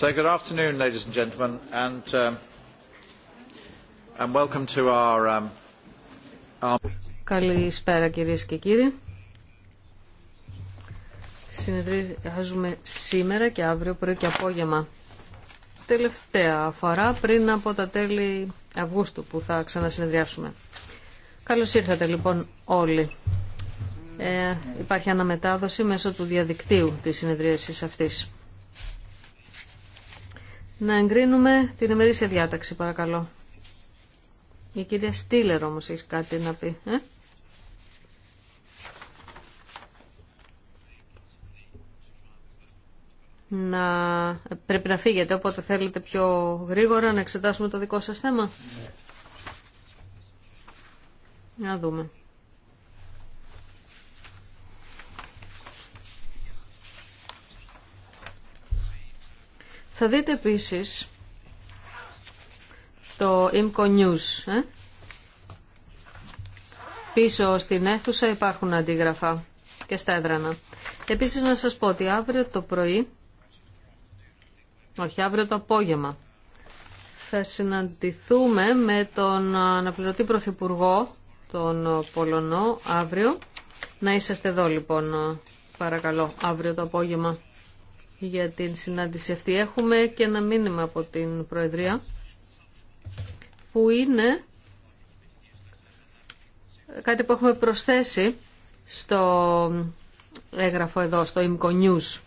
good afternoon, ladies and gentlemen, and um, welcome to um, our. Καλησπέρα κυρίες και κύριοι. Συνεδριάζουμε σήμερα και αύριο πρωί και απόγευμα. Τελευταία φορά πριν από τα τέλη Αυγούστου που θα ξανασυνεδριάσουμε. Καλώς ήρθατε λοιπόν όλοι. Ε, υπάρχει αναμετάδοση μέσω του διαδικτύου της συνεδρίασης αυτής να εγκρίνουμε την ημερήσια διάταξη, παρακαλώ. Η κυρία Στήλερ όμως έχει κάτι να πει. Ε? Να... Πρέπει να φύγετε, οπότε θέλετε πιο γρήγορα να εξετάσουμε το δικό σας θέμα. Ναι. Να δούμε. Θα δείτε επίσης το IMCO News. Ε? Πίσω στην αίθουσα υπάρχουν αντίγραφα και στα έδρανα. Επίσης να σας πω ότι αύριο το πρωί, όχι αύριο το απόγευμα, θα συναντηθούμε με τον αναπληρωτή πρωθυπουργό, τον Πολωνό, αύριο. Να είσαστε εδώ λοιπόν, παρακαλώ, αύριο το απόγευμα για την συνάντηση αυτή. Έχουμε και ένα μήνυμα από την Προεδρία που είναι κάτι που έχουμε προσθέσει στο έγγραφο εδώ, στο IMCO News.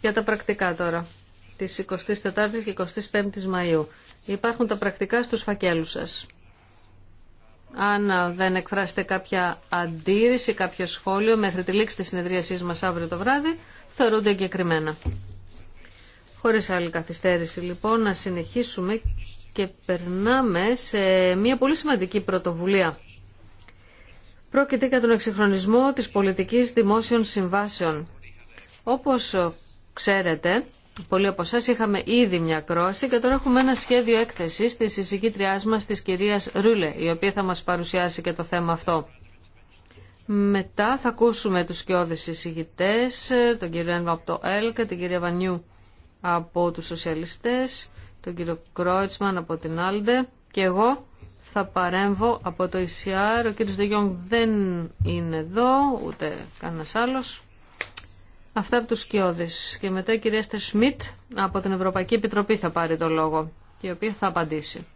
Για τα πρακτικά τώρα, της 24ης και 25ης Μαΐου. Υπάρχουν τα πρακτικά στους φακέλους σας. Αν δεν εκφράσετε κάποια αντίρρηση, κάποιο σχόλιο μέχρι τη λήξη της συνεδρίασής μας αύριο το βράδυ, θεωρούνται εγκεκριμένα. Χωρίς άλλη καθυστέρηση λοιπόν, να συνεχίσουμε και περνάμε σε μια πολύ σημαντική πρωτοβουλία. Πρόκειται για τον εξυγχρονισμό της πολιτικής δημόσιων συμβάσεων. Όπως ξέρετε, Πολλοί από εσά είχαμε ήδη μια κρόση και τώρα έχουμε ένα σχέδιο έκθεση τη συζητήτριά μα, τη κυρία Ρούλε, η οποία θα μα παρουσιάσει και το θέμα αυτό. Μετά θα ακούσουμε του σκιώδει συζητητέ, τον κύριο Ένβα από το ΕΛΚΑ, την κυρία Βανιού από του Σοσιαλιστέ, τον κύριο Κρόιτσμαν από την Άλντε και εγώ θα παρέμβω από το ΙΣΙΑΡ. Ο κύριος Δεγιόγκ δεν είναι εδώ, ούτε κανένα άλλος. Αυτά από τους Σκιώδης. Και μετά η κυρία Στερ Σμιτ από την Ευρωπαϊκή Επιτροπή θα πάρει το λόγο, η οποία θα απαντήσει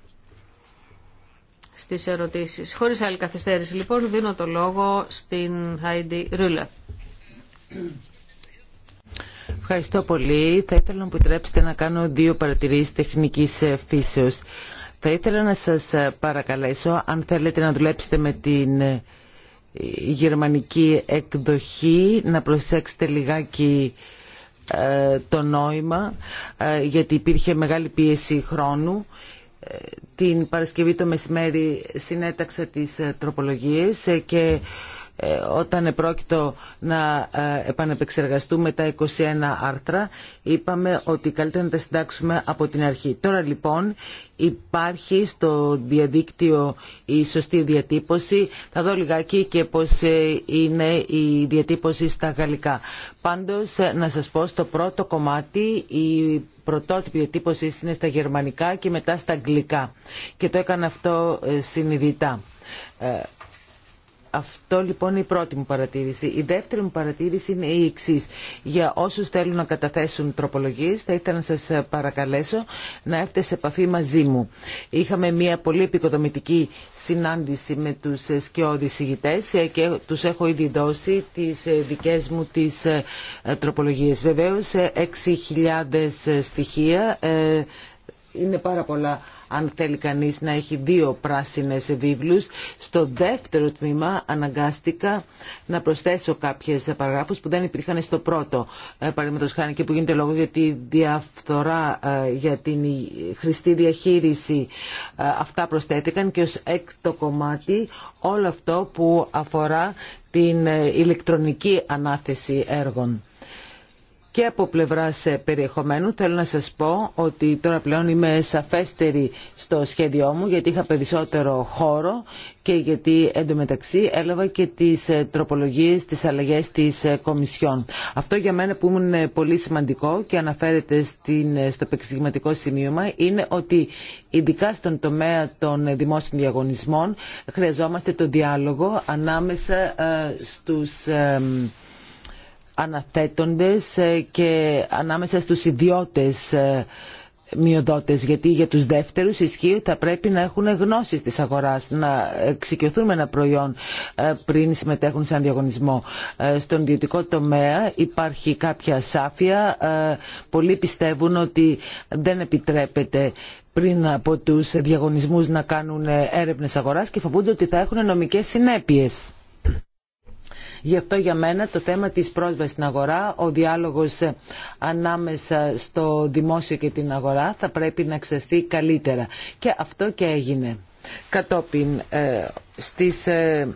στις ερωτήσεις. Χωρίς άλλη καθυστέρηση, λοιπόν, δίνω το λόγο στην Χάιντι Ρούλε. Ευχαριστώ πολύ. Θα ήθελα να μου επιτρέψετε να κάνω δύο παρατηρήσεις τεχνικής ε, φύσεως. Θα ήθελα να σας ε, παρακαλέσω, αν θέλετε να δουλέψετε με την ε, γερμανική εκδοχή, να προσέξετε λιγάκι ε, το νόημα ε, γιατί υπήρχε μεγάλη πίεση χρόνου. Ε, την Παρασκευή το μεσημέρι συνέταξα τις τροπολογίες και ε, όταν επρόκειτο να ε, επανεπεξεργαστούμε τα 21 άρθρα είπαμε ότι καλύτερα να τα συντάξουμε από την αρχή. Τώρα λοιπόν υπάρχει στο διαδίκτυο η σωστή διατύπωση. Θα δω λιγάκι και πώς ε, είναι η διατύπωση στα γαλλικά. Πάντως να σας πω στο πρώτο κομμάτι η πρωτότυπη διατύπωση είναι στα γερμανικά και μετά στα αγγλικά. Και το έκανα αυτό συνειδητά. Αυτό λοιπόν είναι η πρώτη μου παρατήρηση. Η δεύτερη μου παρατήρηση είναι η εξή. Για όσου θέλουν να καταθέσουν τροπολογίε, θα ήθελα να σα παρακαλέσω να έρθετε σε επαφή μαζί μου. Είχαμε μια πολύ επικοδομητική συνάντηση με του σκιώδει ηγητέ και του έχω ήδη δώσει τι δικέ μου τι ε, τροπολογίε. Βεβαίω, 6.000 ε, ε, στοιχεία είναι πάρα πολλά αν θέλει κανείς να έχει δύο πράσινες βίβλους. Στο δεύτερο τμήμα αναγκάστηκα να προσθέσω κάποιες παραγράφους που δεν υπήρχαν στο πρώτο. Ε, Παραδείγματος χάρη και που γίνεται λόγο για τη διαφθορά, ε, για την χρηστή διαχείριση. Ε, αυτά προσθέτηκαν και ως έκτο κομμάτι όλο αυτό που αφορά την ε, ηλεκτρονική ανάθεση έργων και από πλευρά ε, περιεχομένου θέλω να σας πω ότι τώρα πλέον είμαι σαφέστερη στο σχέδιό μου γιατί είχα περισσότερο χώρο και γιατί εντωμεταξύ έλαβα και τις ε, τροπολογίες, τις αλλαγέ τη ε, Κομισιόν. Αυτό για μένα που είναι πολύ σημαντικό και αναφέρεται στην, στο επεξηγηματικό σημείωμα είναι ότι ειδικά στον τομέα των δημόσιων διαγωνισμών χρειαζόμαστε το διάλογο ανάμεσα στους αναθέτοντες και ανάμεσα στους ιδιώτες ε, μειοδότες, γιατί για τους δεύτερους ισχύει θα πρέπει να έχουν γνώσεις της αγοράς, να εξοικειωθούν με ένα προϊόν ε, πριν συμμετέχουν σε έναν διαγωνισμό. Ε, στον ιδιωτικό τομέα υπάρχει κάποια σάφια, πολλοί πιστεύουν ότι δεν επιτρέπεται πριν από τους διαγωνισμούς να κάνουν έρευνες αγοράς και φοβούνται ότι θα έχουν νομικές συνέπειες. Γι' αυτό για μένα το θέμα της πρόσβασης στην αγορά, ο διάλογος ανάμεσα στο δημόσιο και την αγορά θα πρέπει να εξαστεί καλύτερα. Και αυτό και έγινε. Κατόπιν ε, στις ε,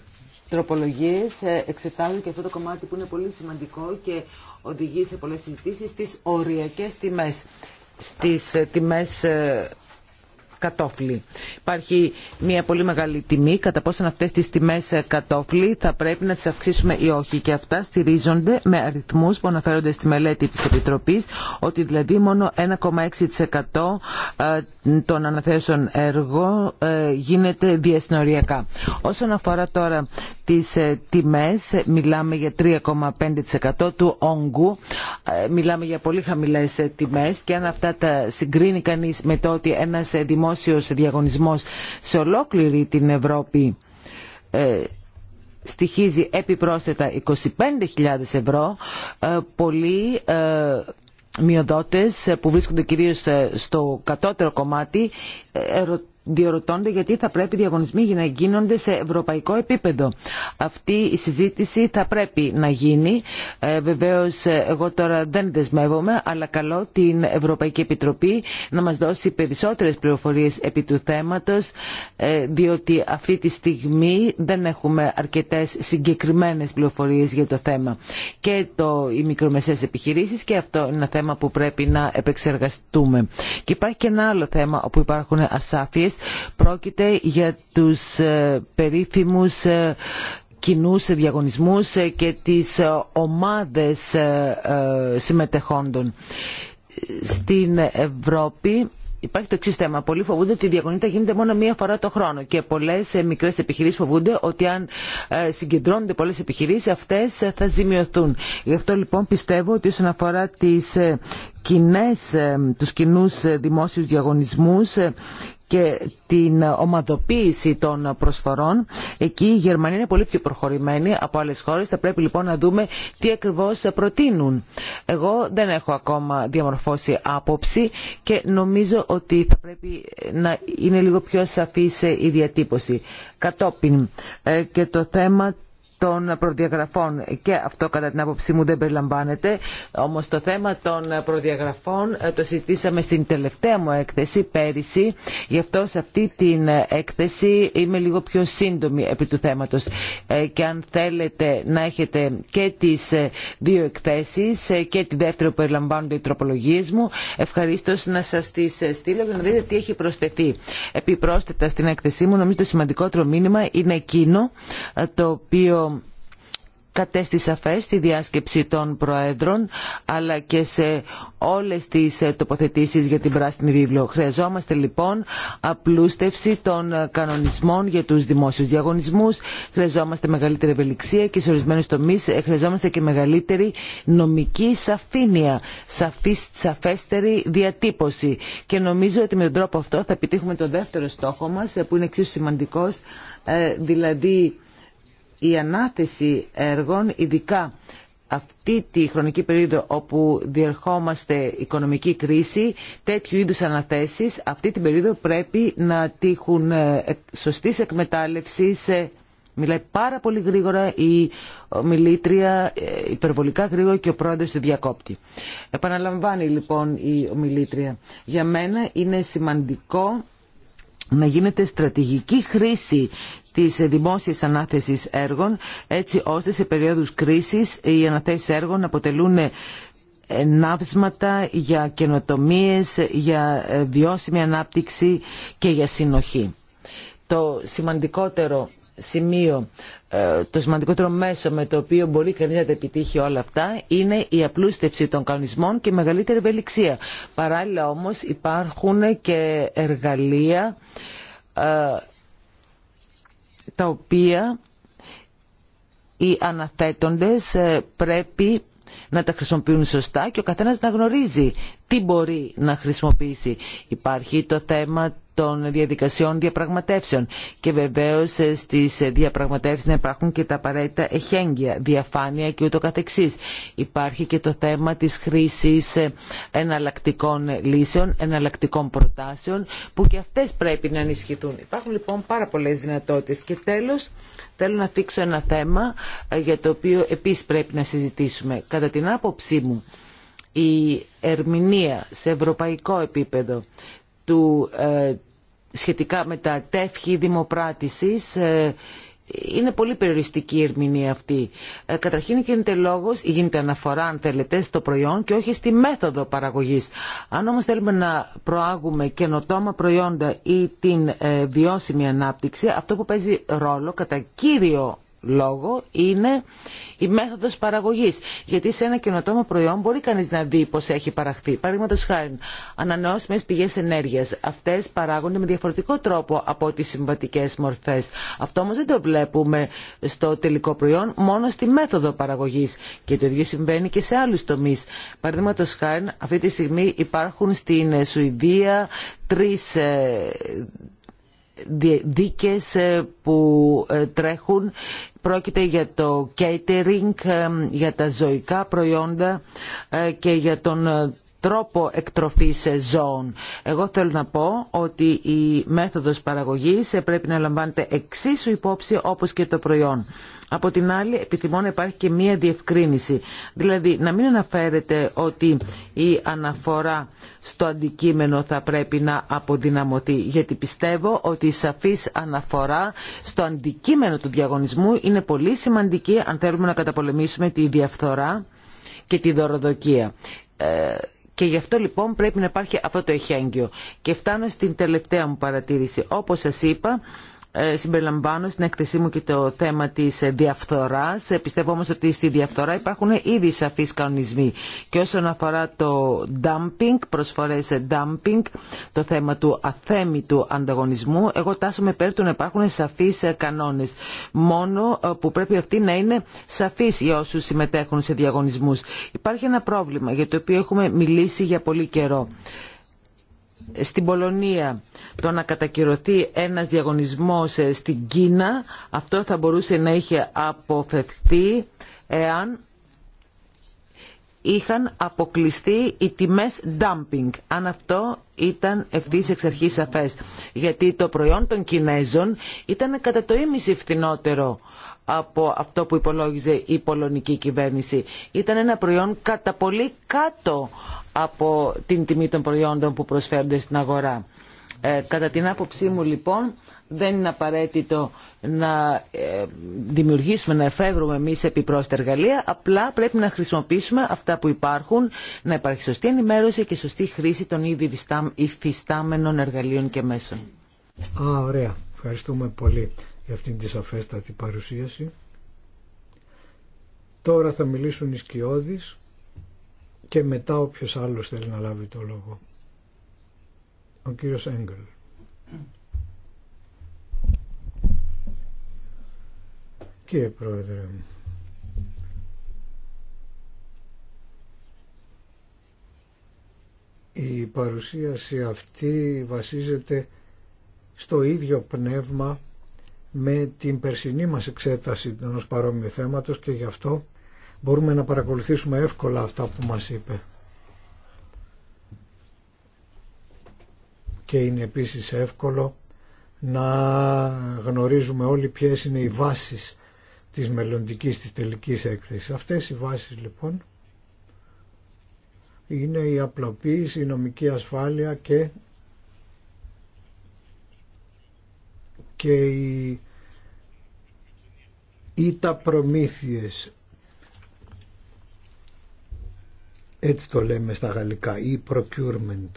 τροπολογίες ε, εξετάζουν και αυτό το κομμάτι που είναι πολύ σημαντικό και οδηγεί σε πολλές συζητήσεις στις οριακές τιμές. Στις ε, τιμές κατόφλι. Υπάρχει μια πολύ μεγάλη τιμή, κατά πόσον αυτέ τι τιμέ ε, κατόφλι θα πρέπει να τι αυξήσουμε ή όχι. Και αυτά στηρίζονται με αριθμού που αναφέρονται στη μελέτη τη Επιτροπή, ότι δηλαδή μόνο 1,6% ε, των αναθέσεων έργων ε, γίνεται διασυνοριακά. Όσον αφορά τώρα τις ε, τιμές, μιλάμε για 3,5% του όγκου, ε, μιλάμε για πολύ χαμηλές ε, τιμές και αν αυτά τα συγκρίνει κανείς με το ότι ένας δημόσιος διαγωνισμός σε ολόκληρη την Ευρώπη στοιχίζει επιπρόσθετα 25.000 ευρώ, πολλοί μειοδότες που βρίσκονται κυρίως στο κατώτερο κομμάτι διορωτώνται γιατί θα πρέπει οι διαγωνισμοί να γίνονται σε ευρωπαϊκό επίπεδο. Αυτή η συζήτηση θα πρέπει να γίνει. Ε, Βεβαίω, εγώ τώρα δεν δεσμεύομαι, αλλά καλώ την Ευρωπαϊκή Επιτροπή να μα δώσει περισσότερε πληροφορίε επί του θέματο, ε, διότι αυτή τη στιγμή δεν έχουμε αρκετέ συγκεκριμένε πληροφορίε για το θέμα. Και το, οι μικρομεσαίες επιχειρήσει και αυτό είναι ένα θέμα που πρέπει να επεξεργαστούμε. Και υπάρχει και ένα άλλο θέμα όπου υπάρχουν ασάφειες Πρόκειται για τους ε, περίφημους ε, κοινούς διαγωνισμούς ε, και τις ομάδες συμμετεχόντων. Στην Ευρώπη Υπάρχει το εξή θέμα. Πολλοί φοβούνται ότι η διαγωνίτα γίνεται μόνο μία φορά το χρόνο και πολλές μικρές επιχειρήσεις φοβούνται ότι αν συγκεντρώνονται πολλές επιχειρήσεις αυτές θα ζημιωθούν. Γι' αυτό λοιπόν πιστεύω ότι όσον αφορά τις κοινού τους κοινούς δημόσιους διαγωνισμούς και την ομαδοποίηση των προσφορών. Εκεί η Γερμανία είναι πολύ πιο προχωρημένη από άλλε χώρε. Θα πρέπει λοιπόν να δούμε τι ακριβώ προτείνουν. Εγώ δεν έχω ακόμα διαμορφώσει άποψη και νομίζω ότι θα πρέπει να είναι λίγο πιο σαφή η διατύπωση. Κατόπιν ε, και το θέμα των προδιαγραφών και αυτό κατά την άποψή μου δεν περιλαμβάνεται όμως το θέμα των προδιαγραφών ε, το συζητήσαμε στην τελευταία μου έκθεση πέρυσι γι' αυτό σε αυτή την έκθεση είμαι λίγο πιο σύντομη επί του θέματος ε, και αν θέλετε να έχετε και τις ε, δύο εκθέσεις και τη δεύτερη που περιλαμβάνονται οι τροπολογίες μου ευχαρίστω να σας τις στείλω για να δείτε τι έχει προσθεθεί επιπρόσθετα στην έκθεσή μου νομίζω το σημαντικότερο μήνυμα είναι εκείνο το οποίο κατέστη σαφέ στη διάσκεψη των Προέδρων αλλά και σε όλες τις ε, τοποθετήσεις για την Πράσινη Βίβλο. Χρειαζόμαστε λοιπόν απλούστευση των ε, κανονισμών για τους δημόσιους διαγωνισμούς, χρειαζόμαστε μεγαλύτερη ευελιξία και σε ορισμένου τομεί ε, χρειαζόμαστε και μεγαλύτερη νομική σαφήνεια, σαφής, σαφέστερη διατύπωση. Και νομίζω ότι με τον τρόπο αυτό θα επιτύχουμε το δεύτερο στόχο μας που είναι εξίσου σημαντικός, δηλαδή η ανάθεση έργων, ειδικά αυτή τη χρονική περίοδο όπου διερχόμαστε οικονομική κρίση, τέτοιου είδους αναθέσεις, αυτή την περίοδο πρέπει να τύχουν ε, σωστής εκμετάλλευσης, Μιλάει πάρα πολύ γρήγορα η ομιλήτρια, ε, υπερβολικά γρήγορα και ο πρόεδρος του διακόπτη. Επαναλαμβάνει λοιπόν η ομιλήτρια. Για μένα είναι σημαντικό να γίνεται στρατηγική χρήση της δημόσιας ανάθεσης έργων έτσι ώστε σε περίοδους κρίσης οι αναθέσεις έργων αποτελούν ναύσματα για καινοτομίες, για ε, βιώσιμη ανάπτυξη και για συνοχή. Το σημαντικότερο σημείο, ε, το σημαντικότερο μέσο με το οποίο μπορεί κανείς να τα επιτύχει όλα αυτά είναι η απλούστευση των κανονισμών και η μεγαλύτερη ευελιξία. Παράλληλα όμως υπάρχουν και εργαλεία ε, τα οποία οι αναθέτοντες ε, πρέπει να τα χρησιμοποιούν σωστά και ο καθένας να γνωρίζει τι μπορεί να χρησιμοποιήσει. Υπάρχει το θέμα των διαδικασιών διαπραγματεύσεων και βεβαίως ε, στις διαπραγματεύσεις να υπάρχουν και τα απαραίτητα εχέγγυα, διαφάνεια και ούτω καθεξής. Υπάρχει και το θέμα της χρήσης ε, εναλλακτικών λύσεων, εναλλακτικών προτάσεων που και αυτές πρέπει να ενισχυθούν. Υπάρχουν λοιπόν πάρα πολλές δυνατότητες και τέλος Θέλω να θίξω ένα θέμα ε, για το οποίο επίσης πρέπει να συζητήσουμε. Κατά την άποψή μου, η ερμηνεία σε ευρωπαϊκό επίπεδο του, ε, σχετικά με τα τεύχη δημοπράτησης ε, είναι πολύ περιοριστική η ερμηνεία αυτή. Ε, καταρχήν γίνεται λόγο, ή γίνεται αναφορά αν θέλετε στο προϊόν και όχι στη μέθοδο παραγωγής. Αν όμω θέλουμε να προάγουμε καινοτόμα προϊόντα ή την ε, βιώσιμη ανάπτυξη αυτό που παίζει ρόλο κατά κύριο λόγο είναι η μέθοδος παραγωγής. Γιατί σε ένα καινοτόμο προϊόν μπορεί κανείς να δει πώς έχει παραχθεί. Παραδείγματο χάρη, ανανεώσιμες πηγές ενέργειας. Αυτές παράγονται με διαφορετικό τρόπο από τις συμβατικές μορφές. Αυτό όμως δεν το βλέπουμε στο τελικό προϊόν, μόνο στη μέθοδο παραγωγής. Και το ίδιο συμβαίνει και σε άλλους τομείς. Παραδείγματο χάρη, αυτή τη στιγμή υπάρχουν στην Σουηδία τρεις ε, δίκες ε, που ε, τρέχουν. Πρόκειται για το catering, ε, για τα ζωικά προϊόντα και για τον τρόπο εκτροφής ζώων. Εγώ θέλω να πω ότι η μέθοδο παραγωγή πρέπει να λαμβάνεται εξίσου υπόψη όπω και το προϊόν. Από την άλλη επιθυμώ να υπάρχει και μία διευκρίνηση. Δηλαδή να μην αναφέρεται ότι η αναφορά στο αντικείμενο θα πρέπει να αποδυναμωθεί. Γιατί πιστεύω ότι η σαφή αναφορά στο αντικείμενο του διαγωνισμού είναι πολύ σημαντική αν θέλουμε να καταπολεμήσουμε τη διαφθορά και τη δωροδοκία. Ε, και γι' αυτό λοιπόν πρέπει να υπάρχει αυτό το εχέγγυο. Και φτάνω στην τελευταία μου παρατήρηση. Όπως σας είπα, ε, συμπεριλαμβάνω στην έκθεσή μου και το θέμα της διαφθοράς. Ε, πιστεύω όμως ότι στη διαφθορά υπάρχουν ήδη σαφείς κανονισμοί. Και όσον αφορά το dumping, προσφορές dumping, το θέμα του αθέμητου ανταγωνισμού, εγώ με πέρα του να υπάρχουν σαφείς κανόνες. Μόνο ε, που πρέπει αυτοί να είναι σαφείς για όσους συμμετέχουν σε διαγωνισμούς. Υπάρχει ένα πρόβλημα για το οποίο έχουμε μιλήσει για πολύ καιρό στην Πολωνία το να κατακυρωθεί ένας διαγωνισμός ε, στην Κίνα αυτό θα μπορούσε να είχε αποφευθεί εάν είχαν αποκλειστεί οι τιμές dumping αν αυτό ήταν ευθύ εξ αρχής σαφές γιατί το προϊόν των Κινέζων ήταν κατά το ίμιση φθηνότερο από αυτό που υπολόγιζε η πολωνική κυβέρνηση. Ήταν ένα προϊόν κατά πολύ κάτω από την τιμή των προϊόντων που προσφέρονται στην αγορά. Ε, κατά την άποψή μου λοιπόν δεν είναι απαραίτητο να ε, δημιουργήσουμε, να εφεύρουμε εμεί επιπρόσθετα εργαλεία, απλά πρέπει να χρησιμοποιήσουμε αυτά που υπάρχουν, να υπάρχει σωστή ενημέρωση και σωστή χρήση των ήδη υφιστάμενων εργαλείων και μέσων. Α, ωραία. Ευχαριστούμε πολύ για αυτήν τη σαφέστατη παρουσίαση. Τώρα θα μιλήσουν οι σκιώδεις και μετά όποιος άλλος θέλει να λάβει το λόγο. Ο κύριος Έγκελ. Κύριε Πρόεδρε, η παρουσίαση αυτή βασίζεται στο ίδιο πνεύμα με την περσινή μας εξέταση ενός παρόμοιου θέματος και γι' αυτό μπορούμε να παρακολουθήσουμε εύκολα αυτά που μας είπε. Και είναι επίσης εύκολο να γνωρίζουμε όλοι ποιες είναι οι βάσεις της μελλοντικής της τελικής έκθεσης. Αυτές οι βάσεις λοιπόν είναι η απλοποίηση, η νομική ασφάλεια και, και οι ή τα προμήθειες έτσι το λέμε στα γαλλικά, ή procurement.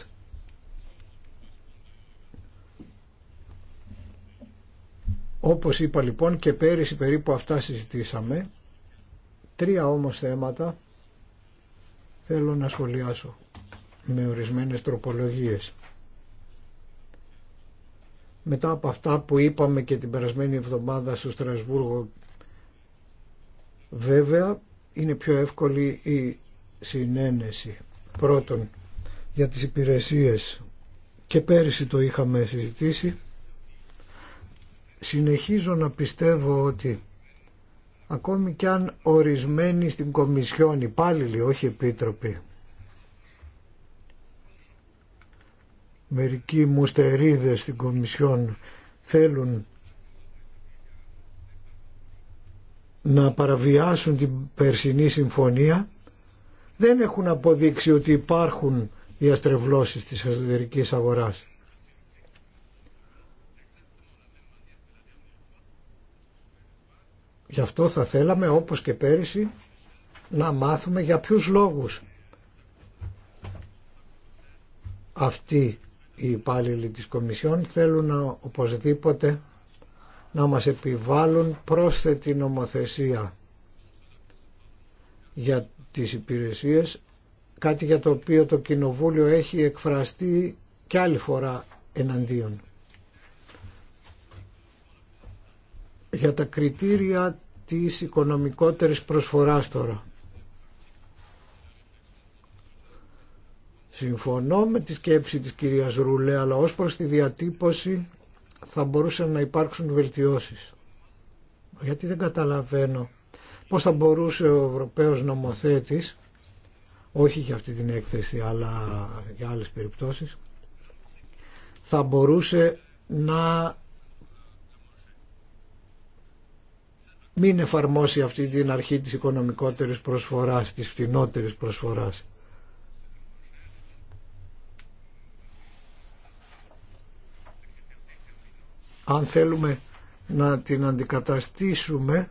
Όπως είπα λοιπόν και πέρυσι περίπου αυτά συζητήσαμε, τρία όμως θέματα θέλω να σχολιάσω με ορισμένες τροπολογίες. Μετά από αυτά που είπαμε και την περασμένη εβδομάδα στο Στρασβούργο, βέβαια είναι πιο εύκολη η συνένεση. Πρώτον, για τις υπηρεσίες και πέρυσι το είχαμε συζητήσει. Συνεχίζω να πιστεύω ότι ακόμη κι αν ορισμένοι στην Κομισιόν υπάλληλοι, όχι επίτροποι, μερικοί μουστερίδες στην Κομισιόν θέλουν να παραβιάσουν την περσινή συμφωνία δεν έχουν αποδείξει ότι υπάρχουν διαστρεβλώσεις της εσωτερικής αγοράς. Γι' αυτό θα θέλαμε όπως και πέρυσι να μάθουμε για ποιους λόγους αυτοί οι υπάλληλοι της Κομισιόν θέλουν να, οπωσδήποτε να μας επιβάλλουν πρόσθετη νομοθεσία για τις υπηρεσίες, κάτι για το οποίο το Κοινοβούλιο έχει εκφραστεί και άλλη φορά εναντίον. Για τα κριτήρια της οικονομικότερης προσφοράς τώρα. Συμφωνώ με τη σκέψη της κυρίας Ρούλε, αλλά ως προς τη διατύπωση θα μπορούσαν να υπάρξουν βελτιώσεις. Γιατί δεν καταλαβαίνω Πώς θα μπορούσε ο Ευρωπαίος νομοθέτης, όχι για αυτή την έκθεση αλλά για άλλες περιπτώσεις, θα μπορούσε να μην εφαρμόσει αυτή την αρχή της οικονομικότερης προσφοράς, της φτηνότερης προσφοράς. Αν θέλουμε να την αντικαταστήσουμε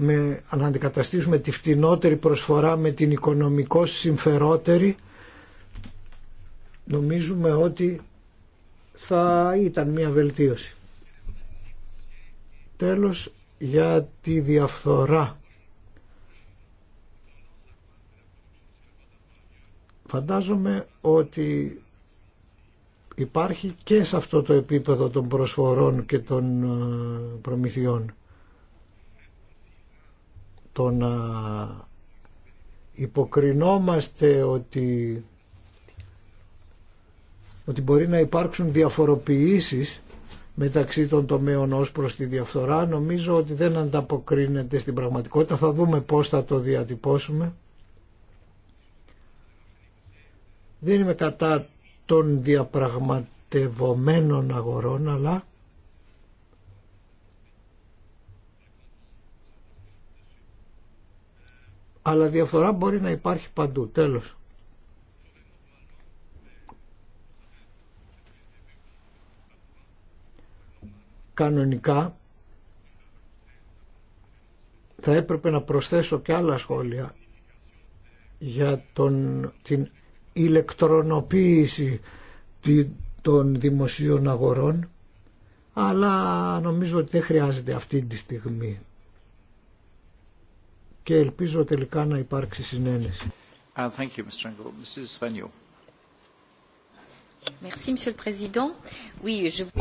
με, να αντικαταστήσουμε τη φτηνότερη προσφορά με την οικονομικό συμφερότερη νομίζουμε ότι θα ήταν μια βελτίωση. Τέλος για τη διαφθορά. Φαντάζομαι ότι υπάρχει και σε αυτό το επίπεδο των προσφορών και των ε, προμηθειών το να υποκρινόμαστε ότι, ότι μπορεί να υπάρξουν διαφοροποιήσεις μεταξύ των τομέων ως προς τη διαφθορά νομίζω ότι δεν ανταποκρίνεται στην πραγματικότητα θα δούμε πως θα το διατυπώσουμε δεν είμαι κατά των διαπραγματευομένων αγορών αλλά αλλά διαφορά μπορεί να υπάρχει παντού. Τέλος. Κανονικά θα έπρεπε να προσθέσω και άλλα σχόλια για τον, την ηλεκτρονοποίηση των δημοσίων αγορών αλλά νομίζω ότι δεν χρειάζεται αυτή τη στιγμή και ελπίζω τελικά να υπάρξει συνένεση.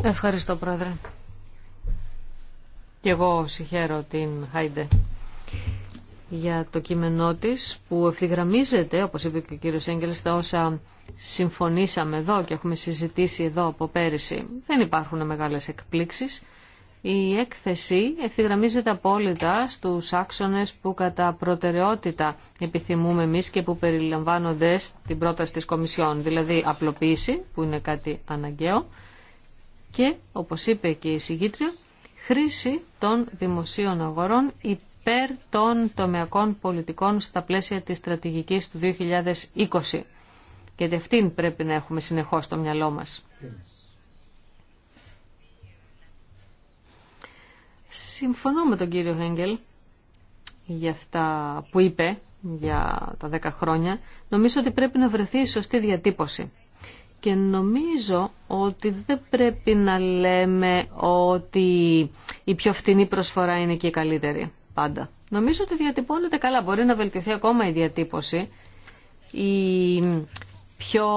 Ευχαριστώ, Πρόεδρε. Και εγώ συγχαίρω την Χάιντε για το κείμενό της που ευθυγραμμίζεται, όπως είπε και ο κύριος Έγγελς, τα όσα συμφωνήσαμε εδώ και έχουμε συζητήσει εδώ από πέρυσι. Δεν υπάρχουν μεγάλες εκπλήξεις. Η έκθεση ευθυγραμμίζεται απόλυτα στους άξονες που κατά προτεραιότητα επιθυμούμε εμείς και που περιλαμβάνονται στην πρόταση της Κομισιόν, δηλαδή απλοποίηση, που είναι κάτι αναγκαίο, και, όπως είπε και η συγκήτρια, χρήση των δημοσίων αγορών υπέρ των τομεακών πολιτικών στα πλαίσια της στρατηγικής του 2020. Και αυτήν πρέπει να έχουμε συνεχώς στο μυαλό μας. Συμφωνώ με τον κύριο Χέγγελ για αυτά που είπε για τα δέκα χρόνια. Νομίζω ότι πρέπει να βρεθεί η σωστή διατύπωση. Και νομίζω ότι δεν πρέπει να λέμε ότι η πιο φτηνή προσφορά είναι και η καλύτερη πάντα. Νομίζω ότι διατυπώνεται καλά. Μπορεί να βελτιωθεί ακόμα η διατύπωση. Η πιο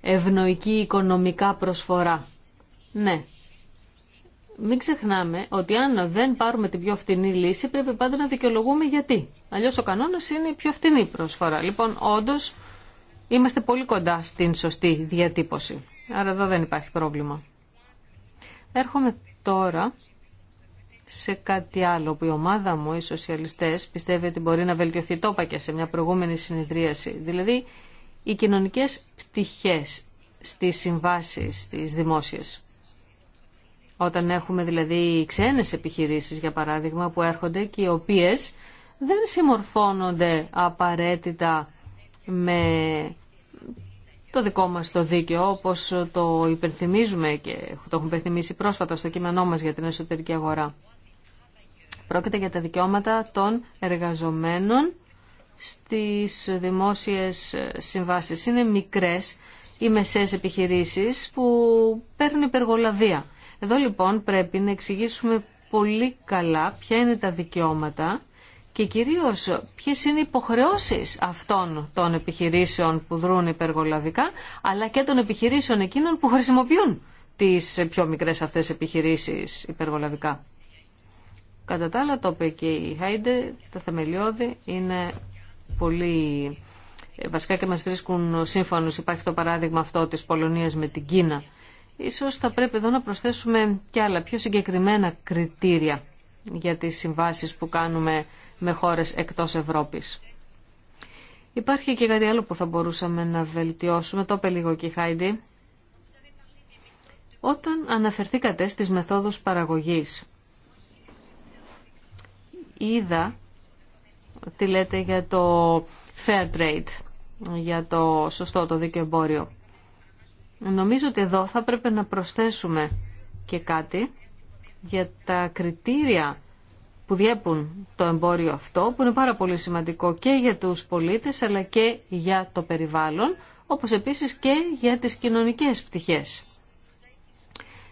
ευνοϊκή οικονομικά προσφορά. Ναι, μην ξεχνάμε ότι αν δεν πάρουμε την πιο φτηνή λύση πρέπει πάντα να δικαιολογούμε γιατί. Αλλιώ ο κανόνας είναι η πιο φτηνή προσφορά. Λοιπόν, όντως είμαστε πολύ κοντά στην σωστή διατύπωση. Άρα εδώ δεν υπάρχει πρόβλημα. Έρχομαι τώρα σε κάτι άλλο που η ομάδα μου, οι σοσιαλιστές, πιστεύει ότι μπορεί να βελτιωθεί. Το είπα και σε μια προηγούμενη συνεδρίαση. Δηλαδή, οι κοινωνικές πτυχές στις συμβάσεις, στις δημόσιες. Όταν έχουμε δηλαδή ξένες επιχειρήσεις για παράδειγμα που έρχονται και οι οποίες δεν συμμορφώνονται απαραίτητα με το δικό μας το δίκαιο όπως το υπενθυμίζουμε και το έχουμε υπενθυμίσει πρόσφατα στο κείμενό μας για την εσωτερική αγορά. Πρόκειται για τα δικαιώματα των εργαζομένων στις δημόσιες συμβάσεις. Είναι μικρές οι μεσές επιχειρήσεις που παίρνουν υπεργολαβία. Εδώ λοιπόν πρέπει να εξηγήσουμε πολύ καλά ποια είναι τα δικαιώματα και κυρίως ποιες είναι οι υποχρεώσεις αυτών των επιχειρήσεων που δρούν υπεργολαβικά, αλλά και των επιχειρήσεων εκείνων που χρησιμοποιούν τις πιο μικρές αυτές επιχειρήσεις υπεργολαβικά. Κατά τα άλλα, το είπε και η Χάιντε, τα θεμελιώδη είναι πολύ... Ε, βασικά και μας βρίσκουν σύμφωνος, υπάρχει το παράδειγμα αυτό της Πολωνίας με την Κίνα Ίσως θα πρέπει εδώ να προσθέσουμε και άλλα πιο συγκεκριμένα κριτήρια για τις συμβάσεις που κάνουμε με χώρες εκτός Ευρώπης. Υπάρχει και κάτι άλλο που θα μπορούσαμε να βελτιώσουμε, το είπε λίγο και η Χάιντι. Όταν αναφερθήκατε στις μεθόδους παραγωγής, είδα τι λέτε για το fair trade, για το σωστό το δίκαιο εμπόριο. Νομίζω ότι εδώ θα πρέπει να προσθέσουμε και κάτι για τα κριτήρια που διέπουν το εμπόριο αυτό, που είναι πάρα πολύ σημαντικό και για τους πολίτες αλλά και για το περιβάλλον, όπως επίσης και για τις κοινωνικές πτυχές.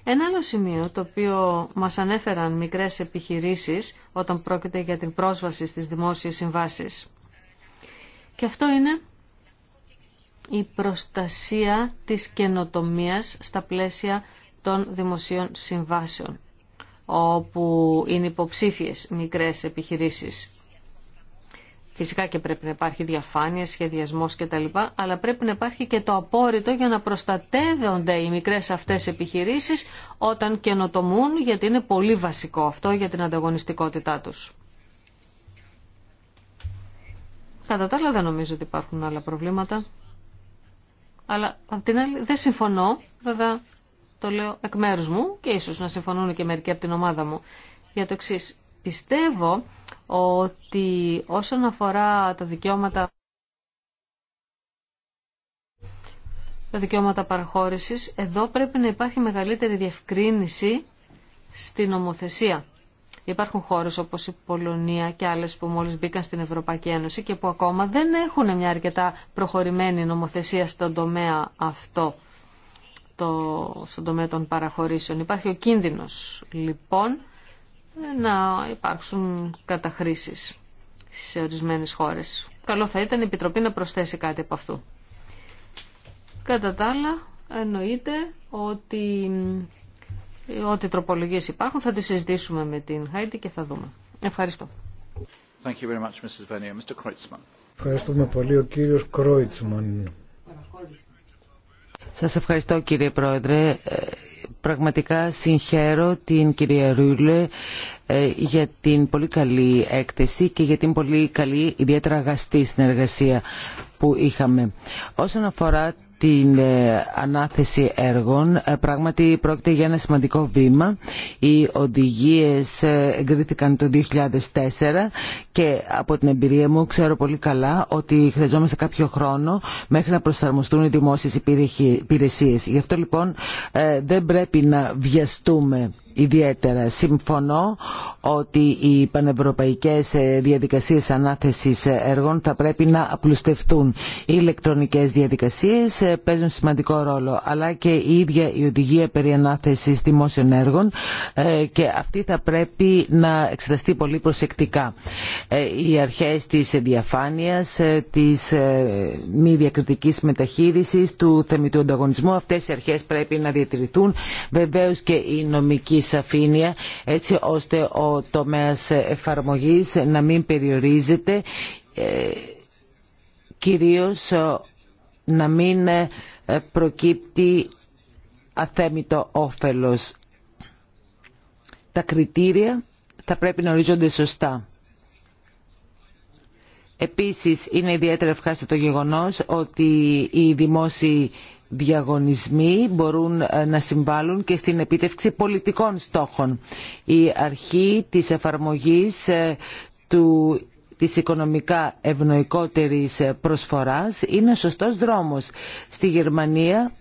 Ένα άλλο σημείο το οποίο μας ανέφεραν μικρές επιχειρήσεις όταν πρόκειται για την πρόσβαση στις δημόσιες συμβάσεις. Και αυτό είναι η προστασία της καινοτομίας στα πλαίσια των δημοσίων συμβάσεων, όπου είναι υποψήφιες μικρές επιχειρήσεις. Φυσικά και πρέπει να υπάρχει διαφάνεια, σχεδιασμός κτλ. Αλλά πρέπει να υπάρχει και το απόρριτο για να προστατεύονται οι μικρές αυτές επιχειρήσεις όταν καινοτομούν, γιατί είναι πολύ βασικό αυτό για την ανταγωνιστικότητά τους. Κατά τα άλλα δεν νομίζω ότι υπάρχουν άλλα προβλήματα. Αλλά απ' την άλλη δεν συμφωνώ, βέβαια το λέω εκ μέρους μου και ίσως να συμφωνούν και μερικοί από την ομάδα μου για το εξή. Πιστεύω ότι όσον αφορά τα δικαιώματα τα δικαιώματα παραχώρησης, εδώ πρέπει να υπάρχει μεγαλύτερη διευκρίνηση στην νομοθεσία. Υπάρχουν χώρες όπως η Πολωνία και άλλες που μόλις μπήκαν στην Ευρωπαϊκή Ένωση και που ακόμα δεν έχουν μια αρκετά προχωρημένη νομοθεσία στον τομέα αυτό, το, στον τομέα των παραχωρήσεων. Υπάρχει ο κίνδυνος λοιπόν να υπάρξουν καταχρήσεις σε ορισμένες χώρες. Καλό θα ήταν η Επιτροπή να προσθέσει κάτι από αυτού. Κατά τα άλλα, εννοείται ότι Ό,τι τροπολογίες υπάρχουν θα τις συζητήσουμε με την Χάιντι και θα δούμε. Ευχαριστώ. Ευχαριστούμε πολύ ο κύριος Κρόιτσμαν. Σας ευχαριστώ κύριε Πρόεδρε. Ε, πραγματικά συγχαίρω την κυρία Ρούλε ε, για την πολύ καλή έκθεση και για την πολύ καλή ιδιαίτερα αγαστή συνεργασία που είχαμε. Όσον αφορά την ε, ανάθεση έργων. Ε, πράγματι πρόκειται για ένα σημαντικό βήμα. Οι οδηγίες ε, εγκρίθηκαν το 2004 και από την εμπειρία μου ξέρω πολύ καλά ότι χρειαζόμαστε κάποιο χρόνο μέχρι να προσαρμοστούν οι δημόσιες υπηρεσίες. Γι' αυτό λοιπόν δεν πρέπει να βιαστούμε ιδιαίτερα. Συμφωνώ ότι οι πανευρωπαϊκές ε, διαδικασίες ανάθεσης ε, έργων θα πρέπει να απλουστευτούν. Οι ηλεκτρονικές διαδικασίες ε, παίζουν σημαντικό ρόλο, αλλά και η ίδια η οδηγία περί ανάθεσης δημόσιων έργων και αυτή θα πρέπει να εξεταστεί πολύ προσεκτικά. Οι αρχές της διαφάνειας, της μη διακριτικής μεταχείρισης, του θεμητού ανταγωνισμού, αυτές οι αρχές πρέπει να διατηρηθούν. Βεβαίως και η νομική έτσι ώστε ο τομέας εφαρμογής να μην περιορίζεται ε, κυρίως ε, να μην ε, προκύπτει αθέμητο όφελος. Τα κριτήρια θα πρέπει να ορίζονται σωστά. Επίσης είναι ιδιαίτερα ευχάριστο το γεγονός ότι οι δημόσιοι διαγωνισμοί μπορούν ε, να συμβάλλουν και στην επίτευξη πολιτικών στόχων. Η αρχή της εφαρμογής ε, του της οικονομικά ευνοϊκότερης ε, προσφοράς είναι σωστός δρόμος. Στη Γερμανία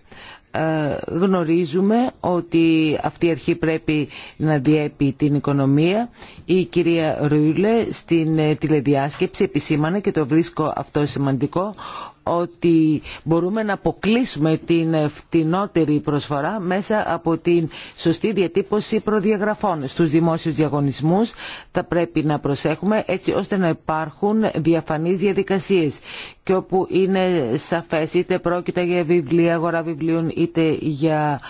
γνωρίζουμε ότι αυτή η αρχή πρέπει να διέπει την οικονομία. Η κυρία Ρούλε στην τηλεδιάσκεψη επισήμανε και το βρίσκω αυτό σημαντικό ότι μπορούμε να αποκλείσουμε την φτηνότερη προσφορά μέσα από την σωστή διατύπωση προδιαγραφών. Στους δημόσιους διαγωνισμούς θα πρέπει να προσέχουμε έτσι ώστε να υπάρχουν διαφανείς διαδικασίες και όπου είναι σαφές είτε πρόκειται για βιβλία, αγορά βιβλίων είτε για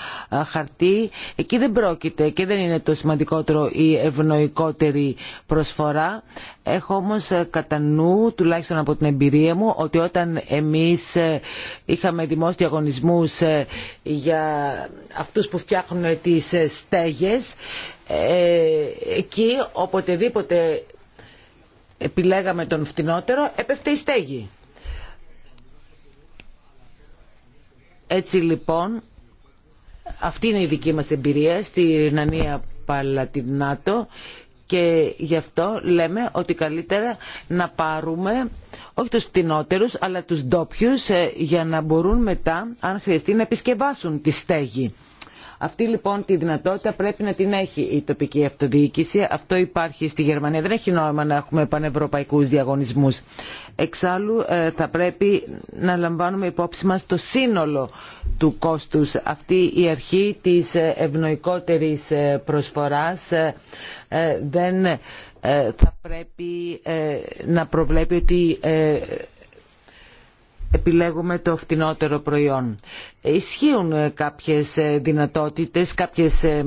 χαρτί εκεί δεν πρόκειται και δεν είναι το σημαντικότερο η ευνοϊκότερη προσφορά έχω όμως ε, κατά νου τουλάχιστον από την εμπειρία μου ότι όταν εμείς ε, είχαμε δημοσιοι αγωνισμους ε, για αυτούς που φτιάχνουν τις στέγες εκεί οποτεδήποτε επιλέγαμε τον φτηνότερο έπεφτε η στέγη Έτσι λοιπόν, αυτή είναι η δική μας εμπειρία στη Ρινανία Παλατινάτο και γι' αυτό λέμε ότι καλύτερα να πάρουμε όχι τους φτηνότερους αλλά τους ντόπιου ε, για να μπορούν μετά αν χρειαστεί να επισκευάσουν τη στέγη. Αυτή λοιπόν τη δυνατότητα πρέπει να την έχει η τοπική αυτοδιοίκηση. Αυτό υπάρχει στη Γερμανία. Δεν έχει νόημα να έχουμε πανευρωπαϊκούς διαγωνισμούς. Εξάλλου ε, θα πρέπει να λαμβάνουμε υπόψη μας το σύνολο του κόστους. Αυτή η αρχή της ε, ευνοϊκότερης ε, προσφοράς δεν θα πρέπει να προβλέπει ότι επιλέγουμε το φτηνότερο προϊόν. Ισχύουν ε, κάποιες ε, δυνατότητες, κάποιες ε,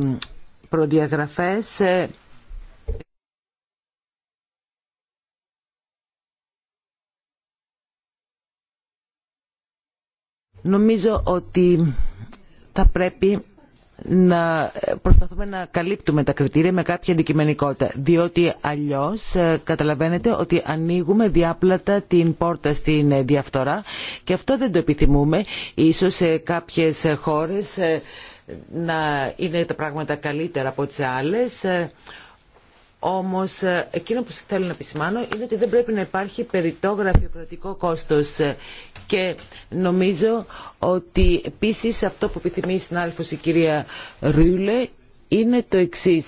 προδιαγραφές Νομίζω ότι θα πρέπει να προσπαθούμε να καλύπτουμε τα κριτήρια με κάποια αντικειμενικότητα. Διότι αλλιώς ε, καταλαβαίνετε ότι ανοίγουμε διάπλατα την πόρτα στην ε, διαφθορά και αυτό δεν το επιθυμούμε. Ίσως σε κάποιες ε, χώρες να είναι τα πράγματα καλύτερα από τις άλλες Όμω, ε, εκείνο που θέλω να επισημάνω είναι ότι δεν πρέπει να υπάρχει περιττό γραφειοκρατικό κόστος και νομίζω ότι επίση αυτό που επιθυμεί η συνάρφωση η κυρία Ρούλε είναι το εξή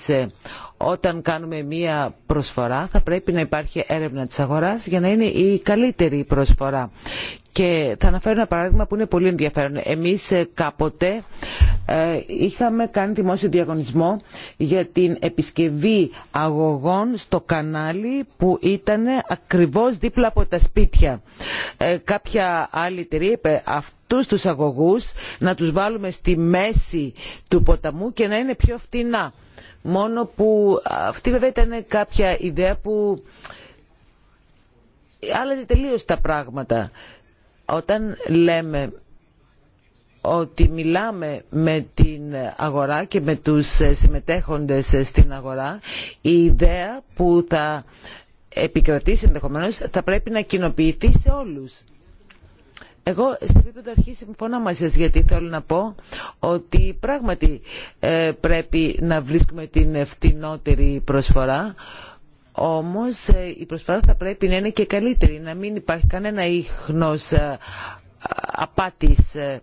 όταν κάνουμε μία προσφορά θα πρέπει να υπάρχει έρευνα της αγοράς για να είναι η καλύτερη προσφορά. Και θα αναφέρω ένα παράδειγμα που είναι πολύ ενδιαφέρον. Εμείς ε, κάποτε ε, είχαμε κάνει δημόσιο διαγωνισμό για την επισκευή αγωγών στο κανάλι που ήταν ακριβώς δίπλα από τα σπίτια. Ε, κάποια άλλη εταιρεία είπε αυτούς τους αγωγούς να τους βάλουμε στη μέση του ποταμού και να είναι πιο φτηνά. Μόνο που αυτή βέβαια ήταν κάποια ιδέα που άλλαζε τελείως τα πράγματα. Όταν λέμε ότι μιλάμε με την αγορά και με τους συμμετέχοντες στην αγορά, η ιδέα που θα επικρατήσει ενδεχομένως θα πρέπει να κοινοποιηθεί σε όλους εγώ σε επίπεδο αρχή συμφωνώ μαζί σα γιατί θέλω να πω ότι πράγματι ε, πρέπει να βρίσκουμε την φτηνότερη προσφορά όμως ε, η προσφορά θα πρέπει να είναι και καλύτερη να μην υπάρχει κανένα ίχνος ε, απάτης ε,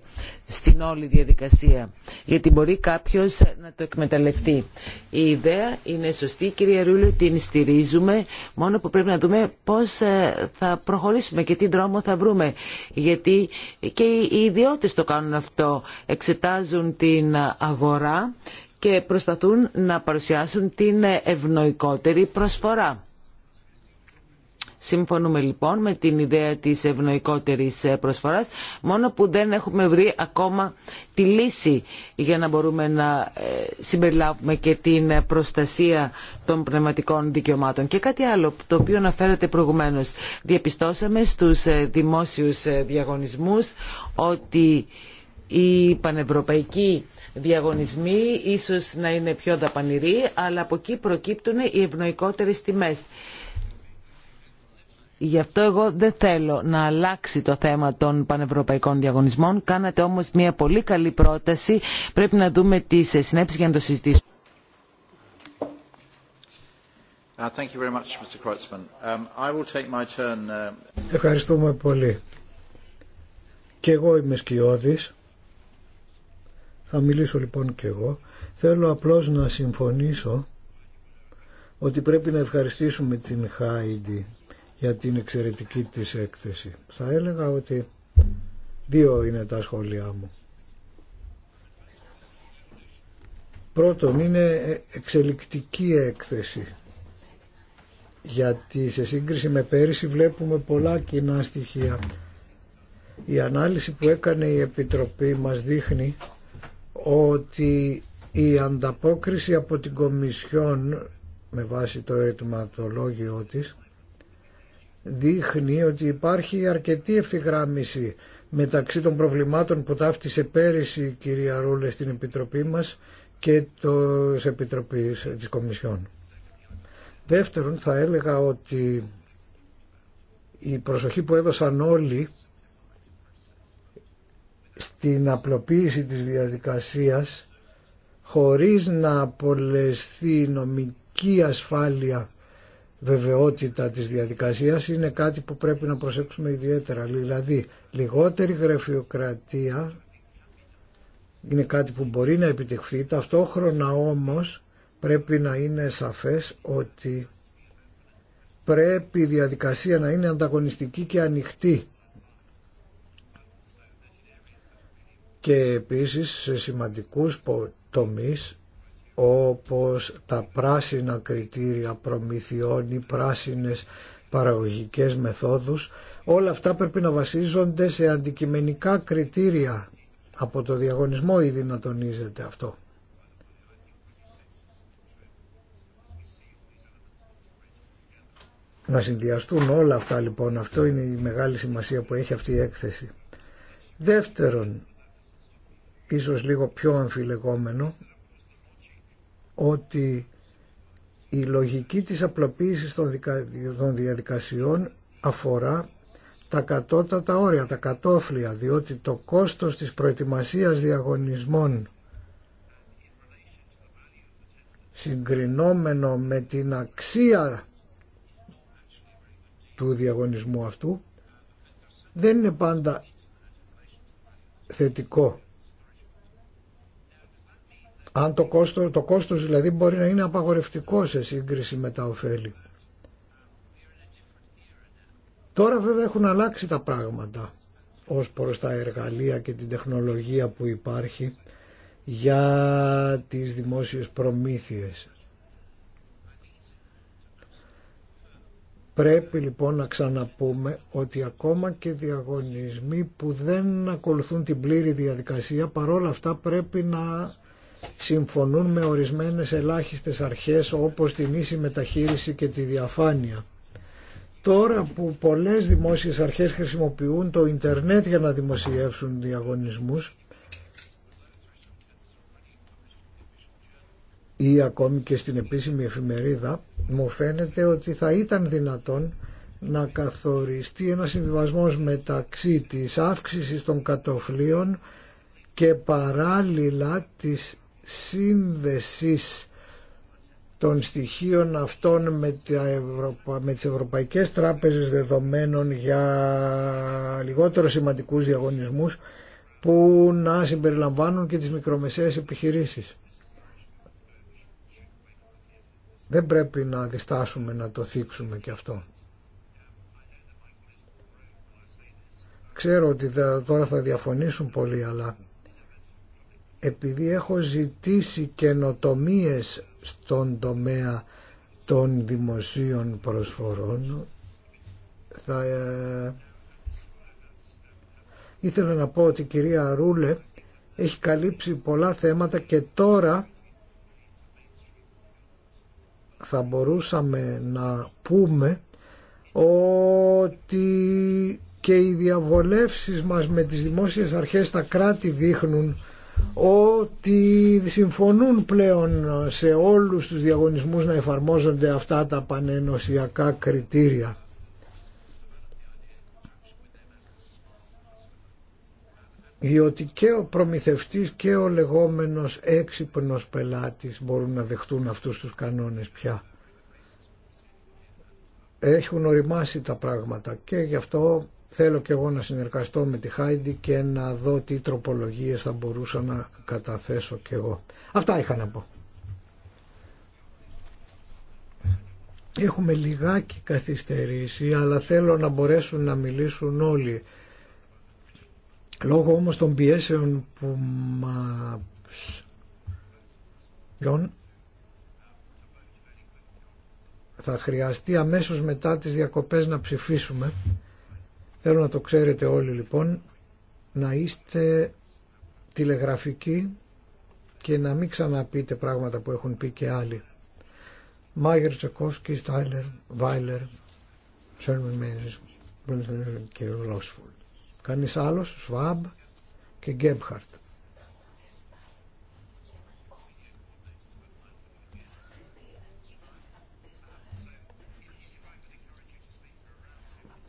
στην όλη διαδικασία γιατί μπορεί κάποιος να το εκμεταλλευτεί. Η ιδέα είναι σωστή, κυρία Ρούλη την στηρίζουμε μόνο που πρέπει να δούμε πώς ε, θα προχωρήσουμε και τι δρόμο θα βρούμε γιατί και οι ιδιώτες το κάνουν αυτό, εξετάζουν την αγορά και προσπαθούν να παρουσιάσουν την ευνοϊκότερη προσφορά. Συμφωνούμε λοιπόν με την ιδέα της ευνοϊκότερης ε, προσφοράς, μόνο που δεν έχουμε βρει ακόμα τη λύση για να μπορούμε να ε, συμπεριλάβουμε και την ε, προστασία των πνευματικών δικαιωμάτων. Και κάτι άλλο, το οποίο αναφέρατε προηγουμένως. Διαπιστώσαμε στους δημόσιους διαγωνισμούς ότι οι πανευρωπαϊκοί διαγωνισμοί ίσως να είναι πιο δαπανηροί, αλλά από εκεί προκύπτουν οι ευνοϊκότερες τιμές. Γι' αυτό εγώ δεν θέλω να αλλάξει το θέμα των πανευρωπαϊκών διαγωνισμών. Κάνατε όμως μια πολύ καλή πρόταση. Πρέπει να δούμε τι συνέπειες για να το συζητήσουμε. Ευχαριστούμε πολύ. Και εγώ είμαι σκιώδης. Θα μιλήσω λοιπόν και εγώ. Θέλω απλώς να συμφωνήσω ότι πρέπει να ευχαριστήσουμε την Χάιντι για την εξαιρετική της έκθεση. Θα έλεγα ότι δύο είναι τα σχόλιά μου. Πρώτον είναι εξελικτική έκθεση γιατί σε σύγκριση με πέρυσι βλέπουμε πολλά κοινά στοιχεία. Η ανάλυση που έκανε η Επιτροπή μας δείχνει ότι η ανταπόκριση από την Κομισιόν με βάση το ερωτηματολόγιο της δείχνει ότι υπάρχει αρκετή ευθυγράμμιση μεταξύ των προβλημάτων που ταύτισε πέρυσι η κυρία Ρούλε στην Επιτροπή μας και το επιτροπή της Κομισιόν. Δεύτερον, θα έλεγα ότι η προσοχή που έδωσαν όλοι στην απλοποίηση της διαδικασίας χωρίς να απολεσθεί νομική ασφάλεια βεβαιότητα της διαδικασίας είναι κάτι που πρέπει να προσέξουμε ιδιαίτερα. Δηλαδή λιγότερη γραφειοκρατία είναι κάτι που μπορεί να επιτευχθεί. Ταυτόχρονα όμως πρέπει να είναι σαφές ότι πρέπει η διαδικασία να είναι ανταγωνιστική και ανοιχτή. Και επίσης σε σημαντικούς τομείς όπως τα πράσινα κριτήρια προμηθειών ή πράσινες παραγωγικές μεθόδους, όλα αυτά πρέπει να βασίζονται σε αντικειμενικά κριτήρια. Από το διαγωνισμό ήδη να τονίζεται αυτό. Να συνδυαστούν όλα αυτά λοιπόν, αυτό είναι η μεγάλη σημασία που έχει αυτή η έκθεση. Δεύτερον, ίσως λίγο πιο αμφιλεγόμενο, ότι η λογική της απλοποίησης των διαδικασιών αφορά τα κατώτατα όρια, τα κατόφλια, διότι το κόστος της προετοιμασίας διαγωνισμών συγκρινόμενο με την αξία του διαγωνισμού αυτού δεν είναι πάντα θετικό αν το κόστος, το κόστος δηλαδή μπορεί να είναι απαγορευτικό σε σύγκριση με τα ωφέλη. Τώρα βέβαια έχουν αλλάξει τα πράγματα ως προς τα εργαλεία και την τεχνολογία που υπάρχει για τις δημόσιες προμήθειες. Πρέπει λοιπόν να ξαναπούμε ότι ακόμα και διαγωνισμοί που δεν ακολουθούν την πλήρη διαδικασία παρόλα αυτά πρέπει να συμφωνούν με ορισμένες ελάχιστες αρχές όπως την ίση μεταχείριση και τη διαφάνεια. Τώρα που πολλές δημόσιες αρχές χρησιμοποιούν το ίντερνετ για να δημοσιεύσουν διαγωνισμούς ή ακόμη και στην επίσημη εφημερίδα, μου φαίνεται ότι θα ήταν δυνατόν να καθοριστεί ένα συμβιβασμός μεταξύ της αύξησης των κατοφλίων και παράλληλα της σύνδεσης των στοιχείων αυτών με, τα Ευρωπα... με τις Ευρωπαϊκές Τράπεζες Δεδομένων για λιγότερο σημαντικούς διαγωνισμούς που να συμπεριλαμβάνουν και τις μικρομεσαίες επιχειρήσεις. Δεν πρέπει να διστάσουμε να το θίξουμε και αυτό. Ξέρω ότι τώρα θα διαφωνήσουν πολλοί, αλλά επειδή έχω ζητήσει καινοτομίε στον τομέα των δημοσίων προσφορών θα ε, ήθελα να πω ότι η κυρία Ρούλε έχει καλύψει πολλά θέματα και τώρα θα μπορούσαμε να πούμε ότι και οι διαβολεύσεις μας με τις δημόσιες αρχές στα κράτη δείχνουν ότι συμφωνούν πλέον σε όλους τους διαγωνισμούς να εφαρμόζονται αυτά τα πανενωσιακά κριτήρια. διότι και ο προμηθευτής και ο λεγόμενος έξυπνος πελάτης μπορούν να δεχτούν αυτούς τους κανόνες πια. Έχουν οριμάσει τα πράγματα και γι' αυτό Θέλω και εγώ να συνεργαστώ με τη Χάιντι και να δω τι τροπολογίες θα μπορούσα να καταθέσω και εγώ. Αυτά είχα να πω. Έχουμε λιγάκι καθυστερήσει, αλλά θέλω να μπορέσουν να μιλήσουν όλοι. Λόγω όμως των πιέσεων που μα... θα χρειαστεί αμέσως μετά τις διακοπές να ψηφίσουμε. Θέλω να το ξέρετε όλοι λοιπόν, να είστε τηλεγραφικοί και να μην ξαναπείτε πράγματα που έχουν πει και άλλοι. Μάγερ Τσεκόσκι, Στάιλερ, Βάιλερ, Σέρμιν Μέζης και Ρόσφουλ. Κανείς άλλος, Σβάμπ και Γκέμπχαρτ.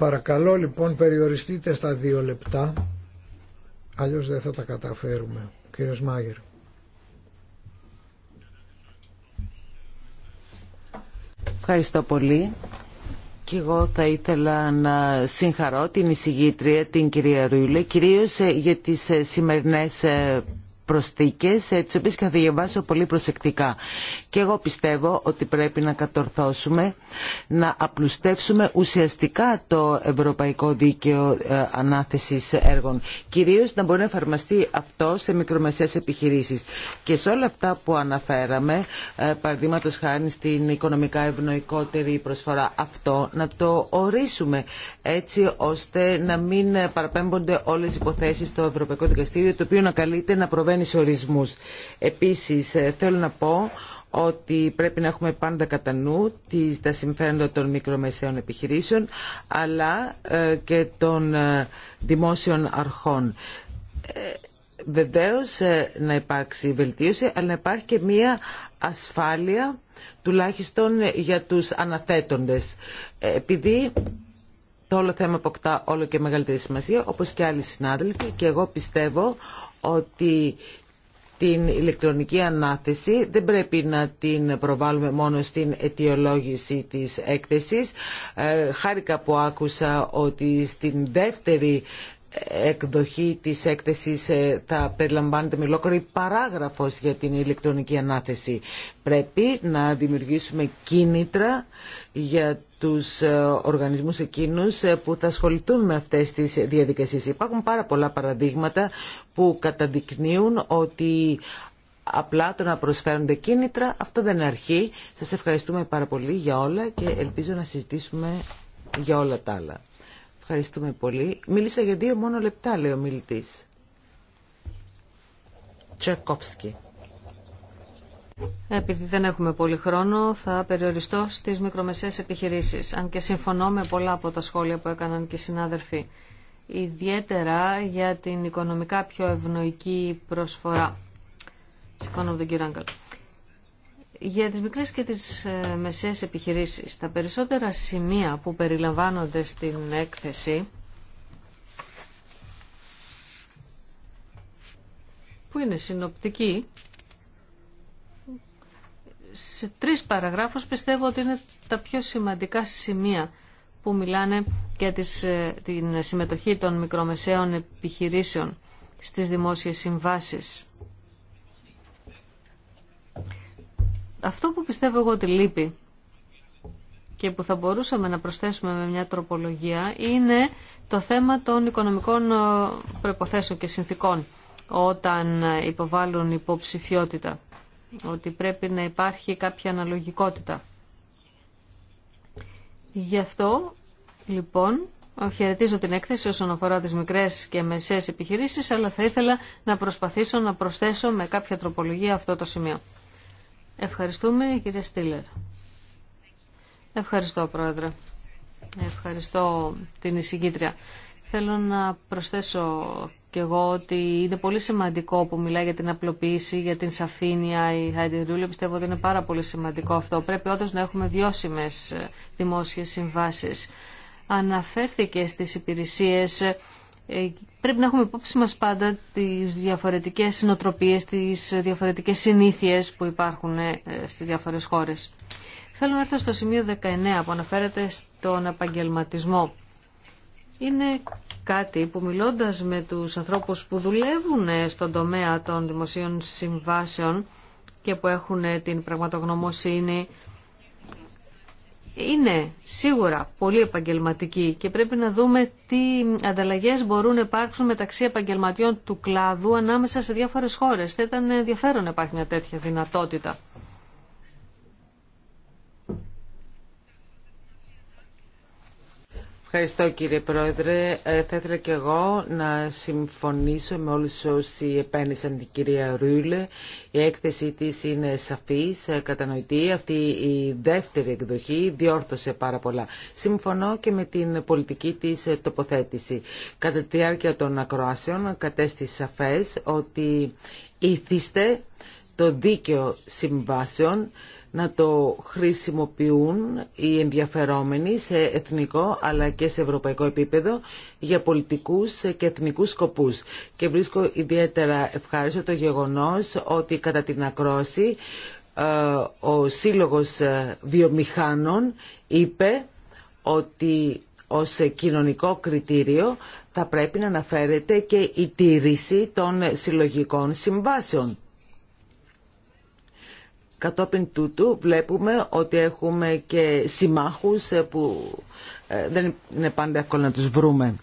Παρακαλώ λοιπόν περιοριστείτε στα δύο λεπτά, αλλιώς δεν θα τα καταφέρουμε. Κύριος Μάγερ. Ευχαριστώ πολύ. Και εγώ θα ήθελα να συγχαρώ την εισηγήτρια, την κυρία Ρούλε, κυρίως ε, για τις ε, σημερινές ε, προσθήκες ε, τις οποίες θα διαβάσω πολύ προσεκτικά και εγώ πιστεύω ότι πρέπει να κατορθώσουμε να απλουστεύσουμε ουσιαστικά το ευρωπαϊκό δίκαιο ε, ανάθεσης έργων κυρίως να μπορεί να εφαρμοστεί αυτό σε μικρομεσαίες επιχειρήσεις και σε όλα αυτά που αναφέραμε ε, παραδείγματο χάρη στην οικονομικά ευνοϊκότερη προσφορά αυτό να το ορίσουμε έτσι ώστε να μην παραπέμπονται όλες οι υποθέσεις στο Ευρωπαϊκό Δικαστήριο το οποίο να καλείται να προβαίνει Επίση, Επίσης, ε, θέλω να πω ότι πρέπει να έχουμε πάντα κατά νου τα συμφέροντα των μικρομεσαίων επιχειρήσεων αλλά ε, και των ε, δημόσιων αρχών. Βεβαίως να υπάρξει βελτίωση αλλά να υπάρχει και μία ασφάλεια τουλάχιστον για τους αναθέτοντες. Επειδή το όλο θέμα αποκτά όλο και μεγαλύτερη σημασία όπως και άλλοι συνάδελφοι και εγώ πιστεύω ότι την ηλεκτρονική ανάθεση δεν πρέπει να την προβάλλουμε μόνο στην αιτιολόγηση της έκθεσης. Ε, χάρηκα που άκουσα ότι στην δεύτερη εκδοχή της έκθεσης ε, θα περιλαμβάνεται με ολόκληρη παράγραφος για την ηλεκτρονική ανάθεση. Πρέπει να δημιουργήσουμε κίνητρα για τους ε, οργανισμούς εκείνους ε, που θα ασχοληθούν με αυτές τις διαδικασίες. Υπάρχουν πάρα πολλά παραδείγματα που καταδεικνύουν ότι απλά το να προσφέρονται κίνητρα αυτό δεν είναι αρχή. Σας ευχαριστούμε πάρα πολύ για όλα και ελπίζω να συζητήσουμε για όλα τα άλλα. Ευχαριστούμε πολύ. Μίλησα για δύο μόνο λεπτά, λέει ο μιλητή. Τσεκόφσκι. Επειδή δεν έχουμε πολύ χρόνο, θα περιοριστώ στις μικρομεσαίες επιχειρήσεις. Αν και συμφωνώ με πολλά από τα σχόλια που έκαναν και οι συνάδελφοι. Ιδιαίτερα για την οικονομικά πιο ευνοϊκή προσφορά. Συμφωνώ με τον κύριο Άγκαλ. Για τις μικρές και τις ε, μεσαίες επιχειρήσεις, τα περισσότερα σημεία που περιλαμβάνονται στην έκθεση, που είναι συνοπτική, σε τρεις παραγράφους πιστεύω ότι είναι τα πιο σημαντικά σημεία που μιλάνε για τις, ε, την συμμετοχή των μικρομεσαίων επιχειρήσεων στις δημόσιες συμβάσεις. Αυτό που πιστεύω εγώ ότι λείπει και που θα μπορούσαμε να προσθέσουμε με μια τροπολογία είναι το θέμα των οικονομικών ε, προϋποθέσεων και συνθήκων όταν υποβάλλουν υποψηφιότητα. Ότι πρέπει να υπάρχει κάποια αναλογικότητα. Γι' αυτό, λοιπόν, χαιρετίζω την έκθεση όσον αφορά τις μικρές και μεσαίες επιχειρήσεις, αλλά θα ήθελα να προσπαθήσω να προσθέσω με κάποια τροπολογία αυτό το σημείο. Ευχαριστούμε, κυρία Στήλερ. Ευχαριστώ, Πρόεδρε. Ευχαριστώ την εισηγήτρια. Θέλω να προσθέσω και εγώ ότι είναι πολύ σημαντικό που μιλάει για την απλοποίηση, για την σαφήνεια η Χάιντι Ρούλε. Πιστεύω ότι είναι πάρα πολύ σημαντικό αυτό. Πρέπει όντω να έχουμε βιώσιμε δημόσιε συμβάσει. Αναφέρθηκε στι υπηρεσίε ε, πρέπει να έχουμε υπόψη μας πάντα τις διαφορετικές συνοτροπίες, τις διαφορετικές συνήθειες που υπάρχουν ε, στις διάφορες χώρες. Θέλω να έρθω στο σημείο 19 που αναφέρεται στον επαγγελματισμό. Είναι κάτι που μιλώντας με τους ανθρώπους που δουλεύουν ε, στον τομέα των δημοσίων συμβάσεων και που έχουν την πραγματογνωμοσύνη είναι σίγουρα πολύ επαγγελματική και πρέπει να δούμε τι ανταλλαγές μπορούν να υπάρξουν μεταξύ επαγγελματιών του κλάδου ανάμεσα σε διάφορες χώρες. Θα ήταν ενδιαφέρον να υπάρχει μια τέτοια δυνατότητα. Ευχαριστώ κύριε Πρόεδρε. Ε, θα ήθελα και εγώ να συμφωνήσω με όλους όσοι επένδυσαν την κυρία Ρούλε. Η έκθεσή της είναι σαφής, ε, κατανοητή. Αυτή η δεύτερη εκδοχή διόρθωσε πάρα πολλά. Συμφωνώ και με την πολιτική της ε, τοποθέτηση. Κατά τη διάρκεια των ακροάσεων κατέστη σαφές ότι ήθιστε το δίκαιο συμβάσεων να το χρησιμοποιούν οι ενδιαφερόμενοι σε εθνικό αλλά και σε ευρωπαϊκό επίπεδο για πολιτικούς και εθνικούς σκοπούς. Και βρίσκω ιδιαίτερα ευχάριστο το γεγονός ότι κατά την ακρόση ε, ο Σύλλογος ε, Βιομηχάνων είπε ότι ως κοινωνικό κριτήριο θα πρέπει να αναφέρεται και η τήρηση των συλλογικών συμβάσεων. Κατόπιν τούτου βλέπουμε ότι έχουμε και συμμάχους ε, που ε, δεν είναι πάντα εύκολο να τους βρούμε.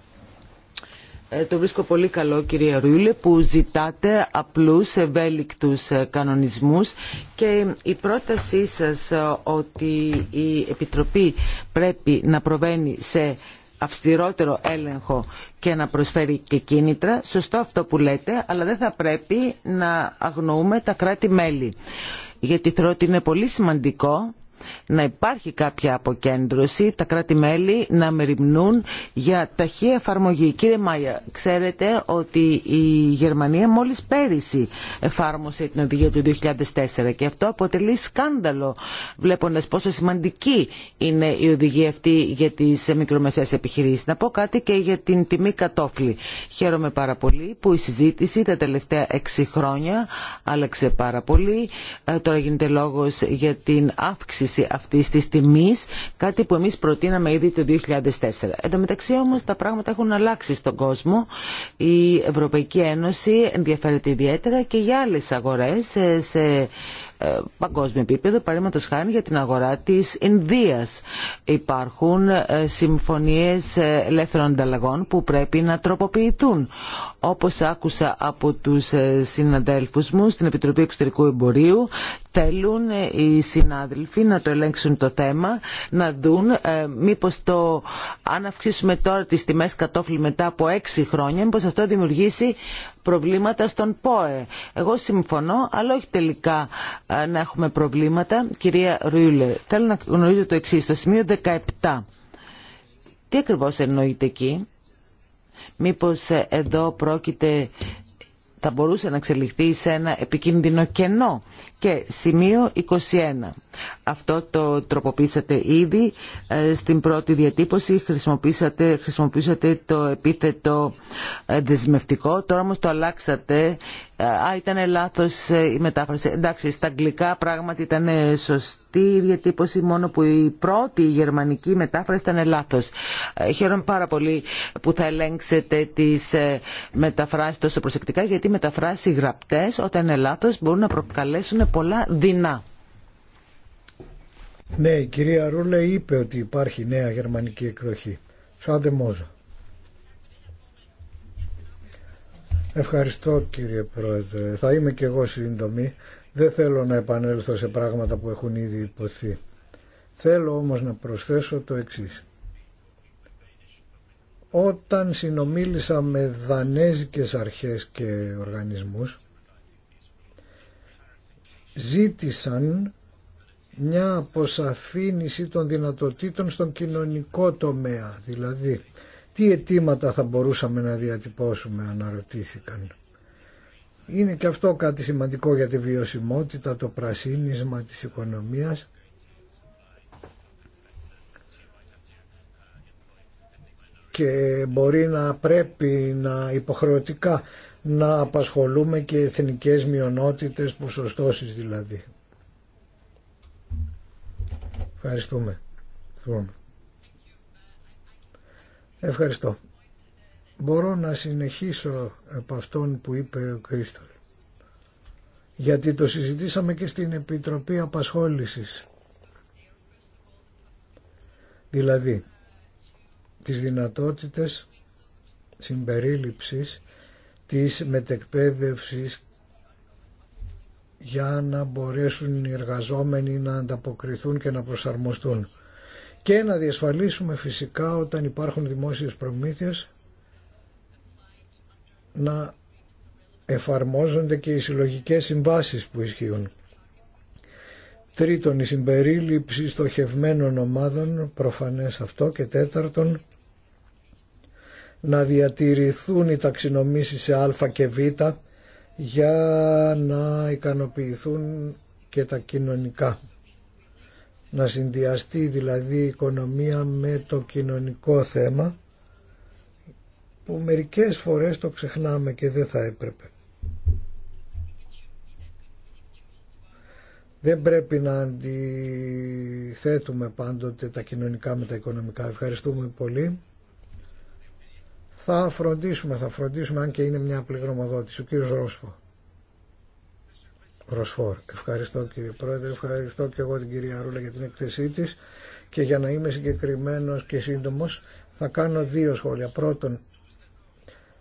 Ε, το βρίσκω πολύ καλό κυρία Ρούλε που ζητάτε απλούς ευέλικτους κανονισμούς και η πρότασή σας ότι η Επιτροπή πρέπει να προβαίνει σε αυστηρότερο έλεγχο και να προσφέρει και κίνητρα. Σωστό αυτό που λέτε, αλλά δεν θα πρέπει να αγνοούμε τα κράτη-μέλη γιατί θεωρώ ότι είναι πολύ σημαντικό να υπάρχει κάποια αποκέντρωση, τα κράτη-μέλη να μεριμνούν για ταχύ εφαρμογή. Κύριε Μάια, ξέρετε ότι η Γερμανία μόλις πέρυσι εφάρμοσε την οδηγία του 2004 και αυτό αποτελεί σκάνδαλο βλέποντας πόσο σημαντική είναι η οδηγία αυτή για τις μικρομεσαίες επιχειρήσεις. Να πω κάτι και για την τιμή κατόφλη. Χαίρομαι πάρα πολύ που η συζήτηση τα τελευταία έξι χρόνια άλλαξε πάρα πολύ. Ε, τώρα γίνεται για την αύξηση σε αυτής τη τιμής, κάτι που εμείς προτείναμε ήδη το 2004. Εν τω μεταξύ όμω, τα πράγματα έχουν αλλάξει στον κόσμο. Η Ευρωπαϊκή Ένωση ενδιαφέρεται ιδιαίτερα και για άλλε αγορέ ε, σε ε, παγκόσμιο επίπεδο, παραδείγματο χάρη για την αγορά τη Ινδία. Υπάρχουν ε, συμφωνίε ελεύθερων ανταλλαγών που πρέπει να τροποποιηθούν όπως άκουσα από τους ε, συναδέλφους μου στην Επιτροπή Εξωτερικού Εμπορίου θέλουν ε, οι συνάδελφοι να το ελέγξουν το θέμα, να δουν ε, μήπως το, αν αυξήσουμε τώρα τις τιμές κατόφλι μετά από έξι χρόνια, μήπως αυτό δημιουργήσει προβλήματα στον ΠΟΕ. Εγώ συμφωνώ, αλλά όχι τελικά ε, να έχουμε προβλήματα. Κυρία Ρούλε, θέλω να γνωρίζω το εξή. Το σημείο 17. Τι ακριβώς εννοείται εκεί. Μήπως εδώ πρόκειται θα μπορούσε να εξελιχθεί σε ένα επικίνδυνο κενό και σημείο 21. Αυτό το τροποποίησατε ήδη. Ε, στην πρώτη διατύπωση χρησιμοποίησατε, χρησιμοποίησατε το επίθετο ε, δεσμευτικό. Τώρα όμως το αλλάξατε. Ε, α, ήταν λάθος η μετάφραση. Εντάξει, στα αγγλικά πράγματι ήταν σωστή η διατύπωση, μόνο που η πρώτη γερμανική μετάφραση ήταν λάθος. Χαίρομαι πάρα πολύ που θα ελέγξετε τις μεταφράσεις τόσο προσεκτικά, γιατί οι μεταφράσεις γραπτές, όταν είναι λάθος, μπορούν να προκαλέσουν πολλά δεινά. Ναι, η κυρία Ρούλε είπε ότι υπάρχει νέα γερμανική εκδοχή. Σαν δε Ευχαριστώ κύριε Πρόεδρε. Θα είμαι και εγώ σύντομη. Δεν θέλω να επανέλθω σε πράγματα που έχουν ήδη υποθεί. Θέλω όμως να προσθέσω το εξής. Όταν συνομίλησα με δανέζικες αρχές και οργανισμούς, ζήτησαν μια αποσαφήνιση των δυνατοτήτων στον κοινωνικό τομέα. Δηλαδή, τι αιτήματα θα μπορούσαμε να διατυπώσουμε, αναρωτήθηκαν. Είναι και αυτό κάτι σημαντικό για τη βιωσιμότητα, το πρασίνισμα της οικονομίας. Και μπορεί να πρέπει να υποχρεωτικά να απασχολούμε και εθνικές μειονότητες, ποσοστώσεις δηλαδή. Ευχαριστούμε. Ευχαριστώ. Μπορώ να συνεχίσω από αυτόν που είπε ο Κρίστολ. Γιατί το συζητήσαμε και στην Επιτροπή Απασχόλησης. Δηλαδή, τις δυνατότητες συμπερίληψης της μετεκπαίδευσης για να μπορέσουν οι εργαζόμενοι να ανταποκριθούν και να προσαρμοστούν. Και να διασφαλίσουμε φυσικά όταν υπάρχουν δημόσιες προμήθειες να εφαρμόζονται και οι συλλογικές συμβάσεις που ισχύουν. Τρίτον, η συμπερίληψη στοχευμένων ομάδων, προφανές αυτό, και τέταρτον, να διατηρηθούν οι ταξινομήσεις σε α και β για να ικανοποιηθούν και τα κοινωνικά. Να συνδυαστεί δηλαδή η οικονομία με το κοινωνικό θέμα που μερικές φορές το ξεχνάμε και δεν θα έπρεπε. Δεν πρέπει να αντιθέτουμε πάντοτε τα κοινωνικά με τα οικονομικά. Ευχαριστούμε πολύ. Θα φροντίσουμε, θα φροντίσουμε αν και είναι μια απλή γνωμοδότηση. Ο κύριο Ρόσφο. Ροσφόρ. Ευχαριστώ κύριε Πρόεδρε, ευχαριστώ και εγώ την κυρία Ρούλα για την εκθεσή τη και για να είμαι συγκεκριμένο και σύντομο. θα κάνω δύο σχόλια. Πρώτον,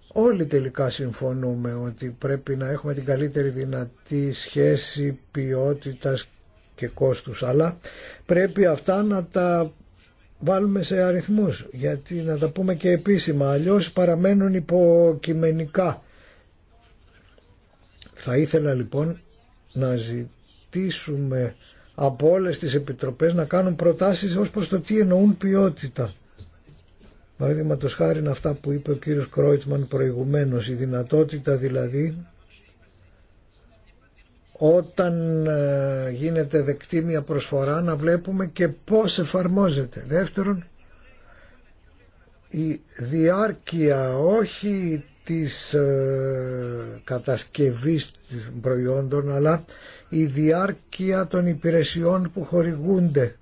όλοι τελικά συμφωνούμε ότι πρέπει να έχουμε την καλύτερη δυνατή σχέση ποιότητας και κόστους αλλά πρέπει αυτά να τα βάλουμε σε αριθμούς γιατί να τα πούμε και επίσημα αλλιώς παραμένουν υποκειμενικά θα ήθελα λοιπόν να ζητήσουμε από όλες τις επιτροπές να κάνουν προτάσεις ως προς το τι εννοούν ποιότητα παραδείγματο χάρη αυτά που είπε ο κύριος Κρόιτσμαν προηγουμένως η δυνατότητα δηλαδή όταν ε, γίνεται δεκτή μια προσφορά να βλέπουμε και πώς εφαρμόζεται. Δεύτερον, η διάρκεια όχι της ε, κατασκευής προϊόντων αλλά η διάρκεια των υπηρεσιών που χορηγούνται.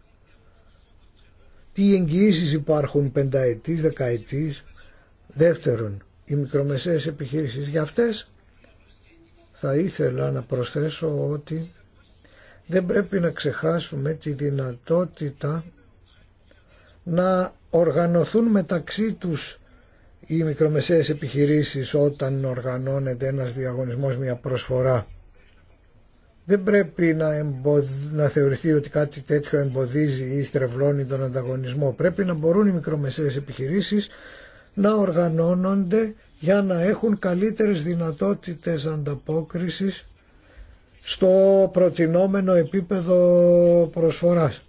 Τι εγγυήσεις υπάρχουν πενταετής, δεκαετής. Δεύτερον, οι μικρομεσαίες επιχειρήσεις για αυτές θα ήθελα να προσθέσω ότι δεν πρέπει να ξεχάσουμε τη δυνατότητα να οργανωθούν μεταξύ τους οι μικρομεσαίες επιχειρήσεις όταν οργανώνεται ένας διαγωνισμός μια προσφορά. Δεν πρέπει να, εμποδ... να θεωρηθεί ότι κάτι τέτοιο εμποδίζει ή στρεβλώνει τον ανταγωνισμό. Πρέπει να μπορούν οι μικρομεσαίες επιχειρήσεις να οργανώνονται για να έχουν καλύτερες δυνατότητες ανταπόκρισης στο προτινόμενο επίπεδο προσφοράς.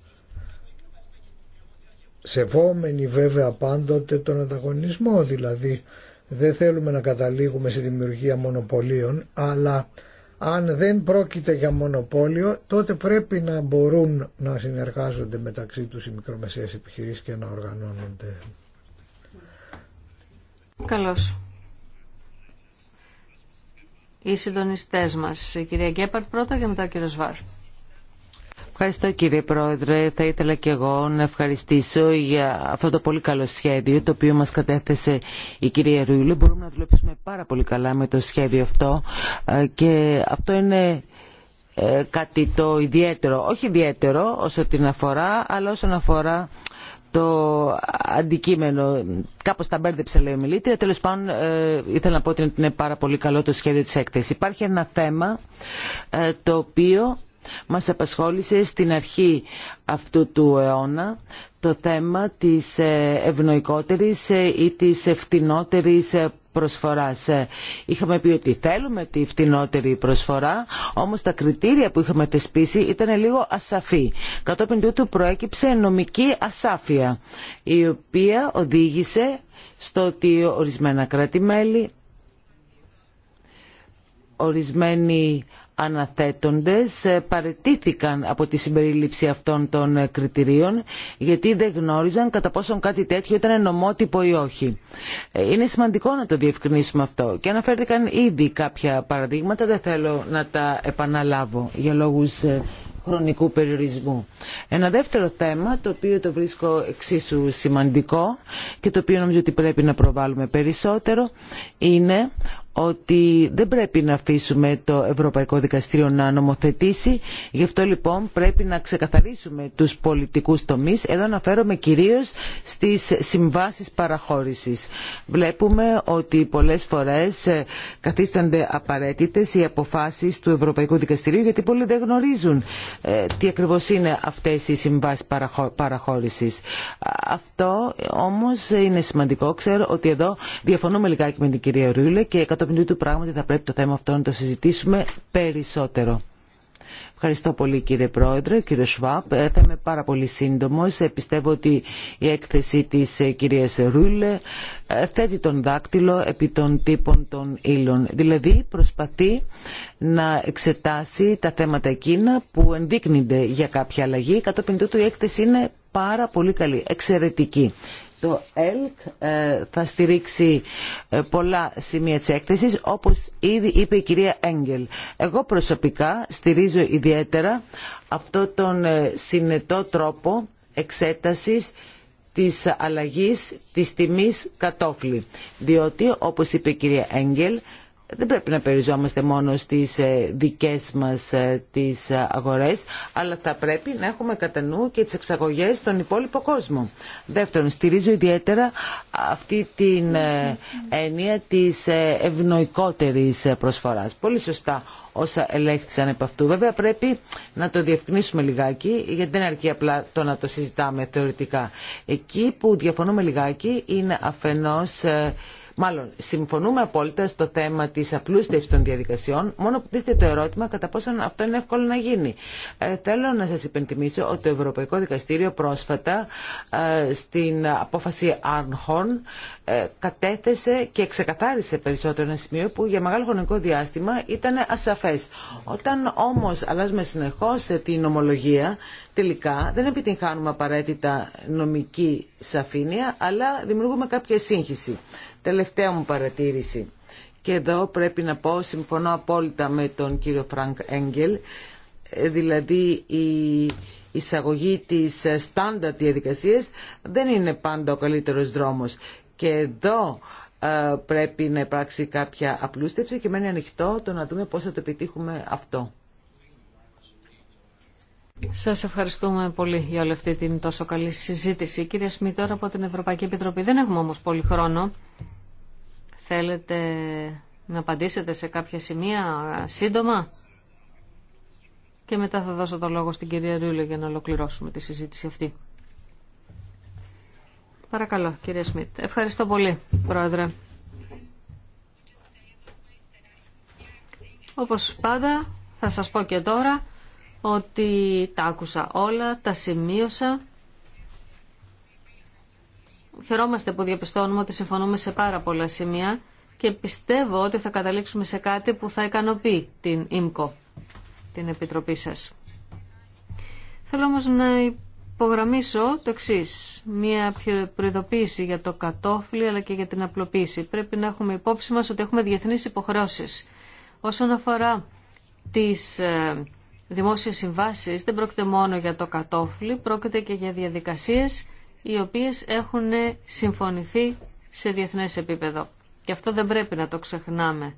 Σεβόμενοι βέβαια πάντοτε τον ανταγωνισμό, δηλαδή δεν θέλουμε να καταλήγουμε στη δημιουργία μονοπωλίων, αλλά αν δεν πρόκειται για μονοπόλιο, τότε πρέπει να μπορούν να συνεργάζονται μεταξύ τους οι μικρομεσαίες επιχειρήσεις και να οργανώνονται. Καλώς οι συντονιστέ μας. Η κυρία Γκέπαρτ πρώτα και μετά ο κύριο Βάρ. Ευχαριστώ κύριε Πρόεδρε. Θα ήθελα και εγώ να ευχαριστήσω για αυτό το πολύ καλό σχέδιο το οποίο μας κατέθεσε η κυρία Ρούλη. Μπορούμε να δουλέψουμε πάρα πολύ καλά με το σχέδιο αυτό ε, και αυτό είναι ε, κάτι το ιδιαίτερο, όχι ιδιαίτερο όσο την αφορά, αλλά όσον αφορά το αντικείμενο. Κάπως τα μπέρδεψε λέει ο μιλήτρια. Τέλο πάντων ε, ήθελα να πω ότι είναι πάρα πολύ καλό το σχέδιο της έκθεσης. Υπάρχει ένα θέμα ε, το οποίο μας απασχόλησε στην αρχή αυτού του αιώνα το θέμα της ε, ευνοϊκότερης ή της ευθυνότερης προσφοράς. Ε, είχαμε πει ότι θέλουμε τη φτηνότερη προσφορά, όμως τα κριτήρια που είχαμε θεσπίσει ήταν λίγο ασαφή. Κατόπιν τούτου προέκυψε νομική ασάφεια, η οποία οδήγησε στο ότι ορισμένα κράτη-μέλη, ορισμένοι αναθέτοντες ε, παρετήθηκαν από τη συμπερίληψη αυτών των ε, κριτηρίων γιατί δεν γνώριζαν κατά πόσον κάτι τέτοιο ήταν νομότυπο ή όχι. Ε, είναι σημαντικό να το διευκρινίσουμε αυτό και αναφέρθηκαν ήδη κάποια παραδείγματα, δεν θέλω να τα επαναλάβω για λόγους χρονικού περιορισμού. Ένα δεύτερο θέμα το οποίο το βρίσκω εξίσου σημαντικό και το οποίο νομίζω ότι πρέπει να προβάλλουμε περισσότερο είναι ότι δεν πρέπει να αφήσουμε το Ευρωπαϊκό Δικαστήριο να νομοθετήσει. Γι' αυτό λοιπόν πρέπει να ξεκαθαρίσουμε τους πολιτικούς τομείς. Εδώ αναφέρομαι κυρίως στις συμβάσεις παραχώρησης. Βλέπουμε ότι πολλές φορές ε, καθίστανται απαραίτητες οι αποφάσεις του Ευρωπαϊκού Δικαστηρίου γιατί πολλοί δεν γνωρίζουν ε, τι ακριβώς είναι αυτές οι συμβάσεις παραχώρησης. Αυτό όμως είναι σημαντικό. Ξέρω ότι εδώ διαφωνούμε λιγάκι με την κυρία Ρούλε επί του πράγματι θα πρέπει το θέμα αυτό να το συζητήσουμε περισσότερο. Ευχαριστώ πολύ κύριε Πρόεδρε, κύριε Σουάπ. Ε, θα είμαι πάρα πολύ σύντομο. Ε, πιστεύω ότι η έκθεση της ε, κυρίας Ρούλε θέτει τον δάκτυλο επί των τύπων των ύλων. Δηλαδή προσπαθεί να εξετάσει τα θέματα εκείνα που ενδείκνυνται για κάποια αλλαγή. Κατόπιν τούτου η έκθεση είναι πάρα πολύ καλή, εξαιρετική. Το ΕΛΚ ε, θα στηρίξει ε, πολλά σημεία της έκθεσης, όπως ήδη είπε η κυρία Έγγελ. Εγώ προσωπικά στηρίζω ιδιαίτερα αυτό τον ε, συνετό τρόπο εξέτασης της αλλαγής της τιμής κατόφλη. Διότι, όπως είπε η κυρία Έγγελ, δεν πρέπει να περιζόμαστε μόνο στις ε, δικές μας ε, τις ε, αγορές, αλλά θα πρέπει να έχουμε κατά νου και τις εξαγωγές στον υπόλοιπο κόσμο. Δεύτερον, στηρίζω ιδιαίτερα αυτή την έννοια της ευνοϊκότερης προσφοράς. Πολύ σωστά όσα ελέγχθησαν από αυτού. Βέβαια πρέπει να το διευκρινίσουμε λιγάκι, γιατί δεν αρκεί απλά το να το συζητάμε θεωρητικά. Εκεί που διαφωνούμε λιγάκι είναι αφενός Μάλλον, συμφωνούμε απόλυτα στο θέμα τη απλούστευση των διαδικασιών, μόνο που τίθεται το ερώτημα κατά πόσο αυτό είναι εύκολο να γίνει. Ε, θέλω να σα υπενθυμίσω ότι το Ευρωπαϊκό Δικαστήριο πρόσφατα ε, στην απόφαση Arnhorn ε, κατέθεσε και ξεκαθάρισε περισσότερο ένα σημείο που για μεγάλο χρονικό διάστημα ήταν ασαφέ. Όταν όμω αλλάζουμε συνεχώ ε, την ομολογία, τελικά δεν επιτυγχάνουμε απαραίτητα νομική σαφήνεια, αλλά δημιουργούμε κάποια σύγχυση. Τελευταία μου παρατήρηση. Και εδώ πρέπει να πω, συμφωνώ απόλυτα με τον κύριο Φρανκ Έγγελ, ε, δηλαδή η εισαγωγή της ε, στάνταρ διαδικασίας δεν είναι πάντα ο καλύτερος δρόμος. Και εδώ ε, πρέπει να υπάρξει κάποια απλούστευση και μένει ανοιχτό το να δούμε πώς θα το επιτύχουμε αυτό. Σας ευχαριστούμε πολύ για όλη αυτή την τόσο καλή συζήτηση. Κύριε Σμιτ, τώρα από την Ευρωπαϊκή Επιτροπή δεν έχουμε όμως πολύ χρόνο. Θέλετε να απαντήσετε σε κάποια σημεία σύντομα και μετά θα δώσω το λόγο στην κυρία Ρούλε για να ολοκληρώσουμε τη συζήτηση αυτή. Παρακαλώ, κύριε Σμιτ. Ευχαριστώ πολύ, Πρόεδρε. Όπως πάντα, θα σας πω και τώρα ότι τα άκουσα όλα, τα σημείωσα. Χαιρόμαστε που διαπιστώνουμε ότι συμφωνούμε σε πάρα πολλά σημεία και πιστεύω ότι θα καταλήξουμε σε κάτι που θα ικανοποιεί την ΙΜΚΟ, την Επιτροπή σας. Θέλω όμως να υπογραμμίσω το εξή. Μία προειδοποίηση για το κατόφλι αλλά και για την απλοποίηση. Πρέπει να έχουμε υπόψη μας ότι έχουμε διεθνείς υποχρεώσεις. Όσον αφορά τις ε, δημόσιες συμβάσεις δεν πρόκειται μόνο για το κατόφλι, πρόκειται και για διαδικασίες οι οποίες έχουν συμφωνηθεί σε διεθνές επίπεδο. Και αυτό δεν πρέπει να το ξεχνάμε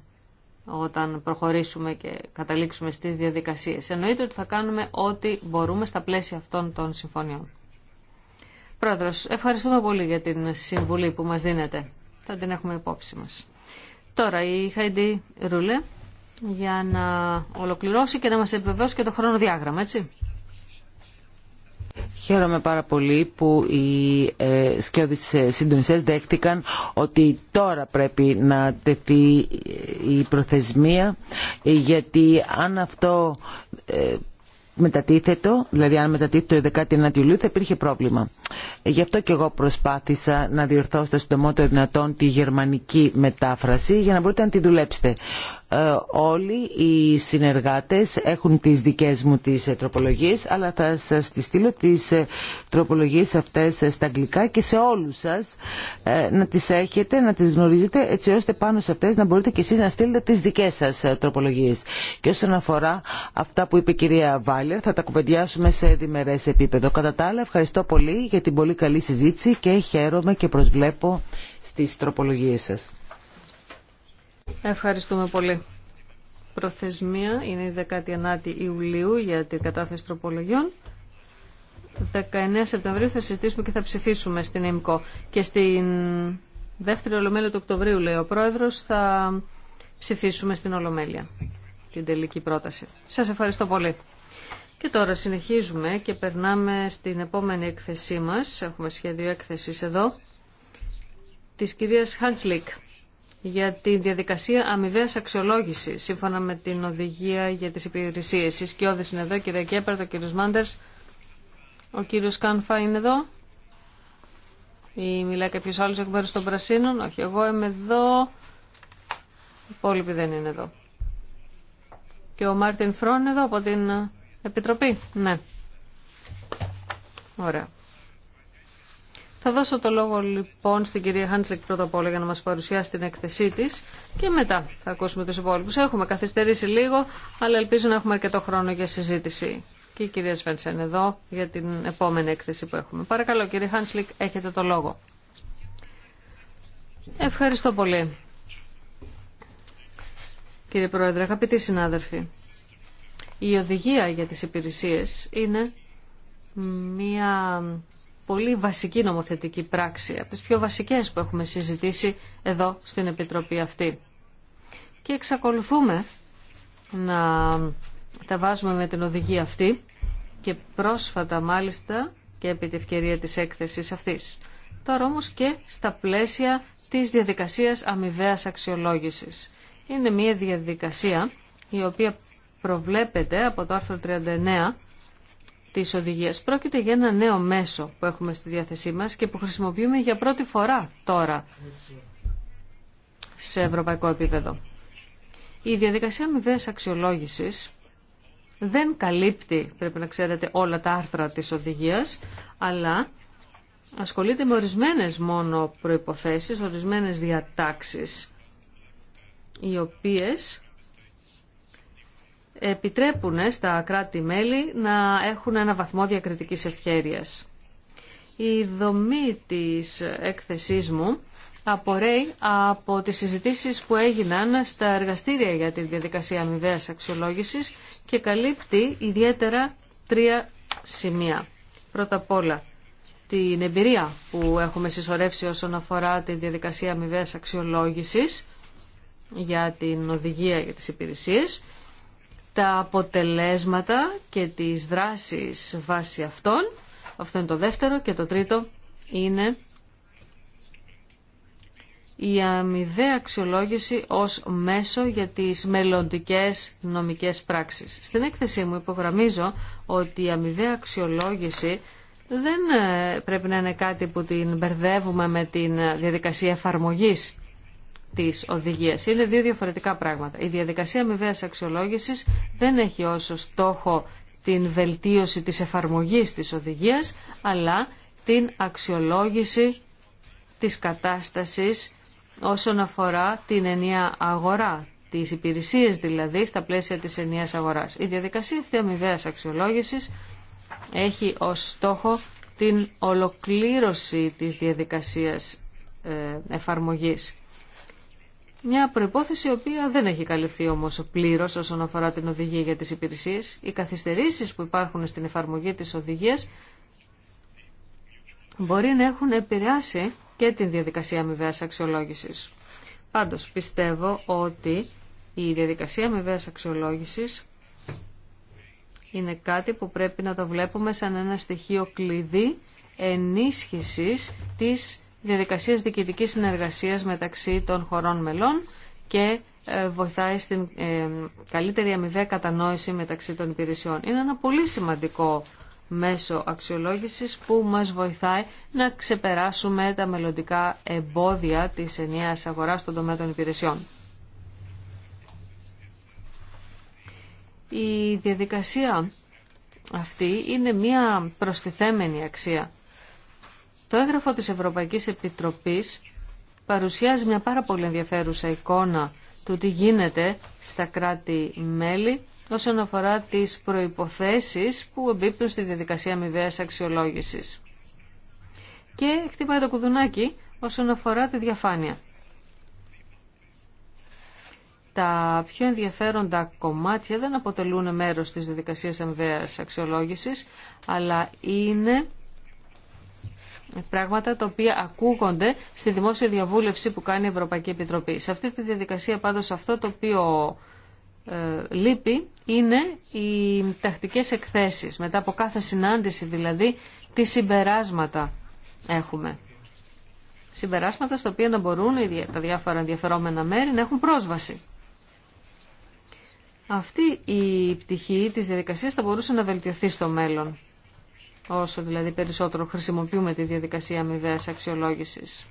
όταν προχωρήσουμε και καταλήξουμε στις διαδικασίες. Εννοείται ότι θα κάνουμε ό,τι μπορούμε στα πλαίσια αυτών των συμφωνιών. Πρόεδρος, ευχαριστούμε πολύ για την συμβουλή που μας δίνετε. Θα την έχουμε υπόψη μας. Τώρα η Χαϊντή Ρούλε για να ολοκληρώσει και να μας επιβεβαιώσει και το χρόνο διάγραμμα, έτσι. Χαίρομαι πάρα πολύ που οι ε, σκιώδεις ε, συντονιστές δέχτηκαν ότι τώρα πρέπει να τεθεί ε, η προθεσμία ε, γιατί αν αυτό μετατίθετο, δηλαδή αν μετατίθετο η 19 η Ιουλίου θα υπήρχε πρόβλημα. Γι' αυτό και εγώ προσπάθησα να διορθώσω στο συντομότερο δυνατόν τη γερμανική μετάφραση για να μπορείτε να τη δουλέψετε. Ε, όλοι οι συνεργάτες έχουν τις δικές μου τις ε, τροπολογίες αλλά θα σας τις στείλω τις ε, τροπολογίες αυτές στα αγγλικά και σε όλους σας να τις έχετε, να τις γνωρίζετε έτσι ώστε πάνω σε αυτές να μπορείτε και εσείς να στείλετε τις δικές σας τροπολογίες. Και όσον αφορά αυτά που είπε η κυρία Βάλερ θα τα κουβεντιάσουμε σε διμερές επίπεδο. Κατά τα άλλα ευχαριστώ πολύ για την πολύ καλή συζήτηση και χαίρομαι και προσβλέπω στις τροπολογίες σας. Ευχαριστούμε πολύ. Προθεσμία είναι η 19η Ιουλίου για την κατάθεση τροπολογιών. 19 Σεπτεμβρίου θα συζητήσουμε και θα ψηφίσουμε στην ΕΜΚΟ. Και στην δεύτερη Ολομέλεια του Οκτωβρίου, λέει ο Πρόεδρος, θα ψηφίσουμε στην Ολομέλεια την τελική πρόταση. Σας ευχαριστώ πολύ. Και τώρα συνεχίζουμε και περνάμε στην επόμενη έκθεσή μας. Έχουμε σχέδιο έκθεσης εδώ. Της κυρίας Χάντσλικ για τη διαδικασία αμοιβαία αξιολόγηση σύμφωνα με την οδηγία για τι υπηρεσίε. Οι σκιώδε είναι εδώ, κύριε Κέπερτ, ο κύριο Μάντερ. Ο κύριο Κάνφα είναι εδώ. Ή μιλάει κάποιο άλλο εκ μέρου των Πρασίνων. Όχι, εγώ είμαι εδώ. Οι υπόλοιποι δεν είναι εδώ. Και ο Μάρτιν Φρόν εδώ από την Επιτροπή. Ναι. Ωραία. Θα δώσω το λόγο λοιπόν στην κυρία Χάντσλεκ πρώτα απ' όλα για να μας παρουσιάσει την έκθεσή της και μετά θα ακούσουμε τους υπόλοιπους. Έχουμε καθυστερήσει λίγο, αλλά ελπίζω να έχουμε αρκετό χρόνο για συζήτηση. Και η κυρία Σβέντσεν εδώ για την επόμενη έκθεση που έχουμε. Παρακαλώ κύριε Χάντσλικ, έχετε το λόγο. Ευχαριστώ πολύ. Κύριε Πρόεδρε, αγαπητοί συνάδελφοι, η οδηγία για τις υπηρεσίες είναι μία πολύ βασική νομοθετική πράξη, από τις πιο βασικές που έχουμε συζητήσει εδώ στην Επιτροπή αυτή. Και εξακολουθούμε να τα βάζουμε με την οδηγία αυτή και πρόσφατα μάλιστα και επί τη ευκαιρία της έκθεσης αυτής. Τώρα όμως και στα πλαίσια της διαδικασίας αμοιβαία αξιολόγησης. Είναι μια διαδικασία η οποία προβλέπεται από το άρθρο 39 Τη οδηγία. Πρόκειται για ένα νέο μέσο που έχουμε στη διάθεσή μα και που χρησιμοποιούμε για πρώτη φορά τώρα σε ευρωπαϊκό επίπεδο. Η διαδικασία μηδέα αξιολόγησης δεν καλύπτει, πρέπει να ξέρετε, όλα τα άρθρα της οδηγίας, αλλά ασχολείται με ορισμένες μόνο προϋποθέσεις, ορισμένες διατάξεις, οι οποίες επιτρέπουν ε, στα κράτη-μέλη να έχουν ένα βαθμό διακριτικής ευχέρειας. Η δομή της έκθεσής μου απορρέει από τις συζητήσεις που έγιναν στα εργαστήρια για τη διαδικασία αμοιβαίας αξιολόγησης και καλύπτει ιδιαίτερα τρία σημεία. Πρώτα απ' όλα, την εμπειρία που έχουμε συσσωρεύσει όσον αφορά τη διαδικασία αμοιβαίας αξιολόγησης για την οδηγία για τις υπηρεσίες τα αποτελέσματα και τις δράσεις βάσει αυτών. Αυτό είναι το δεύτερο. Και το τρίτο είναι η αμοιβαία αξιολόγηση ως μέσο για τις μελλοντικές νομικές πράξεις. Στην έκθεσή μου υπογραμμίζω ότι η αμοιβαία αξιολόγηση δεν ε, πρέπει να είναι κάτι που την μπερδεύουμε με την διαδικασία εφαρμογής. Είναι δύο διαφορετικά πράγματα. Η διαδικασία αμοιβαία αξιολόγησης δεν έχει ως στόχο την βελτίωση της εφαρμογής της οδηγίας, αλλά την αξιολόγηση της κατάστασης όσον αφορά την ενιαία αγορά, τις υπηρεσίες δηλαδή στα πλαίσια της ενιαίας αγοράς. Η διαδικασία αυτή αμοιβαίας αξιολόγησης έχει ως στόχο την ολοκλήρωση της διαδικασίας ε, εφαρμογής. Μια προπόθεση η οποία δεν έχει καλυφθεί όμω πλήρω όσον αφορά την οδηγία για τι υπηρεσίε. Οι καθυστερήσει που υπάρχουν στην εφαρμογή τη οδηγία μπορεί να έχουν επηρεάσει και την διαδικασία αμοιβαία αξιολόγηση. Πάντω πιστεύω ότι η διαδικασία αμοιβαία αξιολόγηση είναι κάτι που πρέπει να το βλέπουμε σαν ένα στοιχείο κλειδί ενίσχυσης της Διαδικασία διοικητική συνεργασία μεταξύ των χωρών μελών και ε, βοηθάει στην ε, καλύτερη αμοιβαία κατανόηση μεταξύ των υπηρεσιών. Είναι ένα πολύ σημαντικό μέσο αξιολόγησης που μας βοηθάει να ξεπεράσουμε τα μελλοντικά εμπόδια της ενιαίας αγοράς στον τομέα των υπηρεσιών. Η διαδικασία αυτή είναι μία προστιθέμενη αξία το έγγραφο της Ευρωπαϊκής Επιτροπής παρουσιάζει μια πάρα πολύ ενδιαφέρουσα εικόνα του τι γίνεται στα κράτη-μέλη όσον αφορά τις προϋποθέσεις που εμπίπτουν στη διαδικασία αμοιβαίας αξιολόγησης. Και χτυπάει το κουδουνάκι όσον αφορά τη διαφάνεια. Τα πιο ενδιαφέροντα κομμάτια δεν αποτελούν μέρος της διαδικασίας αμοιβαίας αξιολόγησης, αλλά είναι πράγματα τα οποία ακούγονται στη δημόσια διαβούλευση που κάνει η Ευρωπαϊκή Επιτροπή. Σε αυτή τη διαδικασία πάντως αυτό το οποίο ε, λείπει είναι οι τακτικές εκθέσεις. Μετά από κάθε συνάντηση δηλαδή τι συμπεράσματα έχουμε. Συμπεράσματα στα οποία να μπορούν τα διάφορα ενδιαφερόμενα μέρη να έχουν πρόσβαση. Αυτή η πτυχή της διαδικασίας θα μπορούσε να βελτιωθεί στο μέλλον όσο δηλαδή περισσότερο χρησιμοποιούμε τη διαδικασία αμοιβαίας αξιολόγησης.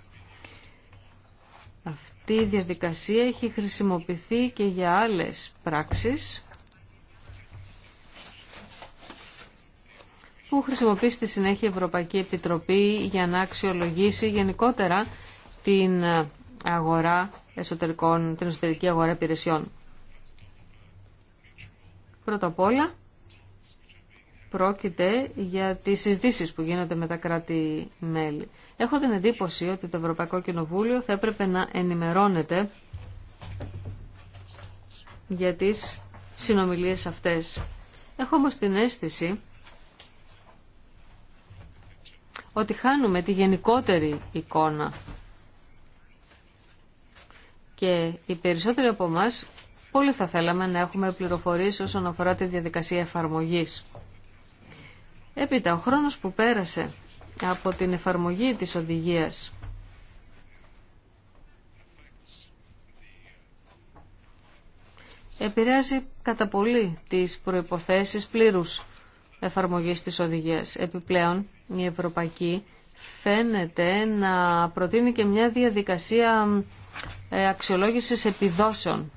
Αυτή η διαδικασία έχει χρησιμοποιηθεί και για άλλες πράξεις που χρησιμοποιεί στη συνέχεια η Ευρωπαϊκή Επιτροπή για να αξιολογήσει γενικότερα την αγορά εσωτερικών, την εσωτερική αγορά υπηρεσιών. Πρώτα απ' όλα, πρόκειται για τις συζητήσεις που γίνονται με τα κράτη-μέλη. Έχω την εντύπωση ότι το Ευρωπαϊκό Κοινοβούλιο θα έπρεπε να ενημερώνεται για τις συνομιλίες αυτές. Έχω όμως την αίσθηση ότι χάνουμε τη γενικότερη εικόνα και οι περισσότεροι από εμά πολύ θα θέλαμε να έχουμε πληροφορίες όσον αφορά τη διαδικασία εφαρμογής. Έπειτα, ο χρόνος που πέρασε από την εφαρμογή της οδηγίας επηρεάζει κατά πολύ τις προϋποθέσεις πλήρους εφαρμογής της οδηγίας. Επιπλέον, η Ευρωπαϊκή φαίνεται να προτείνει και μια διαδικασία ε, αξιολόγησης επιδόσεων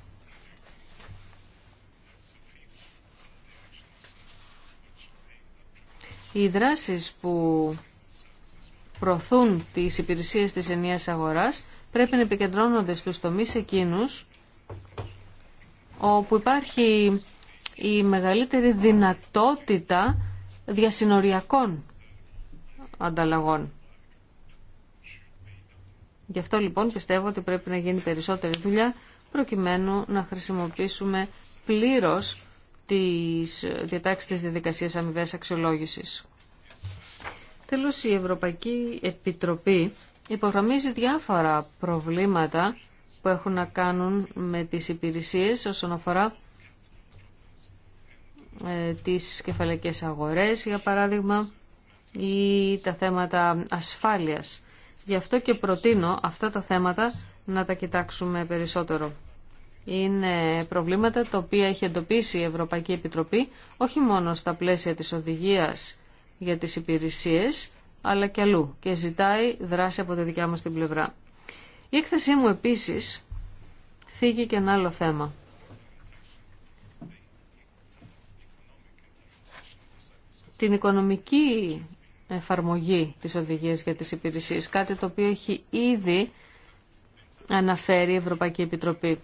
Οι δράσεις που προωθούν τις υπηρεσίες της ενιαίας αγοράς πρέπει να επικεντρώνονται στους τομείς εκείνους όπου υπάρχει η μεγαλύτερη δυνατότητα διασυνοριακών ανταλλαγών. Γι' αυτό λοιπόν πιστεύω ότι πρέπει να γίνει περισσότερη δουλειά προκειμένου να χρησιμοποιήσουμε πλήρως τις διατάξεις της διαδικασίας αμοιβές αξιολόγησης. Τέλος, η Ευρωπαϊκή Επιτροπή υπογραμμίζει διάφορα προβλήματα που έχουν να κάνουν με τις υπηρεσίες όσον αφορά ε, τις κεφαλαϊκές αγορές, για παράδειγμα, ή τα θέματα ασφάλειας. Γι' αυτό και προτείνω αυτά τα θέματα να τα κοιτάξουμε περισσότερο είναι προβλήματα τα οποία έχει εντοπίσει η Ευρωπαϊκή Επιτροπή όχι μόνο στα πλαίσια της οδηγίας για τις υπηρεσίες αλλά και αλλού και ζητάει δράση από τη δικιά μας την πλευρά. Η έκθεσή μου επίσης θίγει και ένα άλλο θέμα. Την οικονομική εφαρμογή της οδηγίας για τις υπηρεσίες, κάτι το οποίο έχει ήδη αναφέρει η Ευρωπαϊκή Επιτροπή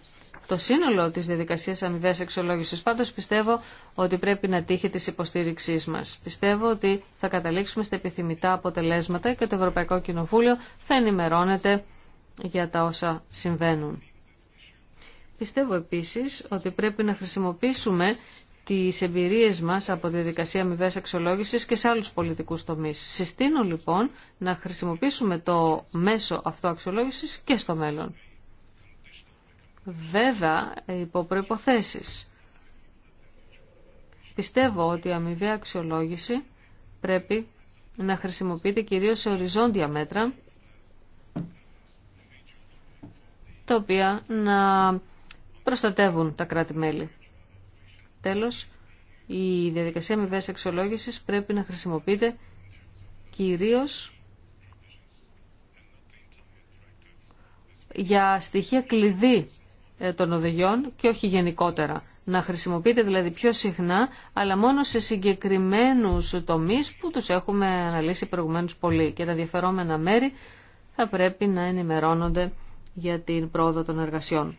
το σύνολο της διαδικασίας αμοιβές αξιολόγησης. Πάντως πιστεύω ότι πρέπει να τύχει της υποστήριξής μας. Πιστεύω ότι θα καταλήξουμε στα επιθυμητά αποτελέσματα και το Ευρωπαϊκό Κοινοβούλιο θα ενημερώνεται για τα όσα συμβαίνουν. Πιστεύω επίσης ότι πρέπει να χρησιμοποιήσουμε τις εμπειρίες μας από τη διαδικασία αμοιβέ αξιολόγηση και σε άλλους πολιτικούς τομείς. Συστήνω λοιπόν να χρησιμοποιήσουμε το μέσο αυτό αξιολόγησης και στο μέλλον βέβαια υπό προϋποθέσεις. Πιστεύω ότι η αμοιβαία αξιολόγηση πρέπει να χρησιμοποιείται κυρίως σε οριζόντια μέτρα, τα οποία να προστατεύουν τα κράτη-μέλη. Τέλος, η διαδικασία αμοιβαίας αξιολόγησης πρέπει να χρησιμοποιείται κυρίως για στοιχεία κλειδί ε, των οδηγιών και όχι γενικότερα. Να χρησιμοποιείται δηλαδή πιο συχνά, αλλά μόνο σε συγκεκριμένους τομείς που τους έχουμε αναλύσει προηγουμένως πολύ και τα διαφερόμενα μέρη θα πρέπει να ενημερώνονται για την πρόοδο των εργασιών.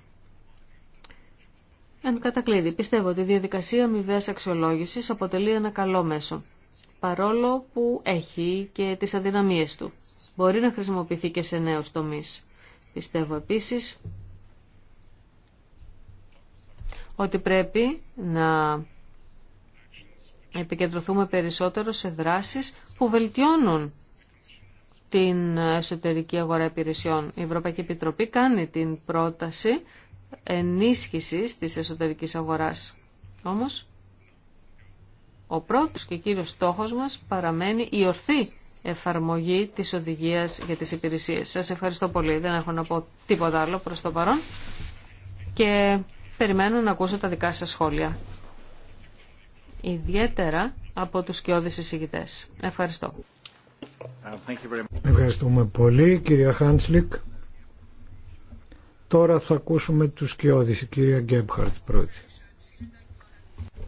Εν κατακλείδη, πιστεύω ότι η διαδικασία αμοιβαίας αξιολόγησης αποτελεί ένα καλό μέσο, παρόλο που έχει και τις αδυναμίες του. Μπορεί να χρησιμοποιηθεί και σε νέους τομείς. Πιστεύω επίσης ότι πρέπει να επικεντρωθούμε περισσότερο σε δράσεις που βελτιώνουν την εσωτερική αγορά υπηρεσιών. Η Ευρωπαϊκή Επιτροπή κάνει την πρόταση ενίσχυσης της εσωτερικής αγοράς. Όμως, ο πρώτος και κύριος στόχος μας παραμένει η ορθή εφαρμογή της οδηγίας για τις υπηρεσίες. Σας ευχαριστώ πολύ. Δεν έχω να πω τίποτα άλλο προς το παρόν περιμένω να ακούσω τα δικά σας σχόλια. Ιδιαίτερα από τους σκιώδεις εισηγητές. Ευχαριστώ. Ευχαριστούμε πολύ κυρία Χάνσλικ. Τώρα θα ακούσουμε τους σκιώδεις, η κυρία Γκέμπχαρτ πρώτη.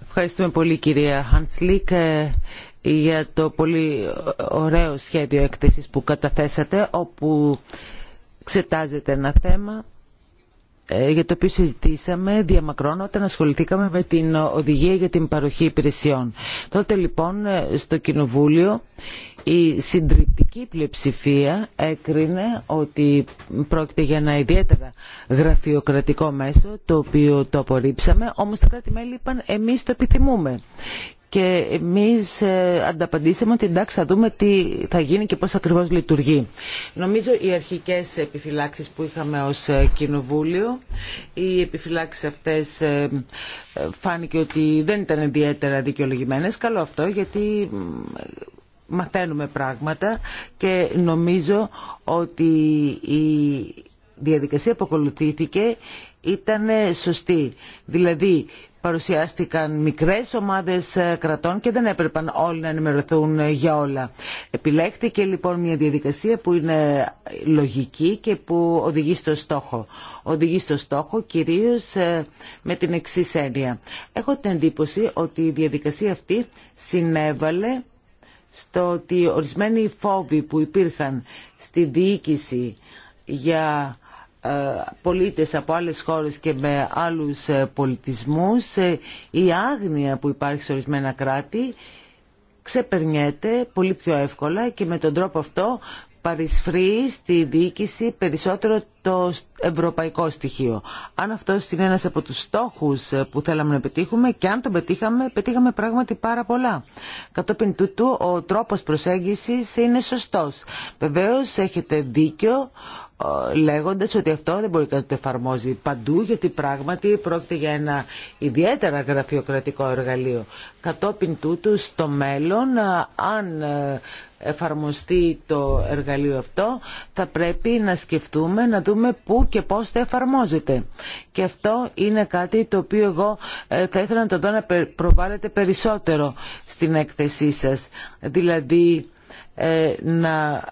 Ευχαριστούμε πολύ κυρία Χάνσλικ ε, για το πολύ ωραίο σχέδιο έκθεσης που καταθέσατε όπου εξετάζεται ένα θέμα ε, για το οποίο συζητήσαμε διαμακρών όταν ασχοληθήκαμε με την οδηγία για την παροχή υπηρεσιών. Τότε λοιπόν ε, στο Κοινοβούλιο η συντριπτική πλειοψηφία έκρινε ότι πρόκειται για ένα ιδιαίτερα γραφειοκρατικό μέσο το οποίο το απορρίψαμε όμως τα κράτη-μέλη είπαν εμείς το επιθυμούμε και εμείς ε, ανταπαντήσαμε ότι εντάξει θα δούμε τι θα γίνει και πώς ακριβώς λειτουργεί. Νομίζω οι αρχικές επιφυλάξεις που είχαμε ως ε, Κοινοβούλιο, οι επιφυλάξεις αυτές ε, φάνηκε ότι δεν ήταν ιδιαίτερα δικαιολογημένες. Καλό αυτό γιατί μαθαίνουμε πράγματα και νομίζω ότι η διαδικασία που ακολουθήθηκε ήταν σωστή. Δηλαδή παρουσιάστηκαν μικρές ομάδες ε, κρατών και δεν έπρεπαν όλοι να ενημερωθούν για όλα. Επιλέχθηκε λοιπόν μια διαδικασία που είναι λογική και που οδηγεί στο στόχο. Οδηγεί στο στόχο κυρίως ε, με την εξή έννοια. Έχω την εντύπωση ότι η διαδικασία αυτή συνέβαλε στο ότι ορισμένοι φόβοι που υπήρχαν στη διοίκηση για πολίτες από άλλες χώρες και με άλλους ε, πολιτισμούς ε, η άγνοια που υπάρχει σε ορισμένα κράτη ξεπερνιέται πολύ πιο εύκολα και με τον τρόπο αυτό παρισφρεί στη διοίκηση περισσότερο το ευρωπαϊκό στοιχείο. Αν αυτό είναι ένας από τους στόχους ε, που θέλαμε να πετύχουμε και αν τον πετύχαμε, πετύχαμε πράγματι πάρα πολλά. Κατόπιν τούτου ο τρόπος προσέγγισης είναι σωστός. Βεβαίως έχετε δίκιο ε, λέγοντας ότι αυτό δεν μπορεί να το εφαρμόζει παντού γιατί πράγματι πρόκειται για ένα ιδιαίτερα γραφειοκρατικό εργαλείο. Κατόπιν τούτου στο μέλλον ε, αν ε, εφαρμοστεί το εργαλείο αυτό θα πρέπει να σκεφτούμε να δούμε πού και πώς θα εφαρμόζεται. Και αυτό είναι κάτι το οποίο εγώ θα ήθελα να το δω να προβάλλετε περισσότερο στην έκθεσή σας. Δηλαδή να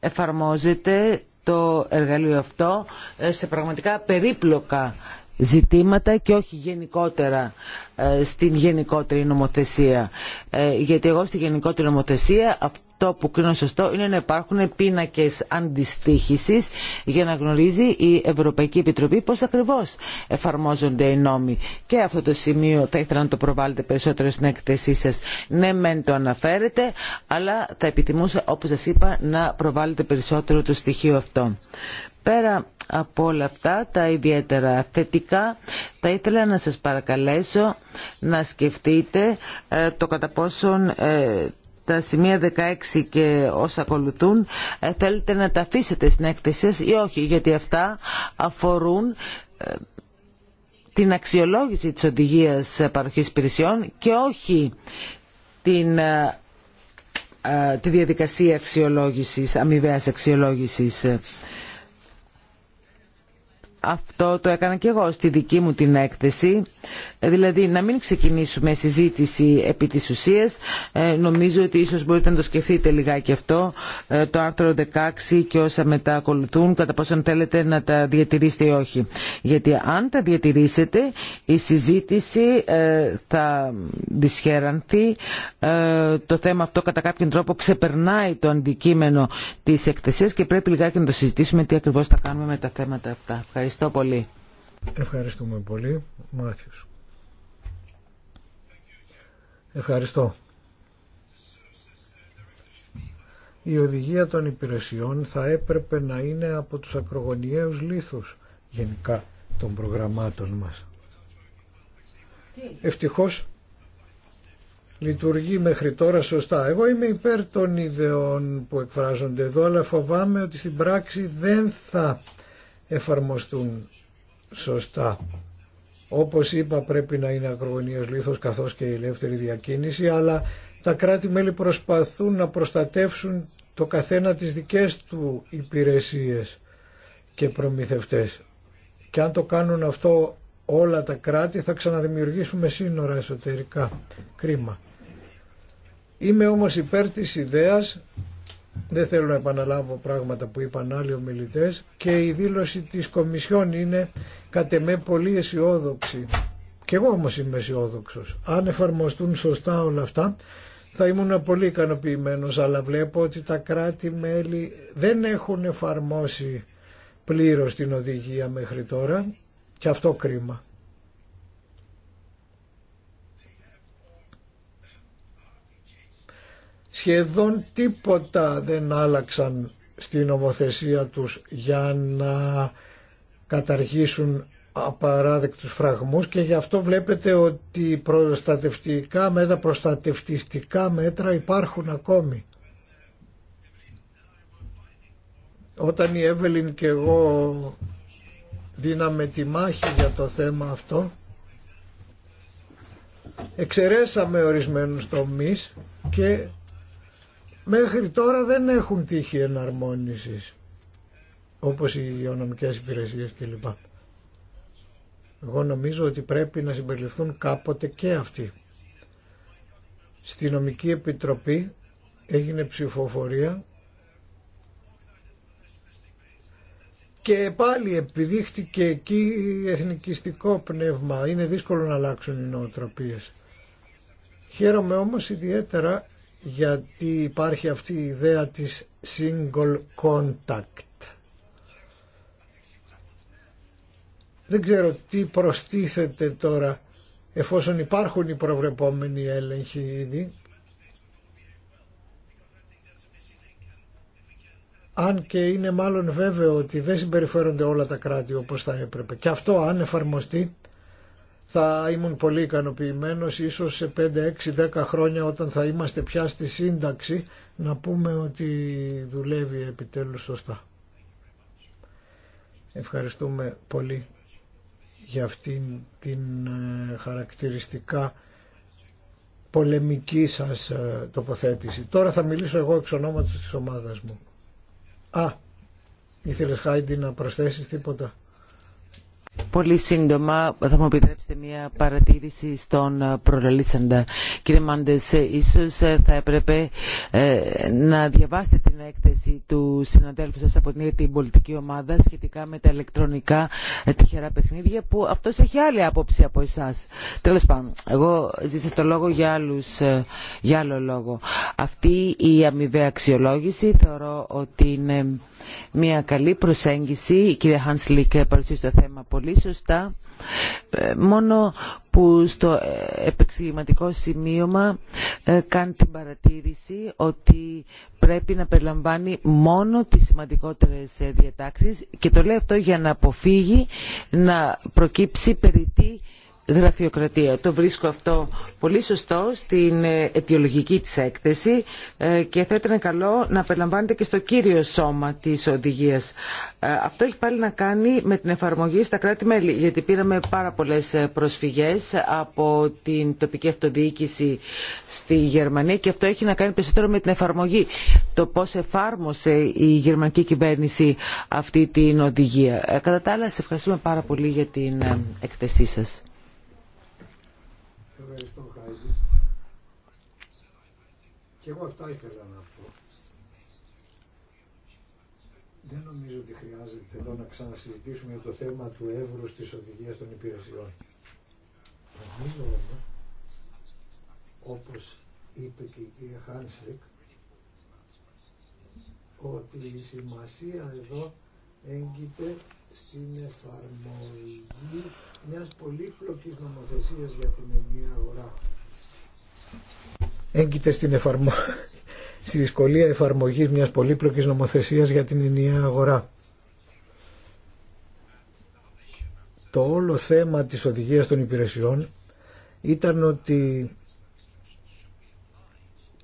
εφαρμόζεται το εργαλείο αυτό ε, σε πραγματικά περίπλοκα ζητήματα και όχι γενικότερα ε, στην γενικότερη νομοθεσία. Ε, γιατί εγώ στη γενικότερη νομοθεσία το που κρίνω σωστό είναι να υπάρχουν πίνακες αντιστοίχησης για να γνωρίζει η Ευρωπαϊκή Επιτροπή πώς ακριβώς εφαρμόζονται οι νόμοι. Και αυτό το σημείο θα ήθελα να το προβάλλετε περισσότερο στην έκθεσή σας. Ναι, μεν το αναφέρετε, αλλά θα επιθυμούσα, όπως σας είπα, να προβάλλετε περισσότερο το στοιχείο αυτό. Πέρα από όλα αυτά τα ιδιαίτερα θετικά θα ήθελα να σας παρακαλέσω να σκεφτείτε ε, το κατά πόσον ε, τα σημεία 16 και όσα ακολουθούν ε, θέλετε να τα αφήσετε στην έκθεση σας ή όχι γιατί αυτά αφορούν ε, την αξιολόγηση της οδηγίας παροχής υπηρεσιών και όχι την, ε, τη διαδικασία αξιολόγησης, αμοιβαίας αξιολόγησης αυτό το έκανα και εγώ στη δική μου την έκθεση, δηλαδή να μην ξεκινήσουμε συζήτηση επί της ουσίας. Ε, νομίζω ότι ίσως μπορείτε να το σκεφτείτε λιγάκι αυτό, ε, το άρθρο 16 και όσα μετά ακολουθούν, κατά πόσον θέλετε να τα διατηρήσετε ή όχι. Γιατί αν τα διατηρήσετε, η συζήτηση ε, θα δυσχέρανθει. Το θέμα αυτό κατά κάποιον τρόπο ξεπερνάει το αντικείμενο της εκθεσίας και πρέπει λιγάκι να το συζητήσουμε τι ακριβώς θα κάνουμε με τα θέματα αυτά. Ευχαριστούμε πολύ. Μάθιος. Ευχαριστώ. Η οδηγία των υπηρεσιών θα έπρεπε να είναι από τους ακρογωνιαίους λίθους γενικά των προγραμμάτων μας. Ευτυχώς λειτουργεί μέχρι τώρα σωστά. Εγώ είμαι υπέρ των ιδεών που εκφράζονται εδώ, αλλά φοβάμαι ότι στην πράξη δεν θα εφαρμοστούν σωστά. Όπως είπα πρέπει να είναι ακρογωνίος λίθος καθώς και η ελεύθερη διακίνηση, αλλά τα κράτη-μέλη προσπαθούν να προστατεύσουν το καθένα τις δικές του υπηρεσίες και προμηθευτές. Και αν το κάνουν αυτό όλα τα κράτη θα ξαναδημιουργήσουμε σύνορα εσωτερικά. Κρίμα. Είμαι όμως υπέρ της ιδέας δεν θέλω να επαναλάβω πράγματα που είπαν άλλοι ομιλητέ και η δήλωση της Κομισιόν είναι κατ' εμέ πολύ αισιόδοξη. Κι εγώ όμως είμαι αισιόδοξο. Αν εφαρμοστούν σωστά όλα αυτά θα ήμουν πολύ ικανοποιημένο, αλλά βλέπω ότι τα κράτη-μέλη δεν έχουν εφαρμόσει πλήρως την οδηγία μέχρι τώρα και αυτό κρίμα. σχεδόν τίποτα δεν άλλαξαν στην νομοθεσία τους για να καταργήσουν απαράδεκτους φραγμούς και γι' αυτό βλέπετε ότι προστατευτικά μέτρα, προστατευτιστικά μέτρα υπάρχουν ακόμη. Όταν η Εύελιν και εγώ δίναμε τη μάχη για το θέμα αυτό, εξαιρέσαμε ορισμένους τομείς και μέχρι τώρα δεν έχουν τύχει εναρμόνισης όπως οι υγειονομικές υπηρεσίες κλπ. Εγώ νομίζω ότι πρέπει να συμπεριληφθούν κάποτε και αυτοί. Στη νομική επιτροπή έγινε ψηφοφορία και πάλι επιδείχτηκε εκεί εθνικιστικό πνεύμα. Είναι δύσκολο να αλλάξουν οι νοοτροπίες. Χαίρομαι όμως ιδιαίτερα γιατί υπάρχει αυτή η ιδέα της single contact. Δεν ξέρω τι προστίθεται τώρα εφόσον υπάρχουν οι προβλεπόμενοι έλεγχοι ήδη. Αν και είναι μάλλον βέβαιο ότι δεν συμπεριφέρονται όλα τα κράτη όπως θα έπρεπε. Και αυτό αν εφαρμοστεί θα ήμουν πολύ ικανοποιημένος ίσως σε 5, 6, 10 χρόνια όταν θα είμαστε πια στη σύνταξη να πούμε ότι δουλεύει επιτέλους σωστά. Ευχαριστούμε πολύ για αυτήν την ε, χαρακτηριστικά πολεμική σας ε, τοποθέτηση. Τώρα θα μιλήσω εγώ εξ ονόματος της ομάδας μου. Α, ήθελες Χάιντι να προσθέσεις τίποτα. Πολύ σύντομα θα μου επιτρέψετε μια παρατήρηση στον ε, προλαλήσαντα. Κύριε Μάντες, ε, ίσως ε, θα έπρεπε να διαβάσετε την έκθεση του συναντέλφου σας από την πολιτική ομάδα σχετικά με τα ηλεκτρονικά τυχερά παιχνίδια που αυτός έχει άλλη άποψη από εσάς. Τέλος πάντων, εγώ ζήτησα το λόγο για, άλλο λόγο. Αυτή η αμοιβαία αξιολόγηση θεωρώ ότι είναι μια καλή προσέγγιση. Η κυρία Χάνσλικ παρουσίασε το θέμα πολύ σωστά ε, μόνο που στο επεξηγηματικό σημείωμα ε, κάνει την παρατήρηση ότι πρέπει να περιλαμβάνει μόνο τις σημαντικότερες ε, διατάξεις και το λέει αυτό για να αποφύγει να προκύψει περιττή γραφειοκρατία. Το βρίσκω αυτό πολύ σωστό στην ε, αιτιολογική της έκθεση ε, και θα ήταν καλό να περιλαμβάνεται και στο κύριο σώμα της οδηγίας. Ε, αυτό έχει πάλι να κάνει με την εφαρμογή στα κράτη-μέλη, γιατί πήραμε πάρα πολλές προσφυγές από την τοπική αυτοδιοίκηση στη Γερμανία και αυτό έχει να κάνει περισσότερο με την εφαρμογή. Το πώς εφάρμοσε η γερμανική κυβέρνηση αυτή την οδηγία. Κατά τα άλλα, σε ευχαριστούμε πάρα πολύ για την εκθεσή σας. Και εγώ αυτά ήθελα να πω. Δεν νομίζω ότι χρειάζεται εδώ να ξανασυζητήσουμε το θέμα του εύρους της οδηγίας των υπηρεσιών. Νομίζω όμω, όπως είπε και η κυρία Χάνσρικ, ότι η σημασία εδώ έγκυται στην εφαρμογή μιας πολύπλοκης νομοθεσίας για την ενιαία αγορά έγκυται στην εφαρμο... στη δυσκολία εφαρμογής μιας πολύπλοκης νομοθεσίας για την ενιαία αγορά. Το όλο θέμα της οδηγίας των υπηρεσιών ήταν ότι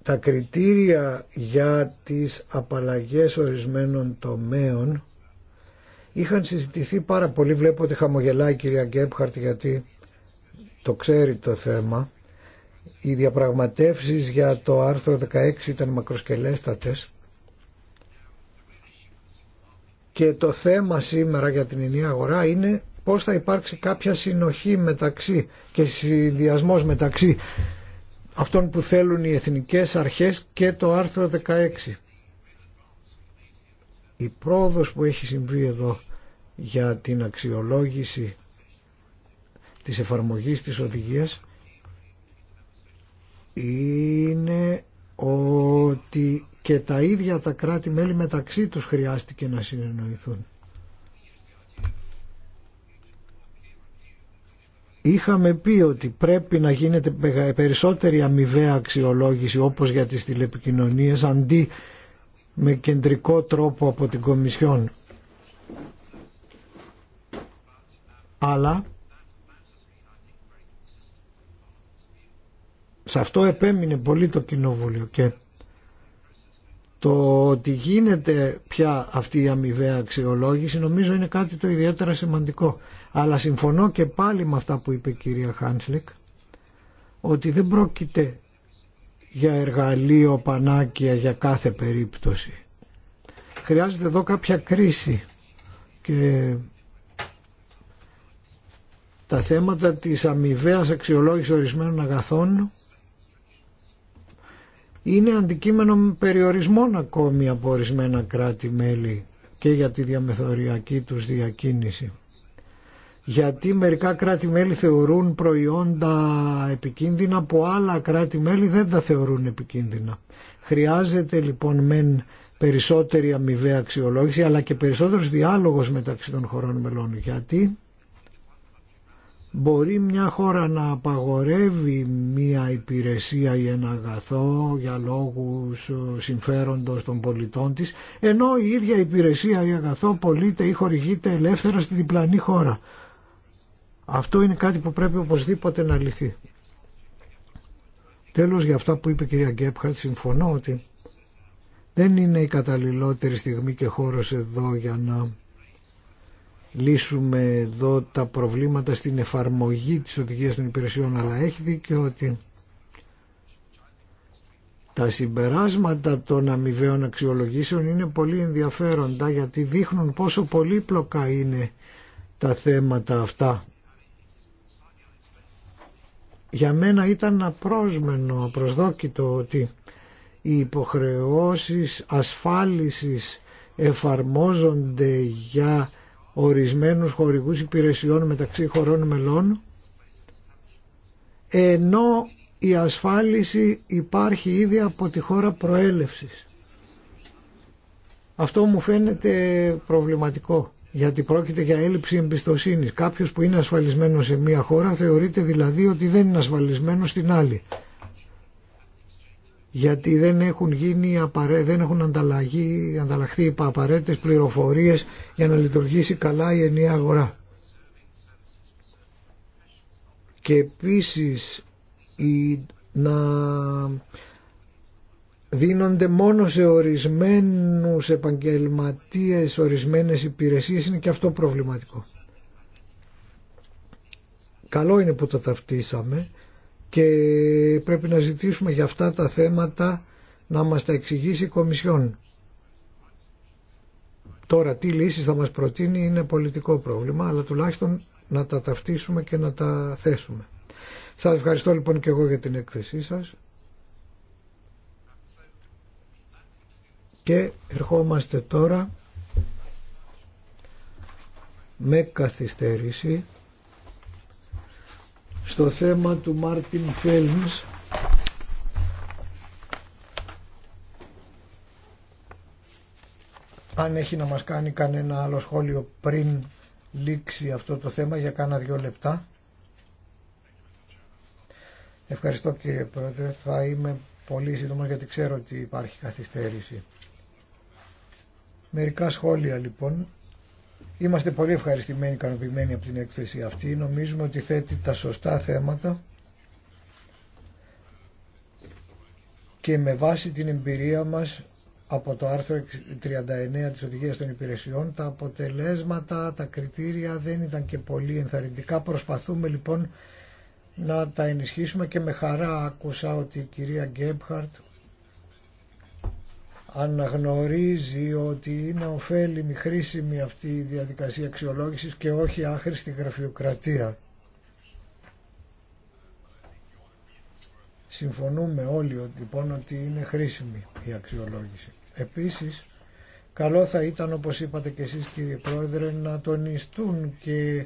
τα κριτήρια για τις απαλλαγές ορισμένων τομέων είχαν συζητηθεί πάρα πολύ. Βλέπω ότι χαμογελάει η κυρία Γκέπχαρτ γιατί το ξέρει το θέμα οι διαπραγματεύσεις για το άρθρο 16 ήταν μακροσκελέστατες και το θέμα σήμερα για την ενιαία αγορά είναι πώς θα υπάρξει κάποια συνοχή μεταξύ και συνδυασμός μεταξύ αυτών που θέλουν οι εθνικές αρχές και το άρθρο 16. Η πρόοδος που έχει συμβεί εδώ για την αξιολόγηση της εφαρμογής της οδηγίας είναι ότι και τα ίδια τα κράτη-μέλη μεταξύ τους χρειάστηκε να συνεννοηθούν. Είχαμε πει ότι πρέπει να γίνεται περισσότερη αμοιβαία αξιολόγηση όπως για τις τηλεπικοινωνίες αντί με κεντρικό τρόπο από την Κομισιόν. Αλλά σε αυτό επέμεινε πολύ το κοινόβουλιο και το ότι γίνεται πια αυτή η αμοιβαία αξιολόγηση νομίζω είναι κάτι το ιδιαίτερα σημαντικό. Αλλά συμφωνώ και πάλι με αυτά που είπε η κυρία Χάνσλικ ότι δεν πρόκειται για εργαλείο πανάκια για κάθε περίπτωση. Χρειάζεται εδώ κάποια κρίση και τα θέματα της αμοιβαία αξιολόγηση ορισμένων αγαθών είναι αντικείμενο περιορισμών ακόμη από ορισμένα κράτη-μέλη και για τη διαμεθοριακή τους διακίνηση. Γιατί μερικά κράτη-μέλη θεωρούν προϊόντα επικίνδυνα που άλλα κράτη-μέλη δεν τα θεωρούν επικίνδυνα. Χρειάζεται λοιπόν μεν περισσότερη αμοιβαία αξιολόγηση αλλά και περισσότερος διάλογος μεταξύ των χωρών μελών. Γιατί Μπορεί μια χώρα να απαγορεύει μια υπηρεσία ή ένα αγαθό για λόγους ε, συμφέροντος των πολιτών της, ενώ η ίδια υπηρεσία ή αγαθό πωλείται ή χορηγείται ελεύθερα στη διπλανή χώρα. Αυτό είναι κάτι που πρέπει οπωσδήποτε να λυθεί. Τέλος για αυτά που είπε η κυρία Γκέπχαρτ συμφωνώ ότι δεν είναι η καταλληλότερη στιγμή και χώρος εδώ για να λύσουμε εδώ τα προβλήματα στην εφαρμογή της οδηγίας των υπηρεσιών αλλά έχει δίκιο ότι τα συμπεράσματα των αμοιβαίων αξιολογήσεων είναι πολύ ενδιαφέροντα γιατί δείχνουν πόσο πολύπλοκα είναι τα θέματα αυτά. Για μένα ήταν απρόσμενο, απροσδόκητο ότι οι υποχρεώσεις ασφάλισης εφαρμόζονται για ορισμένους χορηγούς υπηρεσιών μεταξύ χωρών μελών ενώ η ασφάλιση υπάρχει ήδη από τη χώρα προέλευσης. Αυτό μου φαίνεται προβληματικό γιατί πρόκειται για έλλειψη εμπιστοσύνης. Κάποιος που είναι ασφαλισμένος σε μία χώρα θεωρείται δηλαδή ότι δεν είναι ασφαλισμένος στην άλλη γιατί δεν έχουν, γίνει απαραί... δεν έχουν ανταλλαγή, ανταλλαχθεί οι απαραίτητες πληροφορίες για να λειτουργήσει καλά η ενιαία αγορά. Και επίσης η... να δίνονται μόνο σε ορισμένους επαγγελματίες, ορισμένες υπηρεσίες είναι και αυτό προβληματικό. Καλό είναι που το ταυτίσαμε και πρέπει να ζητήσουμε για αυτά τα θέματα να μας τα εξηγήσει η Κομισιόν. Τώρα τι λύσεις θα μας προτείνει είναι πολιτικό πρόβλημα, αλλά τουλάχιστον να τα ταυτίσουμε και να τα θέσουμε. Σας ευχαριστώ λοιπόν και εγώ για την έκθεσή σας. Και ερχόμαστε τώρα με καθυστέρηση στο θέμα του Μάρτιν Φέλμς. αν έχει να μας κάνει κανένα άλλο σχόλιο πριν λήξει αυτό το θέμα για κάνα δυο λεπτά. Ευχαριστώ κύριε Πρόεδρε. Θα είμαι πολύ σύντομα γιατί ξέρω ότι υπάρχει καθυστέρηση. Μερικά σχόλια λοιπόν Είμαστε πολύ ευχαριστημένοι, ικανοποιημένοι από την έκθεση αυτή. Νομίζουμε ότι θέτει τα σωστά θέματα και με βάση την εμπειρία μας από το άρθρο 39 της Οδηγίας των Υπηρεσιών τα αποτελέσματα, τα κριτήρια δεν ήταν και πολύ ενθαρρυντικά. Προσπαθούμε λοιπόν να τα ενισχύσουμε και με χαρά άκουσα ότι η κυρία Γκέμπχαρτ αναγνωρίζει ότι είναι ωφέλιμη, χρήσιμη αυτή η διαδικασία αξιολόγησης και όχι άχρηστη γραφειοκρατία. Συμφωνούμε όλοι ότι, λοιπόν ότι είναι χρήσιμη η αξιολόγηση. Επίσης, καλό θα ήταν όπως είπατε και εσείς κύριε Πρόεδρε να τονιστούν και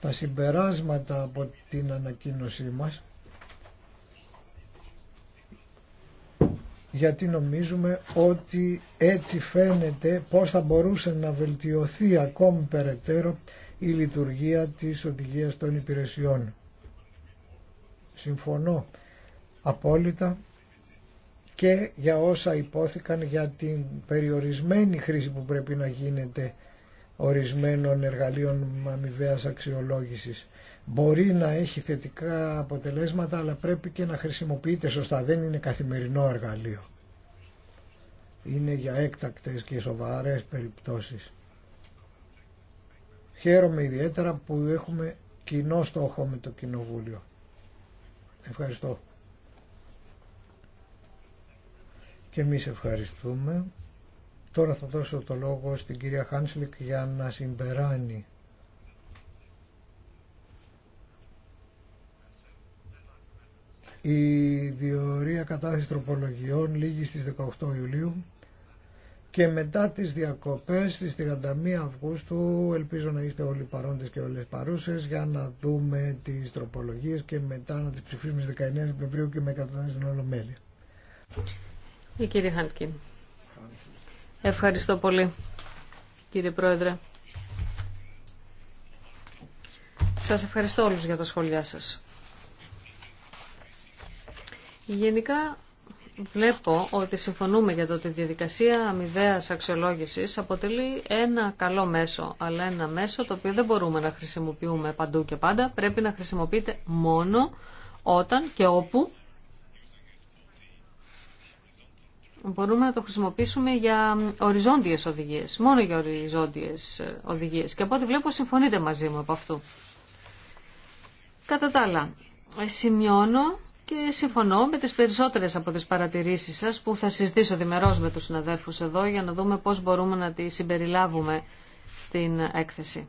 τα συμπεράσματα από την ανακοίνωσή μας γιατί νομίζουμε ότι έτσι φαίνεται πώς θα μπορούσε να βελτιωθεί ακόμη περαιτέρω η λειτουργία της οδηγίας των υπηρεσιών. Συμφωνώ απόλυτα και για όσα υπόθηκαν για την περιορισμένη χρήση που πρέπει να γίνεται ορισμένων εργαλείων αμοιβαίας αξιολόγησης μπορεί να έχει θετικά αποτελέσματα αλλά πρέπει και να χρησιμοποιείται σωστά. Δεν είναι καθημερινό εργαλείο. Είναι για έκτακτες και σοβαρές περιπτώσεις. Χαίρομαι ιδιαίτερα που έχουμε κοινό στόχο με το Κοινοβούλιο. Ευχαριστώ. Και εμείς ευχαριστούμε. Τώρα θα δώσω το λόγο στην κυρία Χάνσλικ για να συμπεράνει. Η διορία κατάθεση τροπολογιών λήγει στις 18 Ιουλίου και μετά τις διακοπές στις 31 Αυγούστου ελπίζω να είστε όλοι παρόντες και όλες παρούσες για να δούμε τις τροπολογίες και μετά να τις ψηφίσουμε στις 19 Σεπτεμβρίου και με κατάσταση στην Ολομέλεια. Η ε, κύριε Χάντκιν. Ευχαριστώ πολύ κύριε Πρόεδρε. Σας ευχαριστώ όλους για τα σχόλιά σας. Γενικά βλέπω ότι συμφωνούμε για το ότι η διαδικασία αμοιβαίας αξιολόγησης αποτελεί ένα καλό μέσο, αλλά ένα μέσο το οποίο δεν μπορούμε να χρησιμοποιούμε παντού και πάντα, πρέπει να χρησιμοποιείται μόνο όταν και όπου μπορούμε να το χρησιμοποιήσουμε για οριζόντιες οδηγίες, μόνο για οριζόντιες ε, οδηγίες. Και από ό,τι βλέπω συμφωνείτε μαζί μου από αυτού. Κατά τα άλλα, ε, σημειώνω και συμφωνώ με τις περισσότερες από τις παρατηρήσεις σας που θα συζητήσω διμερώς με τους συναδέλφους εδώ για να δούμε πώς μπορούμε να τη συμπεριλάβουμε στην έκθεση.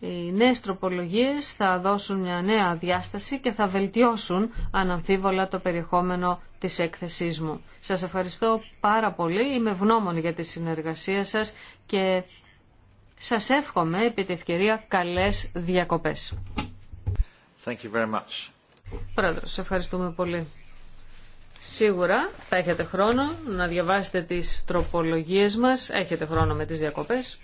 Οι νέες τροπολογίες θα δώσουν μια νέα διάσταση και θα βελτιώσουν αναμφίβολα το περιεχόμενο της έκθεσής μου. Σας ευχαριστώ πάρα πολύ. Είμαι ευγνώμων για τη συνεργασία σας και σας εύχομαι επί τη ευκαιρία καλές διακοπές. Thank you very much. ευχαριστούμε πολύ. Σίγουρα θα έχετε χρόνο να διαβάσετε τις τροπολογίες μας. Έχετε χρόνο με τις διακοπές.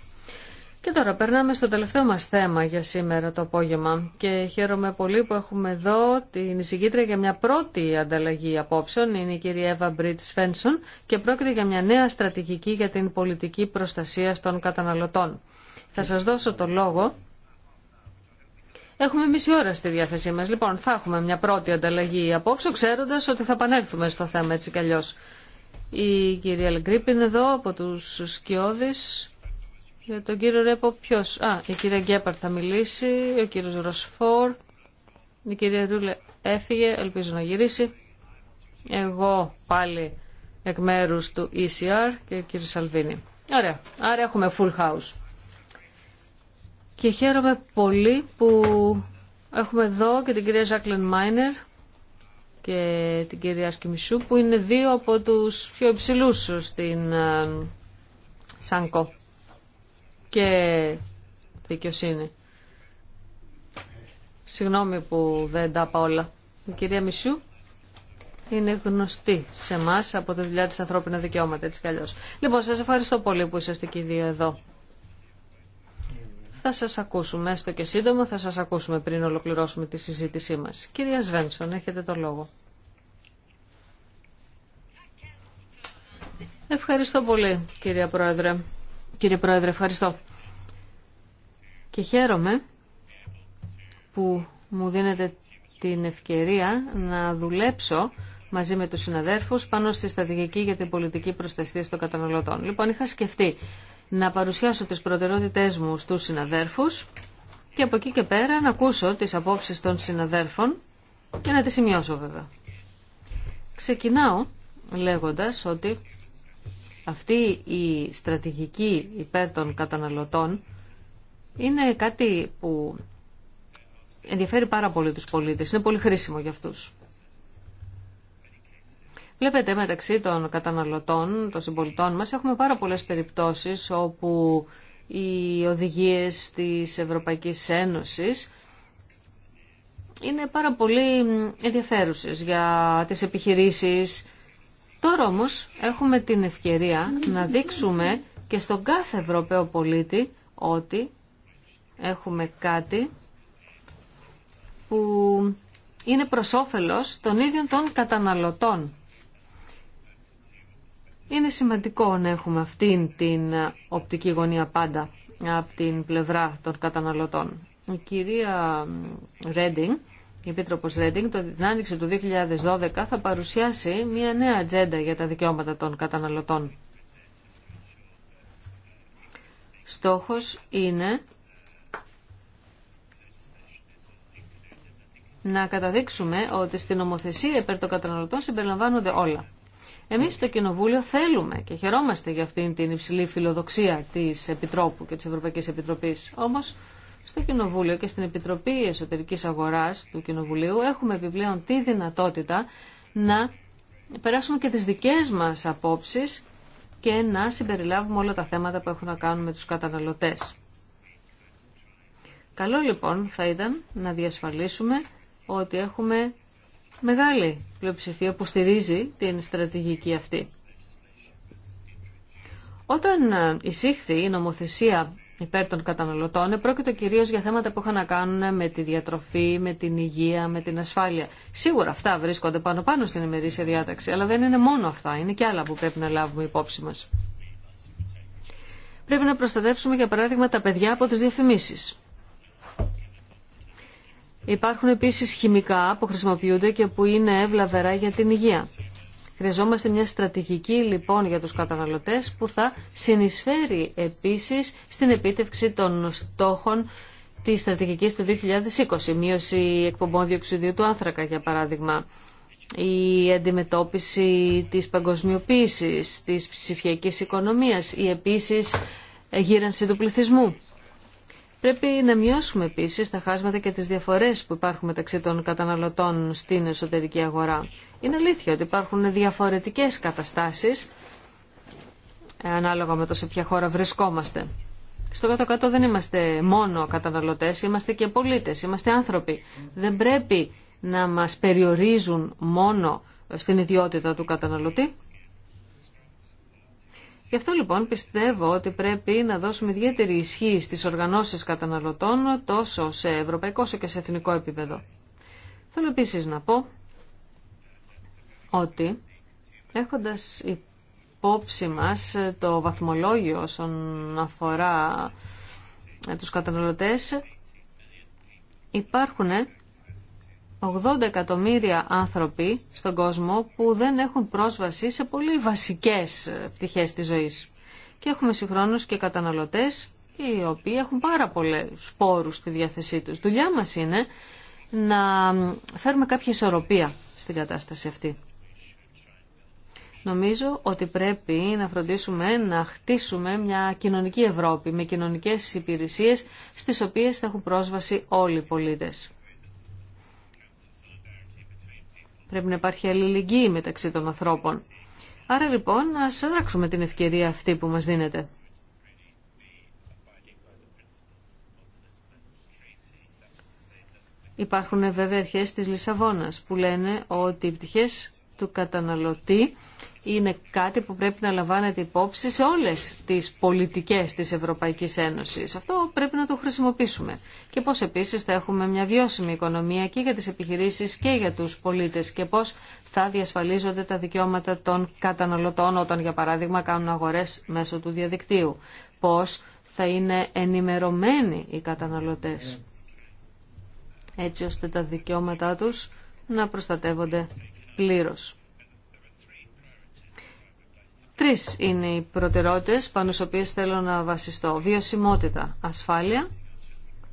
Και τώρα περνάμε στο τελευταίο μας θέμα για σήμερα το απόγευμα και χαίρομαι πολύ που έχουμε εδώ την εισηγήτρια για μια πρώτη ανταλλαγή απόψεων, είναι η κυρία Εύα Μπριτ Σφένσον και πρόκειται για μια νέα στρατηγική για την πολιτική προστασία των καταναλωτών. Θα σας δώσω το λόγο. Έχουμε μισή ώρα στη διάθεσή μας. Λοιπόν, θα έχουμε μια πρώτη ανταλλαγή απόψε, ξέροντας ότι θα επανέλθουμε στο θέμα έτσι κι αλλιώς. Η κυρία Λεγκρίπ είναι εδώ από τους Σκιώδης. Για τον κύριο Ρέπο ποιος. Α, η κυρία Γκέπαρ θα μιλήσει, ο κύριος Ροσφόρ, η κυρία Ρούλε έφυγε, ελπίζω να γυρίσει. Εγώ πάλι εκ μέρους του ECR και ο κύριος Σαλβίνη. Ωραία, άρα έχουμε full house. Και χαίρομαι πολύ που έχουμε εδώ και την κυρία Ζάκλεν Μάινερ και την κυρία Σκημισού που είναι δύο από τους πιο υψηλούς στην ε, ΣΑΝΚΟ και δικαιοσύνη. Συγγνώμη που δεν τα είπα όλα. Η κυρία Μισού είναι γνωστή σε εμά από τη δουλειά της ανθρώπινα δικαιώματα, έτσι κι αλλιώς. Λοιπόν, σας ευχαριστώ πολύ που είσαστε και οι δύο εδώ θα σας ακούσουμε, έστω και σύντομα θα σας ακούσουμε πριν ολοκληρώσουμε τη συζήτησή μας. Κυρία Σβένσον, έχετε το λόγο. Ευχαριστώ πολύ, κυρία Πρόεδρε. Κύριε Πρόεδρε, ευχαριστώ. Και χαίρομαι που μου δίνετε την ευκαιρία να δουλέψω μαζί με τους συναδέρφους πάνω στη στρατηγική για την πολιτική προστασία των καταναλωτών. Λοιπόν, είχα σκεφτεί να παρουσιάσω τις προτεραιότητές μου στους συναδέρφους και από εκεί και πέρα να ακούσω τις απόψεις των συναδέρφων και να τις σημειώσω βέβαια. Ξεκινάω λέγοντας ότι αυτή η στρατηγική υπέρ των καταναλωτών είναι κάτι που ενδιαφέρει πάρα πολύ τους πολίτες, είναι πολύ χρήσιμο για αυτούς. Βλέπετε μεταξύ των καταναλωτών, των συμπολιτών μας, έχουμε πάρα πολλές περιπτώσεις όπου οι οδηγίες της Ευρωπαϊκής Ένωσης είναι πάρα πολύ ενδιαφέρουσες για τις επιχειρήσεις. Τώρα όμως έχουμε την ευκαιρία να δείξουμε και στον κάθε Ευρωπαίο πολίτη ότι έχουμε κάτι που είναι προς όφελος των ίδιων των καταναλωτών. Είναι σημαντικό να έχουμε αυτήν την ε, οπτική γωνία πάντα από την πλευρά των καταναλωτών. Η κυρία Ρέντινγκ, η Επίτροπος Ρέντινγκ, την άνοιξη του 2012 θα παρουσιάσει μια νέα ατζέντα για τα δικαιώματα των καταναλωτών. Στόχος είναι να καταδείξουμε ότι στην νομοθεσία υπέρ των καταναλωτών συμπεριλαμβάνονται όλα. Εμείς στο Κοινοβούλιο θέλουμε και χαιρόμαστε για αυτήν την υψηλή φιλοδοξία της Επιτρόπου και της Ευρωπαϊκής Επιτροπής. Όμως στο Κοινοβούλιο και στην Επιτροπή Εσωτερικής Αγοράς του Κοινοβουλίου έχουμε επιπλέον τη δυνατότητα να περάσουμε και τις δικές μας απόψεις και να συμπεριλάβουμε όλα τα θέματα που έχουν να κάνουν με τους καταναλωτές. Καλό λοιπόν θα ήταν να διασφαλίσουμε ότι έχουμε μεγάλη πλειοψηφία που στηρίζει την στρατηγική αυτή. Όταν ε, εισήχθη η νομοθεσία υπέρ των καταναλωτών, πρόκειται κυρίω για θέματα που είχαν να κάνουν με τη διατροφή, με την υγεία, με την ασφάλεια. Σίγουρα αυτά βρίσκονται πάνω-πάνω στην ημερήσια διάταξη, αλλά δεν είναι μόνο αυτά, είναι και άλλα που πρέπει να λάβουμε υπόψη μα. Πρέπει να προστατεύσουμε, για παράδειγμα, τα παιδιά από τι διαφημίσει. Υπάρχουν επίσης χημικά που χρησιμοποιούνται και που είναι ευλαβερά για την υγεία. Χρειαζόμαστε μια στρατηγική λοιπόν για τους καταναλωτές που θα συνεισφέρει επίσης στην επίτευξη των στόχων της στρατηγικής του 2020. Μείωση εκπομπών διοξιδίου του άνθρακα για παράδειγμα. Η αντιμετώπιση της παγκοσμιοποίησης, της ψηφιακής οικονομίας ή επίσης γύρανση του πληθυσμού. Πρέπει να μειώσουμε επίση τα χάσματα και τις διαφορές που υπάρχουν μεταξύ των καταναλωτών στην εσωτερική αγορά. Είναι αλήθεια ότι υπάρχουν διαφορετικές καταστάσεις ε, ανάλογα με το σε ποια χώρα βρισκόμαστε. Στο κάτω-κάτω δεν είμαστε μόνο καταναλωτές, είμαστε και πολίτε, είμαστε άνθρωποι. Δεν πρέπει να μας περιορίζουν μόνο στην ιδιότητα του καταναλωτή. Γι' αυτό λοιπόν πιστεύω ότι πρέπει να δώσουμε ιδιαίτερη ισχύ στις οργανώσεις καταναλωτών τόσο σε ευρωπαϊκό όσο και σε εθνικό επίπεδο. Θέλω επίσης να πω ότι έχοντας υπόψη μας το βαθμολόγιο όσον αφορά ε, τους καταναλωτές υπάρχουν 80 εκατομμύρια άνθρωποι στον κόσμο που δεν έχουν πρόσβαση σε πολύ βασικές πτυχές της ζωής. Και έχουμε συγχρόνως και καταναλωτές οι οποίοι έχουν πάρα πολλές σπόρους στη διάθεσή τους. Δουλειά μας είναι να φέρουμε κάποια ισορροπία στην κατάσταση αυτή. Νομίζω ότι πρέπει να φροντίσουμε να χτίσουμε μια κοινωνική Ευρώπη με κοινωνικές υπηρεσίες στις οποίες θα έχουν πρόσβαση όλοι οι πολίτες. Πρέπει να υπάρχει αλληλεγγύη μεταξύ των ανθρώπων. Άρα λοιπόν ας δράξουμε την ευκαιρία αυτή που μας δίνεται. Υπάρχουν βέβαια αρχέ της Λισαβόνας που λένε ότι οι πτυχές του καταναλωτή είναι κάτι που πρέπει να λαμβάνεται υπόψη σε όλες τις πολιτικές της Ευρωπαϊκής Ένωσης. Αυτό πρέπει να το χρησιμοποιήσουμε. Και πώς επίσης θα έχουμε μια βιώσιμη οικονομία και για τις επιχειρήσεις και για τους πολίτες και πώς θα διασφαλίζονται τα δικαιώματα των καταναλωτών όταν για παράδειγμα κάνουν αγορές μέσω του διαδικτύου. Πώς θα είναι ενημερωμένοι οι καταναλωτές έτσι ώστε τα δικαιώματά τους να προστατεύονται πλήρως. Τρεις είναι οι προτεραιότητες πάνω στις οποίες θέλω να βασιστώ. Βιωσιμότητα, ασφάλεια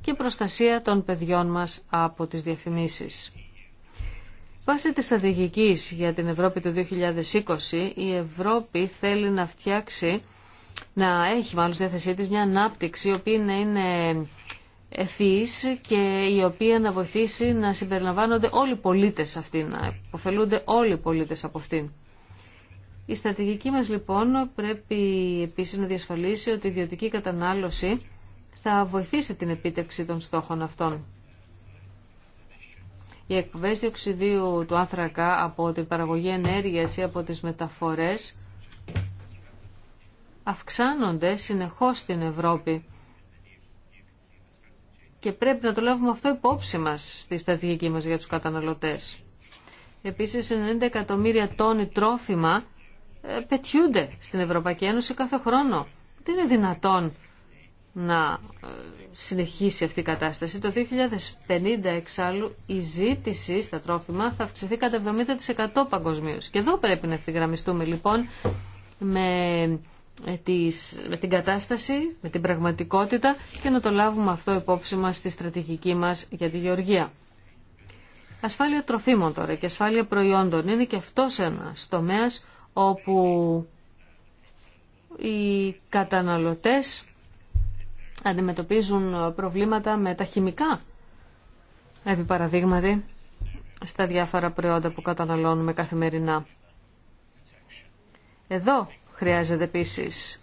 και προστασία των παιδιών μας από τις διαφημίσεις. Βάσει της στρατηγικής για την Ευρώπη του 2020, η Ευρώπη θέλει να φτιάξει, να έχει μάλλον στη διάθεσή της μια ανάπτυξη, η οποία να είναι ευφυής και η οποία να βοηθήσει να συμπεριλαμβάνονται όλοι οι πολίτες αυτήν, να υποφελούνται όλοι οι πολίτες από αυτήν. Η στρατηγική μας λοιπόν πρέπει επίσης να διασφαλίσει ότι η ιδιωτική κατανάλωση θα βοηθήσει την επίτευξη των στόχων αυτών. Οι εκπομπέ διοξιδίου του άνθρακα από την παραγωγή ενέργειας ή από τις μεταφορές αυξάνονται συνεχώς στην Ευρώπη και πρέπει να το λάβουμε αυτό υπόψη μας στη στρατηγική μας για τους καταναλωτές. Επίσης, 90 εκατομμύρια τόνοι τρόφιμα ε, πετιούνται στην Ευρωπαϊκή Ένωση κάθε χρόνο. Δεν είναι δυνατόν να ε, συνεχίσει αυτή η κατάσταση. Το 2050 εξάλλου η ζήτηση στα τρόφιμα θα αυξηθεί κατά 70% παγκοσμίω. Και εδώ πρέπει να ευθυγραμμιστούμε λοιπόν με ε, με την κατάσταση, με την πραγματικότητα και να το λάβουμε αυτό υπόψη μας στη στρατηγική μας για τη γεωργία. Ασφάλεια τροφίμων τώρα και ασφάλεια προϊόντων είναι και αυτός ένας τομέας όπου οι καταναλωτές αντιμετωπίζουν προβλήματα με τα χημικά. Επί παραδείγματι, στα διάφορα προϊόντα που καταναλώνουμε καθημερινά. Εδώ χρειάζεται επίσης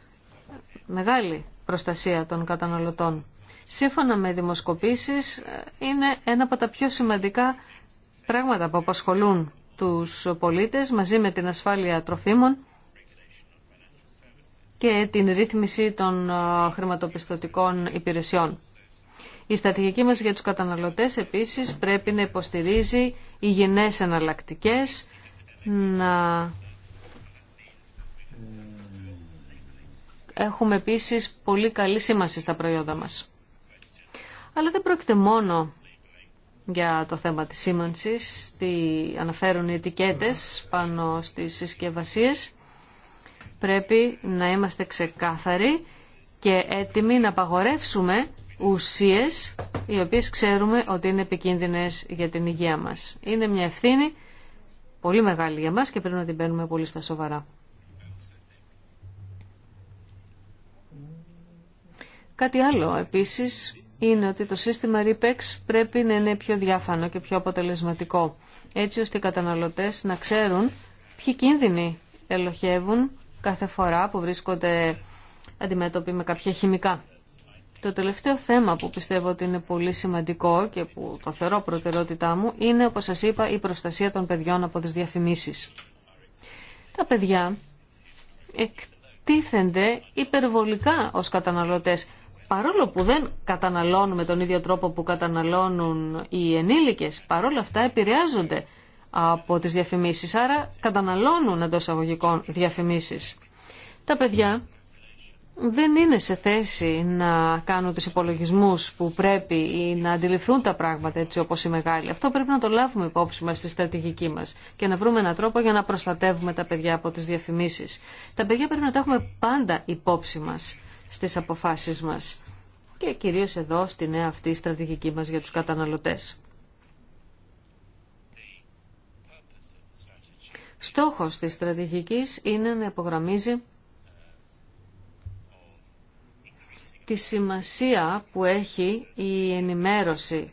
μεγάλη προστασία των καταναλωτών. Σύμφωνα με δημοσκοπήσεις είναι ένα από τα πιο σημαντικά πράγματα που απασχολούν τους πολίτες μαζί με την ασφάλεια τροφίμων και την ρύθμιση των ε, χρηματοπιστωτικών υπηρεσιών. Η στρατηγική μας για τους καταναλωτές επίσης πρέπει να υποστηρίζει υγιεινές εναλλακτικέ, να έχουμε επίσης πολύ καλή σήμανση στα προϊόντα μας. Αλλά δεν πρόκειται μόνο για το θέμα της σήμανσης, τι αναφέρουν οι ετικέτες πάνω στις συσκευασίες. Πρέπει να είμαστε ξεκάθαροι και έτοιμοι να απαγορεύσουμε ουσίες οι οποίες ξέρουμε ότι είναι επικίνδυνες για την υγεία μας. Είναι μια ευθύνη πολύ μεγάλη για μας και πρέπει να την παίρνουμε πολύ στα σοβαρά. Κάτι άλλο επίσης είναι ότι το σύστημα Ripex πρέπει να είναι πιο διάφανο και πιο αποτελεσματικό, έτσι ώστε οι καταναλωτές να ξέρουν ποιοι κίνδυνοι ελοχεύουν κάθε φορά που βρίσκονται αντιμέτωποι με κάποια χημικά. Το τελευταίο θέμα που πιστεύω ότι είναι πολύ σημαντικό και που το θεωρώ προτεραιότητά μου είναι, όπως σας είπα, η προστασία των παιδιών από τις διαφημίσεις. Τα παιδιά εκτίθενται υπερβολικά ως καταναλωτές παρόλο που δεν καταναλώνουν με τον ίδιο τρόπο που καταναλώνουν οι ενήλικες, παρόλα αυτά επηρεάζονται από τις διαφημίσεις, άρα καταναλώνουν εντό αγωγικών διαφημίσεις. Τα παιδιά δεν είναι σε θέση να κάνουν τους υπολογισμούς που πρέπει ή να αντιληφθούν τα πράγματα έτσι όπως οι μεγάλοι. Αυτό πρέπει να το λάβουμε υπόψη μας στη στρατηγική μας και να βρούμε έναν τρόπο για να προστατεύουμε τα παιδιά από τις διαφημίσεις. Τα παιδιά πρέπει να τα έχουμε πάντα υπόψη μας στις αποφάσεις μας και κυρίως εδώ στη νέα αυτή στρατηγική μας για τους καταναλωτές. Στόχος της στρατηγικής είναι να υπογραμμίζει τη σημασία που έχει η ενημέρωση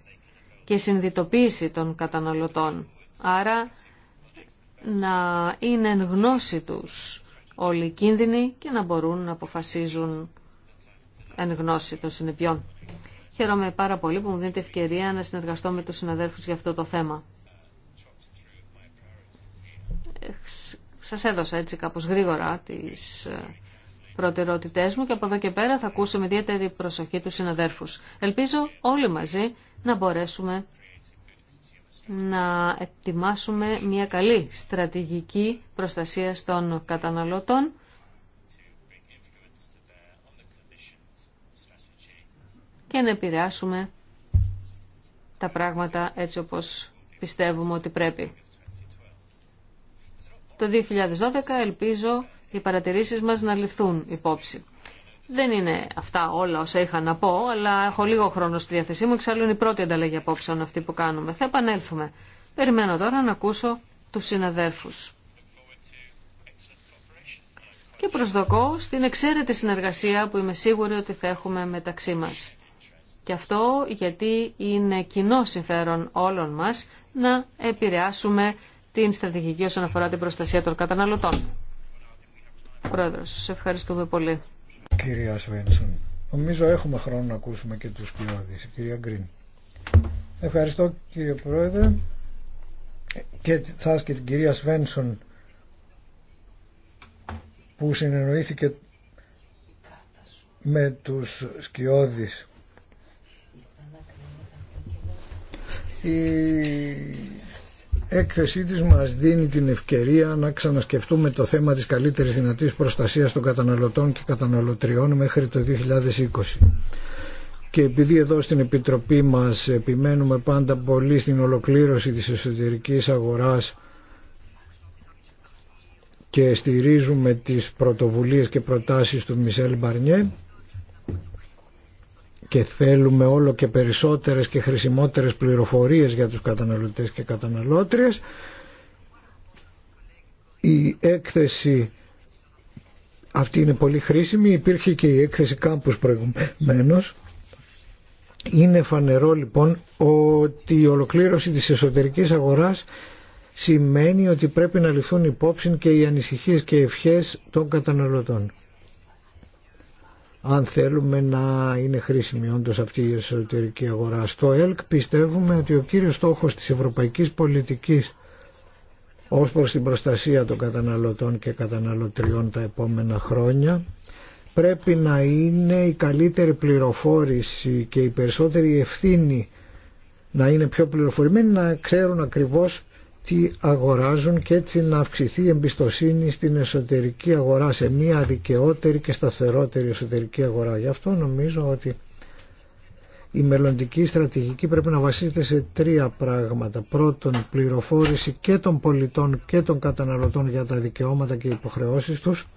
και η συνδυτοποίηση των καταναλωτών. Άρα να είναι εν γνώση τους όλοι οι κίνδυνοι και να μπορούν να αποφασίζουν εν γνώση των συνεπειών. Χαίρομαι πάρα πολύ που μου δίνετε ευκαιρία να συνεργαστώ με τους συναδέλφους για αυτό το θέμα. Σας έδωσα έτσι κάπως γρήγορα τις ε, προτεραιότητές μου και από εδώ και πέρα θα ακούσω με ιδιαίτερη προσοχή τους συναδέρφους. Ελπίζω όλοι μαζί να μπορέσουμε να ετοιμάσουμε μια καλή στρατηγική προστασία των καταναλωτών και να επηρεάσουμε τα πράγματα έτσι όπως πιστεύουμε ότι πρέπει. Το 2012 ελπίζω οι παρατηρήσεις μας να λυθούν υπόψη. Δεν είναι αυτά όλα όσα είχα να πω, αλλά έχω λίγο χρόνο στη διάθεσή μου. Εξάλλου είναι η πρώτη ανταλλαγή απόψεων αυτή που κάνουμε. Θα επανέλθουμε. Περιμένω τώρα να ακούσω τους συναδέρφους. Και προσδοκώ στην εξαίρετη συνεργασία που είμαι σίγουρη ότι θα έχουμε μεταξύ μας. Και αυτό γιατί είναι κοινό συμφέρον όλων μας να επηρεάσουμε την στρατηγική όσον αφορά την προστασία των καταναλωτών. Πρόεδρος, σε ευχαριστούμε πολύ. Κυρία Σβένσον, νομίζω έχουμε χρόνο να ακούσουμε και τους κοιόδης. Κυρία Γκριν. Ευχαριστώ κύριε Πρόεδρε και θα και την κυρία Σβένσον που συνεννοήθηκε με τους σκιώδεις Η έκθεσή της μας δίνει την ευκαιρία να ξανασκεφτούμε το θέμα της καλύτερης δυνατής προστασίας των καταναλωτών και καταναλωτριών μέχρι το 2020. Και επειδή εδώ στην Επιτροπή μας επιμένουμε πάντα πολύ στην ολοκλήρωση της εσωτερικής αγοράς και στηρίζουμε τις πρωτοβουλίες και προτάσεις του Μισελ Μπαρνιέ, και θέλουμε όλο και περισσότερες και χρησιμότερες πληροφορίες για τους καταναλωτές και καταναλώτριες. Η έκθεση αυτή είναι πολύ χρήσιμη, υπήρχε και η έκθεση κάμπους προηγουμένως. Είναι φανερό λοιπόν ότι η ολοκλήρωση της εσωτερικής αγοράς σημαίνει ότι πρέπει να ληφθούν υπόψη και οι ανησυχίες και ευχές των καταναλωτών αν θέλουμε να είναι χρήσιμη όντως αυτή η εσωτερική αγορά. Στο ΕΛΚ πιστεύουμε ότι ο κύριος στόχος της ευρωπαϊκής πολιτικής ως προς την προστασία των καταναλωτών και καταναλωτριών τα επόμενα χρόνια πρέπει να είναι η καλύτερη πληροφόρηση και η περισσότερη ευθύνη να είναι πιο πληροφορημένοι, να ξέρουν ακριβώς τι αγοράζουν και έτσι να αυξηθεί η εμπιστοσύνη στην εσωτερική αγορά, σε μια δικαιότερη και σταθερότερη εσωτερική αγορά. Γι' αυτό νομίζω ότι η μελλοντική στρατηγική πρέπει να βασίζεται σε τρία πράγματα. Πρώτον, πληροφόρηση και των πολιτών και των καταναλωτών για τα δικαιώματα και υποχρεώσεις τους.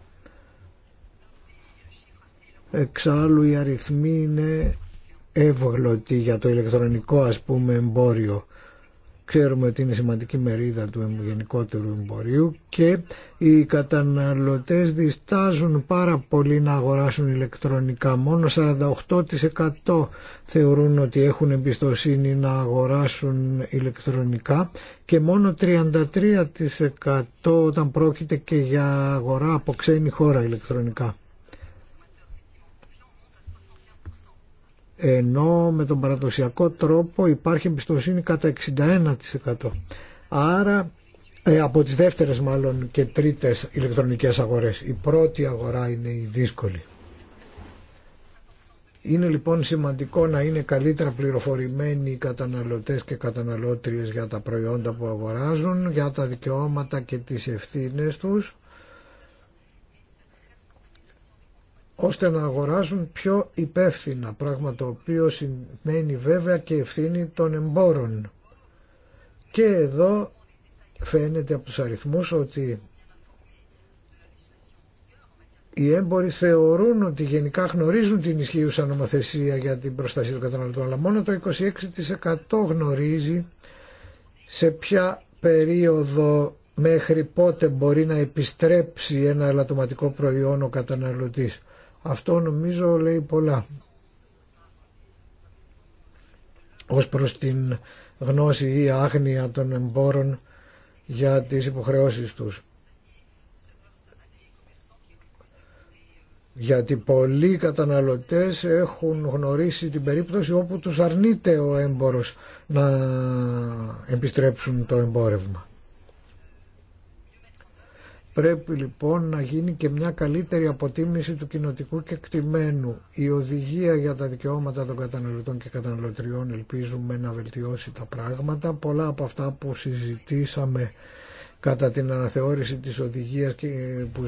Εξάλλου οι αριθμοί είναι εύγλωτοι για το ηλεκτρονικό ας πούμε εμπόριο ξέρουμε ότι είναι σημαντική μερίδα του γενικότερου εμπορίου και οι καταναλωτές διστάζουν πάρα πολύ να αγοράσουν ηλεκτρονικά. Μόνο 48% θεωρούν ότι έχουν εμπιστοσύνη να αγοράσουν ηλεκτρονικά και μόνο 33% όταν πρόκειται και για αγορά από ξένη χώρα ηλεκτρονικά. ενώ με τον παραδοσιακό τρόπο υπάρχει εμπιστοσύνη κατά 61%. Άρα ε, από τις δεύτερες μάλλον και τρίτες ηλεκτρονικές αγορές. Η πρώτη αγορά είναι η δύσκολη. Είναι λοιπόν σημαντικό να είναι καλύτερα πληροφορημένοι οι καταναλωτές και καταναλώτριες για τα προϊόντα που αγοράζουν, για τα δικαιώματα και τις ευθύνες τους ώστε να αγοράζουν πιο υπεύθυνα, πράγμα το οποίο σημαίνει βέβαια και ευθύνη των εμπόρων. Και εδώ φαίνεται από τους αριθμούς ότι οι έμποροι θεωρούν ότι γενικά γνωρίζουν την ισχύουσα νομοθεσία για την προστασία των καταναλωτών, αλλά μόνο το 26% γνωρίζει σε ποια περίοδο μέχρι πότε μπορεί να επιστρέψει ένα ελαττωματικό προϊόν ο καταναλωτής. Αυτό νομίζω λέει πολλά. Ως προς την γνώση ή άγνοια των εμπόρων για τις υποχρεώσεις τους. Γιατί πολλοί καταναλωτές έχουν γνωρίσει την περίπτωση όπου τους αρνείται ο έμπορος να επιστρέψουν το εμπόρευμα. Πρέπει λοιπόν να γίνει και μια καλύτερη αποτίμηση του κοινοτικού κεκτημένου. Η οδηγία για τα δικαιώματα των καταναλωτών και καταναλωτριών ελπίζουμε να βελτιώσει τα πράγματα. Πολλά από αυτά που συζητήσαμε κατά την αναθεώρηση της οδηγίας ε, που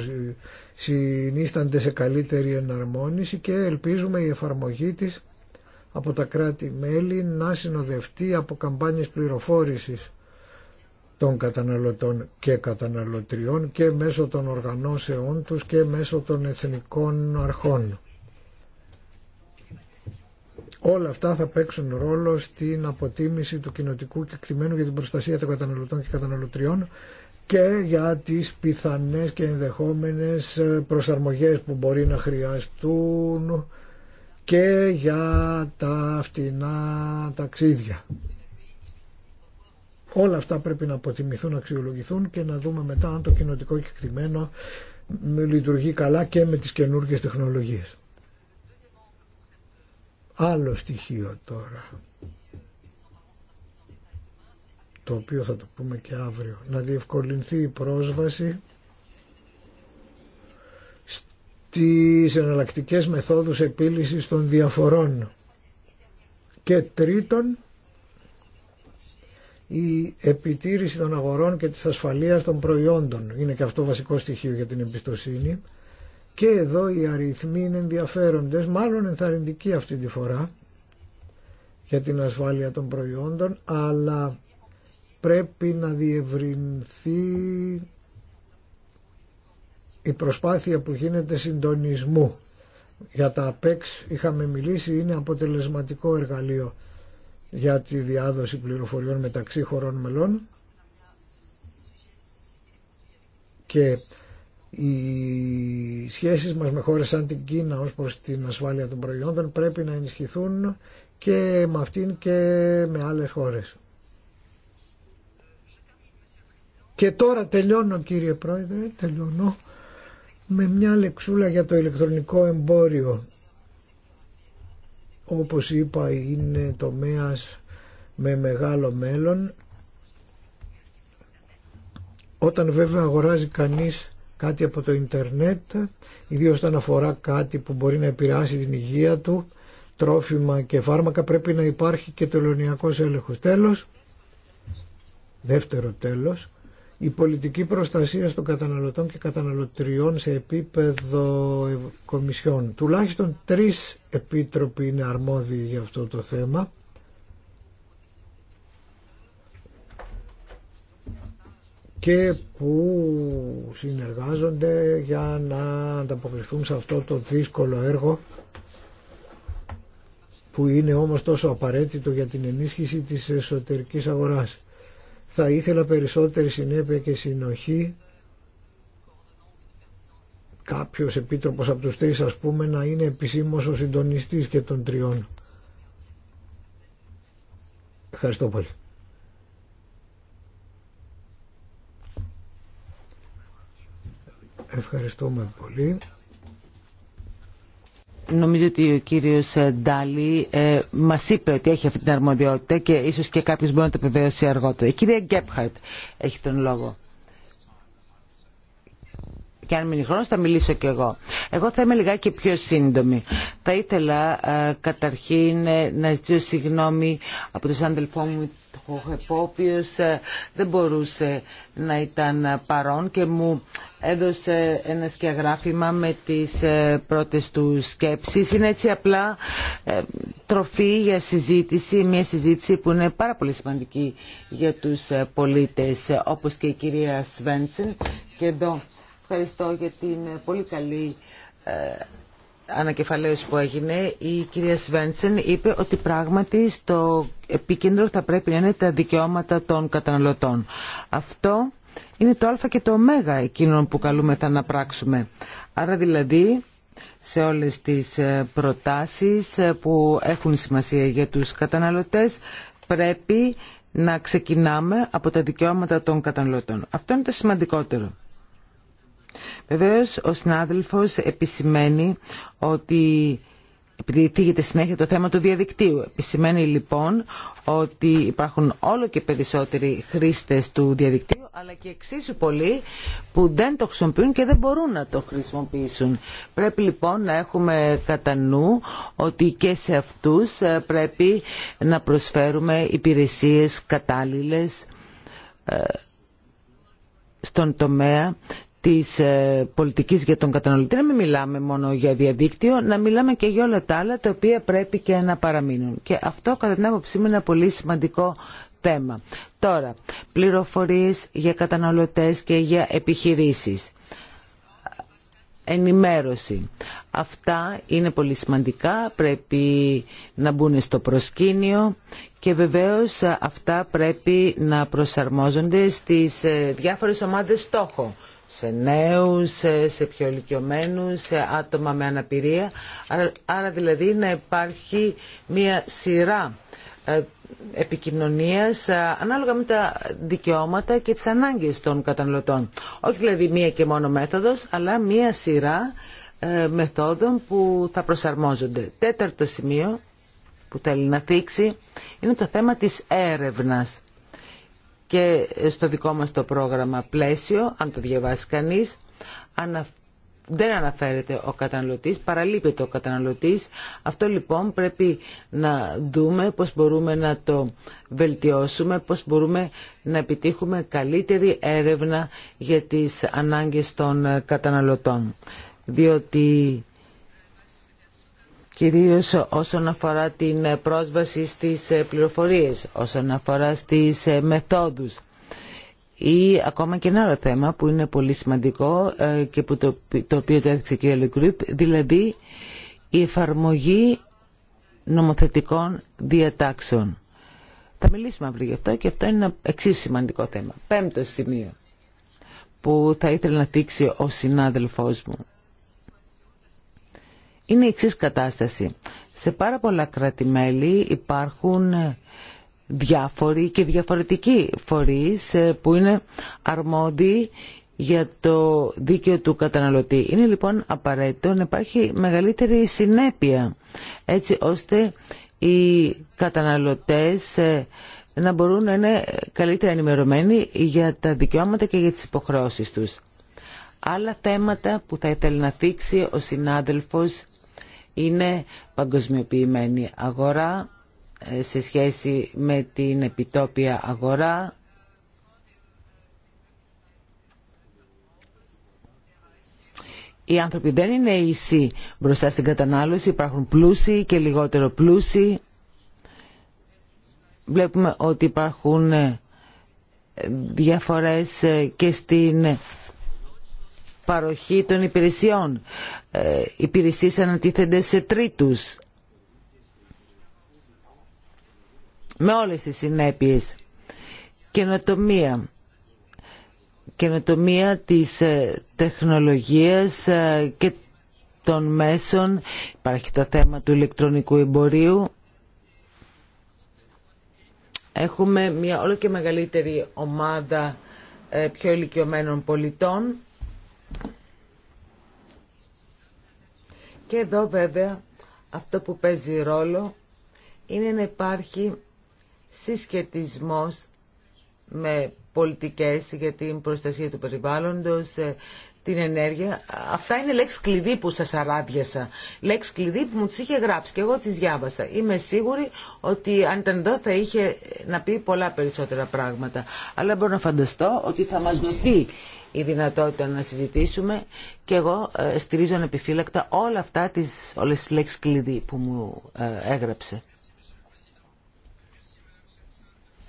συνίστανται σε καλύτερη εναρμόνιση και ελπίζουμε η εφαρμογή της από τα κράτη-μέλη να συνοδευτεί από καμπάνιες πληροφόρησης των καταναλωτών και καταναλωτριών και μέσω των οργανώσεών τους και μέσω των εθνικών αρχών. Όλα αυτά θα παίξουν ρόλο στην αποτίμηση του κοινοτικού κεκτημένου για την προστασία των καταναλωτών και καταναλωτριών και για τις πιθανές και ενδεχόμενες προσαρμογές που μπορεί να χρειαστούν και για τα φτηνά ταξίδια Όλα αυτά πρέπει να αποτιμηθούν, αξιολογηθούν και να δούμε μετά αν το κοινοτικό κεκτημένο λειτουργεί καλά και με τις καινούργιες τεχνολογίες. Άλλο στοιχείο τώρα, το οποίο θα το πούμε και αύριο, να διευκολυνθεί η πρόσβαση στις εναλλακτικές μεθόδους επίλυσης των διαφορών. Και τρίτον, η επιτήρηση των αγορών και της ασφαλείας των προϊόντων. Είναι και αυτό βασικό στοιχείο για την εμπιστοσύνη. Και εδώ οι αριθμοί είναι ενδιαφέροντες, μάλλον ενθαρρυντικοί αυτή τη φορά για την ασφάλεια των προϊόντων, αλλά πρέπει να διευρυνθεί η προσπάθεια που γίνεται συντονισμού. Για τα ΑΠΕΞ είχαμε μιλήσει, είναι αποτελεσματικό εργαλείο για τη διάδοση πληροφοριών μεταξύ χωρών μελών και οι σχέσεις μας με χώρες σαν την Κίνα ως προς την ασφάλεια των προϊόντων πρέπει να ενισχυθούν και με αυτήν και με άλλες χώρες. Και τώρα τελειώνω κύριε Πρόεδρε, τελειώνω με μια λεξούλα για το ηλεκτρονικό εμπόριο όπως είπα είναι τομέας με μεγάλο μέλλον όταν βέβαια αγοράζει κανείς κάτι από το ίντερνετ ιδίως όταν αφορά κάτι που μπορεί να επηρεάσει την υγεία του τρόφιμα και φάρμακα πρέπει να υπάρχει και τελωνιακός έλεγχος τέλος δεύτερο τέλος η πολιτική προστασία των καταναλωτών και καταναλωτριών σε επίπεδο κομισιών. Τουλάχιστον τρεις επίτροποι είναι αρμόδιοι για αυτό το θέμα. και που συνεργάζονται για να ανταποκριθούν σε αυτό το δύσκολο έργο που είναι όμως τόσο απαραίτητο για την ενίσχυση της εσωτερικής αγοράς. Θα ήθελα περισσότερη συνέπεια και συνοχή κάποιος επίτροπος από τους τρεις ας πούμε να είναι επισήμως ο συντονιστής και των τριών. Ευχαριστώ πολύ. Ευχαριστούμε πολύ. Νομίζω ότι ο κύριος ε, Ντάλι ε, μας είπε ότι έχει αυτή την αρμοδιότητα και ίσως και κάποιος μπορεί να το επιβεβαιώσει αργότερα. Η κυρία Γκέπχαρτ έχει τον λόγο και αν μείνει χρόνος θα μιλήσω κι εγώ. Εγώ θα είμαι λιγάκι πιο σύντομη. Θα ήθελα καταρχήν ε, να ζητήσω συγγνώμη από τον αδελφό μου ο οποίος ε, δεν μπορούσε να ήταν παρόν και μου έδωσε ένα σκιαγράφημα με τις ε, πρώτες του σκέψεις. Είναι έτσι απλά τροφή για συζήτηση, μια συζήτηση που είναι πάρα πολύ σημαντική για τους πολίτες, όπως και η κυρία Σβέντσεν. Και εδώ ευχαριστώ για την ε, πολύ καλή ε, ανακεφαλαίωση που έγινε. Η κυρία Σβέντσεν είπε ότι πράγματι στο επίκεντρο θα πρέπει να είναι τα δικαιώματα των καταναλωτών. Αυτό είναι το α και το ω εκείνων που καλούμε να πράξουμε. Άρα δηλαδή σε όλες τις ε, προτάσεις που έχουν σημασία για τους καταναλωτές πρέπει να ξεκινάμε από τα δικαιώματα των καταναλωτών. Αυτό είναι το σημαντικότερο. Βεβαίως ο συνάδελφος επισημαίνει ότι επειδή συνέχεια το θέμα του διαδικτύου. Επισημαίνει λοιπόν ότι υπάρχουν όλο και περισσότεροι χρήστες του διαδικτύου, αλλά και εξίσου πολλοί που δεν το χρησιμοποιούν και δεν μπορούν να το χρησιμοποιήσουν. Πρέπει λοιπόν να έχουμε κατά νου ότι και σε αυτούς ε, πρέπει να προσφέρουμε υπηρεσίες κατάλληλες ε, στον τομέα της ε, πολιτικής για τον καταναλωτή να μην μιλάμε μόνο για διαδίκτυο, να μιλάμε και για όλα τα άλλα τα οποία πρέπει και να παραμείνουν. Και αυτό κατά την άποψή μου είναι ένα πολύ σημαντικό θέμα. Τώρα, πληροφορίες για καταναλωτές και για επιχειρήσεις. Ενημέρωση. Αυτά είναι πολύ σημαντικά, πρέπει να μπουν στο προσκήνιο και βεβαίως αυτά πρέπει να προσαρμόζονται στις ε, διάφορες ομάδες στόχο σε νέους, σε πιο ηλικιωμένου, σε άτομα με αναπηρία. Άρα δηλαδή να υπάρχει μια σειρά ε, επικοινωνίας ε, ανάλογα με τα δικαιώματα και τις ανάγκες των καταναλωτών. Όχι δηλαδή μία και μόνο μέθοδος, αλλά μία σειρά ε, μεθόδων που θα προσαρμόζονται. Τέταρτο σημείο που θέλει να θίξει είναι το θέμα της έρευνας και στο δικό μας το πρόγραμμα πλαίσιο, αν το διαβάσει κανείς, δεν αναφέρεται ο καταναλωτής, παραλείπεται ο καταναλωτής. Αυτό λοιπόν πρέπει να δούμε πώς μπορούμε να το βελτιώσουμε, πώς μπορούμε να επιτύχουμε καλύτερη έρευνα για τις ανάγκες των καταναλωτών. Διότι κυρίως όσον αφορά την ε, πρόσβαση στις ε, πληροφορίες, όσον αφορά στις ε, μεθόδους ή ακόμα και ένα άλλο θέμα που είναι πολύ σημαντικό και που το, το οποίο το έδειξε η κυρία Λεκρούπ, δηλαδή η εφαρμογή νομοθετικών διατάξεων. Θα μιλήσουμε αύριο γι' αυτό και αυτό είναι ένα εξίσου σημαντικό θέμα. Πέμπτο σημείο που θα ήθελα να δείξει ο συνάδελφός μου είναι η εξή κατάσταση. Σε πάρα πολλά κράτη-μέλη υπάρχουν ε, διάφοροι και διαφορετικοί φορείς ε, που είναι αρμόδιοι για το δίκαιο του καταναλωτή. Είναι λοιπόν απαραίτητο να υπάρχει μεγαλύτερη συνέπεια έτσι ώστε οι καταναλωτές ε, να μπορούν να είναι καλύτερα ενημερωμένοι για τα δικαιώματα και για τις υποχρεώσεις τους. Άλλα θέματα που θα ήθελε να θίξει ο συνάδελφος είναι παγκοσμιοποιημένη αγορά ε, σε σχέση με την επιτόπια αγορά Οι άνθρωποι δεν είναι ίσοι μπροστά στην κατανάλωση, υπάρχουν πλούσιοι και λιγότερο πλούσιοι. Βλέπουμε ότι υπάρχουν ε, διαφορές ε, και στην παροχή των υπηρεσιών. Ε, υπηρεσίες ανατίθενται σε τρίτους. Με όλες τις συνέπειες. Καινοτομία. Καινοτομία της ε, τεχνολογίας ε, και των μέσων. Υπάρχει το θέμα του ηλεκτρονικού εμπορίου. Έχουμε μια όλο και μεγαλύτερη ομάδα πιο ηλικιωμένων πολιτών Και εδώ βέβαια αυτό που παίζει ρόλο είναι να υπάρχει συσχετισμός με πολιτικές για την προστασία του περιβάλλοντος, ε, την ενέργεια. Αυτά είναι λέξη κλειδί που σας αράβιασα. Λέξη κλειδί που μου τις είχε γράψει και εγώ τις διάβασα. Είμαι σίγουρη ότι αν ήταν εδώ θα είχε να πει πολλά περισσότερα πράγματα. Αλλά μπορώ να φανταστώ ότι θα μας δοθεί η δυνατότητα να συζητήσουμε και εγώ ε, στηρίζω ανεπιφύλακτα όλα αυτά, τις, όλες τις λέξεις κλειδί που μου ε, έγραψε.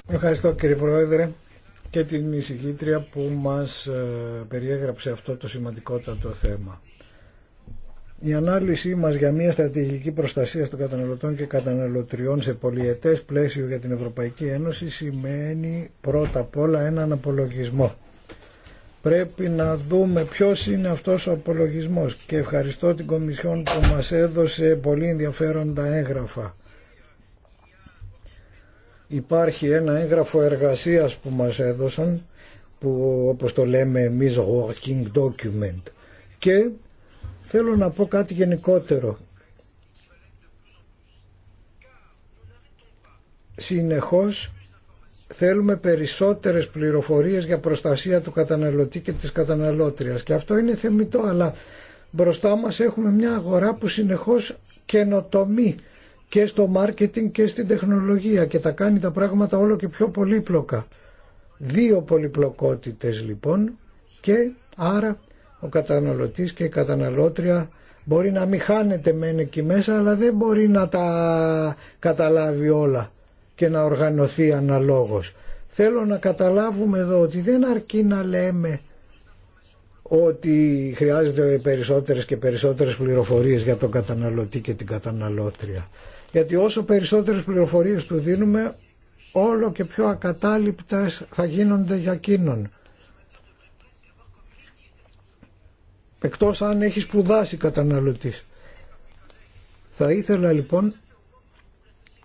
Ευχαριστώ κύριε Πρόεδρε και την εισηγήτρια που μας ε, περιέγραψε αυτό το σημαντικότατο θέμα. Η ανάλυση μας για μια στρατηγική προστασία των καταναλωτών και καταναλωτριών σε πολιετές πλαίσιο για την Ευρωπαϊκή Ένωση σημαίνει πρώτα απ' όλα έναν απολογισμό. Πρέπει να δούμε ποιος είναι αυτός ο απολογισμός και ευχαριστώ την Κομισιόν που μας έδωσε πολύ ενδιαφέροντα έγγραφα. Υπάρχει ένα έγγραφο εργασίας που μας έδωσαν που όπως το λέμε εμείς working document και θέλω να πω κάτι γενικότερο συνεχώς θέλουμε περισσότερες πληροφορίες για προστασία του καταναλωτή και της καταναλώτριας και αυτό είναι θεμητό αλλά μπροστά μας έχουμε μια αγορά που συνεχώς καινοτομεί και στο μάρκετινγκ και στην τεχνολογία και τα κάνει τα πράγματα όλο και πιο πολύπλοκα. Δύο πολυπλοκότητες λοιπόν και άρα ο καταναλωτής και η καταναλώτρια μπορεί να μην χάνεται μεν εκεί μέσα αλλά δεν μπορεί να τα καταλάβει όλα και να οργανωθεί αναλόγως. Θέλω να καταλάβουμε εδώ ότι δεν αρκεί να λέμε ότι χρειάζεται περισσότερες και περισσότερες πληροφορίες για τον καταναλωτή και την καταναλώτρια. Γιατί όσο περισσότερες πληροφορίες του δίνουμε, όλο και πιο ακατάληπτες θα γίνονται για εκείνον. Εκτός αν έχει σπουδάσει καταναλωτής. Θα ήθελα λοιπόν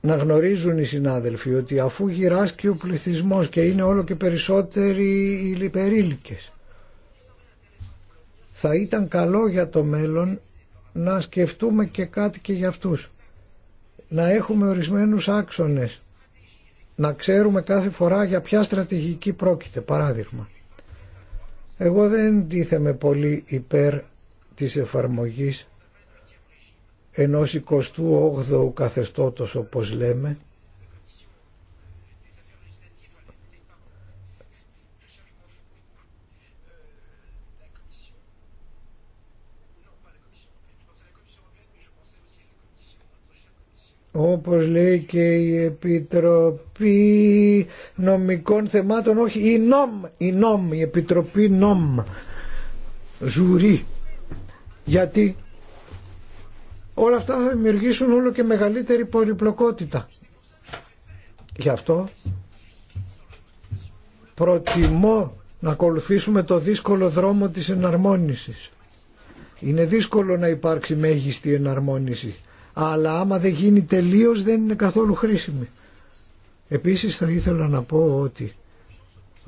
να γνωρίζουν οι συνάδελφοι ότι αφού γυράσκει ο πληθυσμός και είναι όλο και περισσότεροι οι θα ήταν καλό για το μέλλον να σκεφτούμε και κάτι και για αυτούς να έχουμε ορισμένους άξονες να ξέρουμε κάθε φορά για ποια στρατηγική πρόκειται παράδειγμα εγώ δεν τίθεμαι πολύ υπέρ της εφαρμογής ενός 28ου καθεστώτος όπως λέμε όπως λέει και η Επιτροπή Νομικών Θεμάτων, όχι η ΝΟΜ, η ΝΟΜ, η Επιτροπή ΝΟΜ, ζουρί. Γιατί όλα αυτά θα δημιουργήσουν όλο και μεγαλύτερη πολυπλοκότητα. Γι' αυτό προτιμώ να ακολουθήσουμε το δύσκολο δρόμο της εναρμόνισης. Είναι δύσκολο να υπάρξει μέγιστη εναρμόνιση, αλλά άμα δεν γίνει τελείως δεν είναι καθόλου χρήσιμη. Επίσης θα ήθελα να πω ότι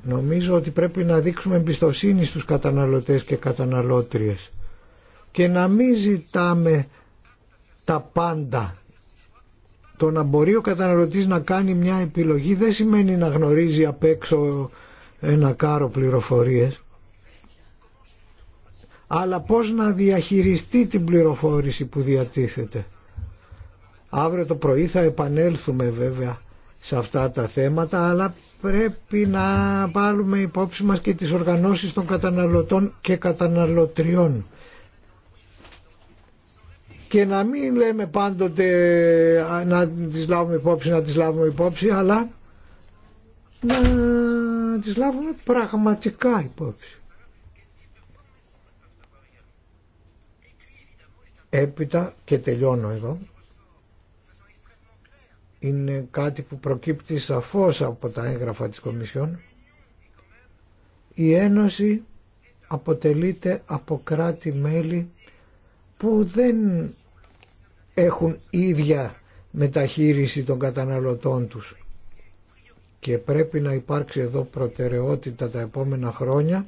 νομίζω ότι πρέπει να δείξουμε εμπιστοσύνη στους καταναλωτές και καταναλώτριες και να μην ζητάμε τα πάντα. Το να μπορεί ο καταναλωτής να κάνει μια επιλογή δεν σημαίνει να γνωρίζει απ' έξω ένα κάρο πληροφορίες αλλά πώς να διαχειριστεί την πληροφόρηση που διατίθεται. Αύριο το πρωί θα επανέλθουμε βέβαια σε αυτά τα θέματα, αλλά πρέπει να βάλουμε υπόψη μας και τις οργανώσεις των καταναλωτών και καταναλωτριών και να μην λέμε πάντοτε να τις λάβουμε υπόψη, να τις λάβουμε υπόψη, αλλά να τις λάβουμε πραγματικά υπόψη. Έπειτα και τελειώνω εδώ. Είναι κάτι που προκύπτει σαφώς από τα έγγραφα της Κομισιόν. Η Ένωση αποτελείται από κράτη-μέλη που δεν έχουν ίδια μεταχείριση των καταναλωτών τους. Και πρέπει να υπάρξει εδώ προτεραιότητα τα επόμενα χρόνια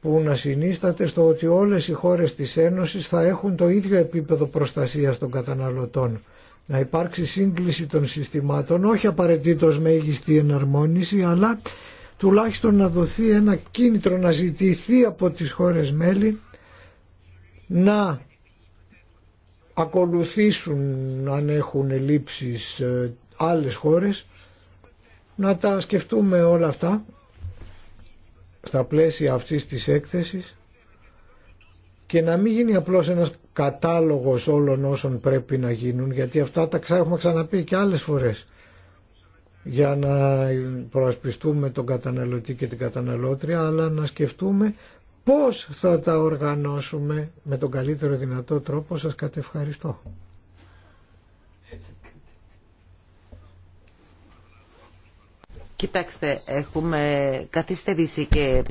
που να συνίσταται στο ότι όλες οι χώρες της Ένωσης θα έχουν το ίδιο επίπεδο προστασίας των καταναλωτών. Να υπάρξει σύγκληση των συστημάτων, όχι απαραίτητο μέγιστη εναρμόνιση, αλλά τουλάχιστον να δοθεί ένα κίνητρο να ζητηθεί από τις χώρες μέλη να ακολουθήσουν αν έχουν λήψεις ε, άλλες χώρες να τα σκεφτούμε όλα αυτά στα πλαίσια αυτής της έκθεσης και να μην γίνει απλώς ένας κατάλογος όλων όσων πρέπει να γίνουν γιατί αυτά τα έχουμε ξαναπεί και άλλες φορές για να προασπιστούμε τον καταναλωτή και την καταναλώτρια αλλά να σκεφτούμε πώς θα τα οργανώσουμε με τον καλύτερο δυνατό τρόπο. Σας κατευχαριστώ. Κοιτάξτε, έχουμε καθυστερήσει και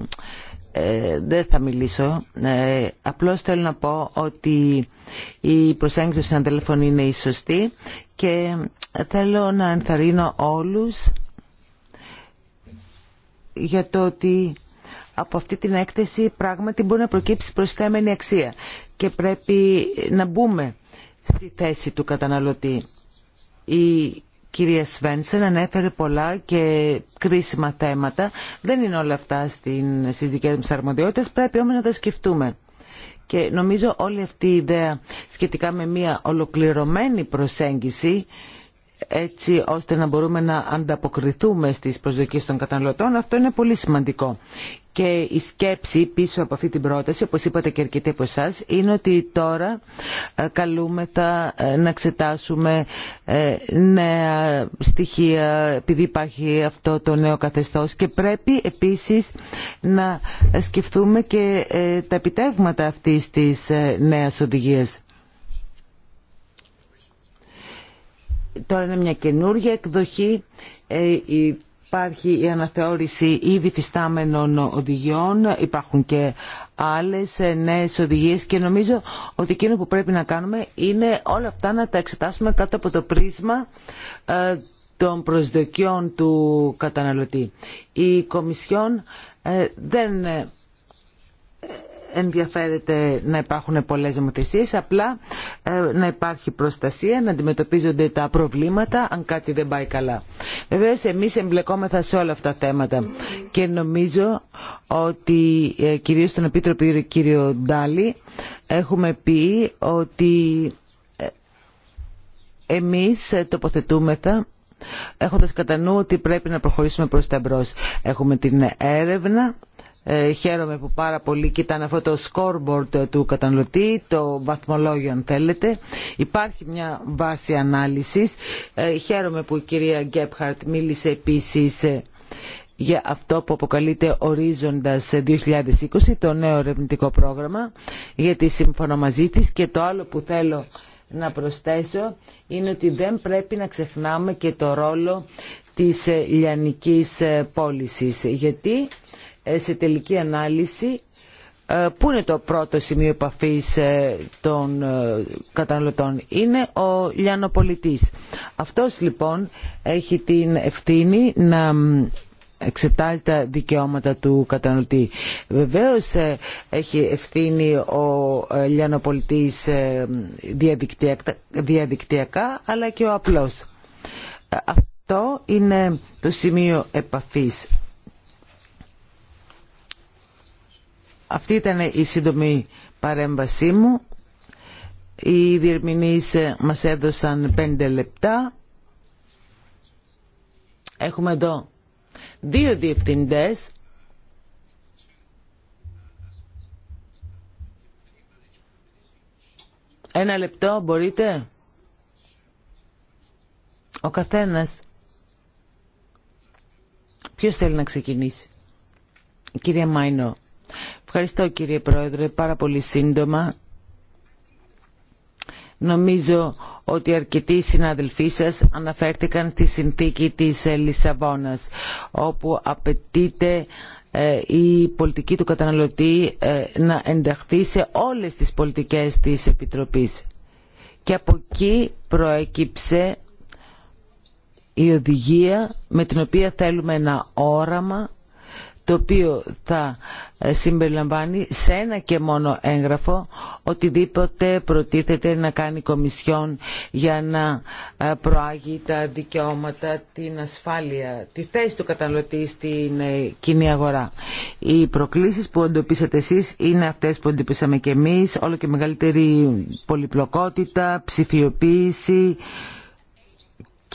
ε, δεν θα μιλήσω. Ε, απλώς θέλω να πω ότι η προσέγγιση στον τηλεφώνη είναι η σωστή και θέλω να ενθαρρύνω όλους για το ότι από αυτή την έκθεση πράγματι μπορεί να προκύψει προσθέμενη αξία και πρέπει να μπούμε στη θέση του καταναλωτή. Η κυρία Σβέντσεν ανέφερε πολλά και κρίσιμα θέματα. Δεν είναι όλα αυτά στις δικές μας αρμοδιότητες, πρέπει όμως να τα σκεφτούμε. Και νομίζω όλη αυτή η ιδέα σχετικά με μια ολοκληρωμένη προσέγγιση έτσι ώστε να μπορούμε να ανταποκριθούμε στις προσδοκίες των καταναλωτών. Αυτό είναι πολύ σημαντικό. Και η σκέψη πίσω από αυτή την πρόταση, όπως είπατε και αρκετοί από εσά, είναι ότι τώρα ε, καλούμεθα ε, να εξετάσουμε ε, νέα στοιχεία επειδή υπάρχει αυτό το νέο καθεστώς και πρέπει επίσης να σκεφτούμε και τα επιτεύγματα αυτής της νέας οδηγίας. Τώρα είναι μια καινούργια εκδοχή. Ε, υπάρχει η αναθεώρηση ήδη φυστάμενων οδηγιών, υπάρχουν και άλλες ε, νέες οδηγίες και νομίζω ότι εκείνο που πρέπει να κάνουμε είναι όλα αυτά να τα εξετάσουμε κάτω από το πρίσμα ε, των προσδοκιών του καταναλωτή. Η Κομισιόν δεν ενδιαφέρεται να υπάρχουν πολλές δημοθεσίες, απλά ε, να υπάρχει προστασία, να αντιμετωπίζονται τα προβλήματα αν κάτι δεν πάει καλά. Βεβαίως εμείς εμπλεκόμεθα σε όλα αυτά τα θέματα και νομίζω ότι ε, κυρίως στον Επίτροπο κύριο Ντάλι έχουμε πει ότι ε, εμείς τοποθετούμεθα έχοντας κατά νου ότι πρέπει να προχωρήσουμε προς τα μπρος. Έχουμε την έρευνα ε, χαίρομαι που πάρα πολύ κοιτάνε αυτό το scoreboard του καταναλωτή, το βαθμολόγιο αν θέλετε. Υπάρχει μια βάση ανάλυσης. Ε, χαίρομαι που η κυρία Γκέπχαρτ μίλησε επίσης ε, για αυτό που αποκαλείται ορίζοντας 2020 το νέο ερευνητικό πρόγραμμα γιατί συμφωνώ μαζί της και το άλλο που θέλω να προσθέσω είναι ότι δεν πρέπει να ξεχνάμε και το ρόλο της λιανικής πώληση. γιατί σε τελική ανάλυση ε, πού είναι το πρώτο σημείο επαφής ε, των ε, καταναλωτών. Είναι ο Λιανοπολιτής. Αυτός λοιπόν έχει την ευθύνη να εξετάζει τα δικαιώματα του καταναλωτή. Βεβαίως έχει ευθύνη ο Λιανοπολιτής διαδικτυακά αλλά και ο απλός. Αυτό είναι το σημείο επαφής Αυτή ήταν η σύντομη παρέμβασή μου. Οι διερμηνείς μας έδωσαν πέντε λεπτά. Έχουμε εδώ δύο διευθυντές. Ένα λεπτό μπορείτε. Ο καθένας. Ποιος θέλει να ξεκινήσει. Η κυρία Μάινο. Ευχαριστώ κύριε Πρόεδρε, πάρα πολύ σύντομα. Νομίζω ότι αρκετοί συναδελφοί σας αναφέρθηκαν στη συνθήκη της ε, Λισαβόνας, όπου απαιτείται ε, η πολιτική του καταναλωτή ε, να ενταχθεί σε όλες τις πολιτικές της Επιτροπής. Και από εκεί προέκυψε η οδηγία με την οποία θέλουμε ένα όραμα το οποίο θα ε, συμπεριλαμβάνει σε ένα και μόνο έγγραφο οτιδήποτε προτίθεται να κάνει η Κομισιόν για να ε, προάγει τα δικαιώματα, την ασφάλεια, τη θέση του καταναλωτή στην ε, κοινή αγορά. Οι προκλήσεις που εντοπίσατε εσείς είναι αυτές που εντοπίσαμε και εμείς, όλο και μεγαλύτερη πολυπλοκότητα, ψηφιοποίηση,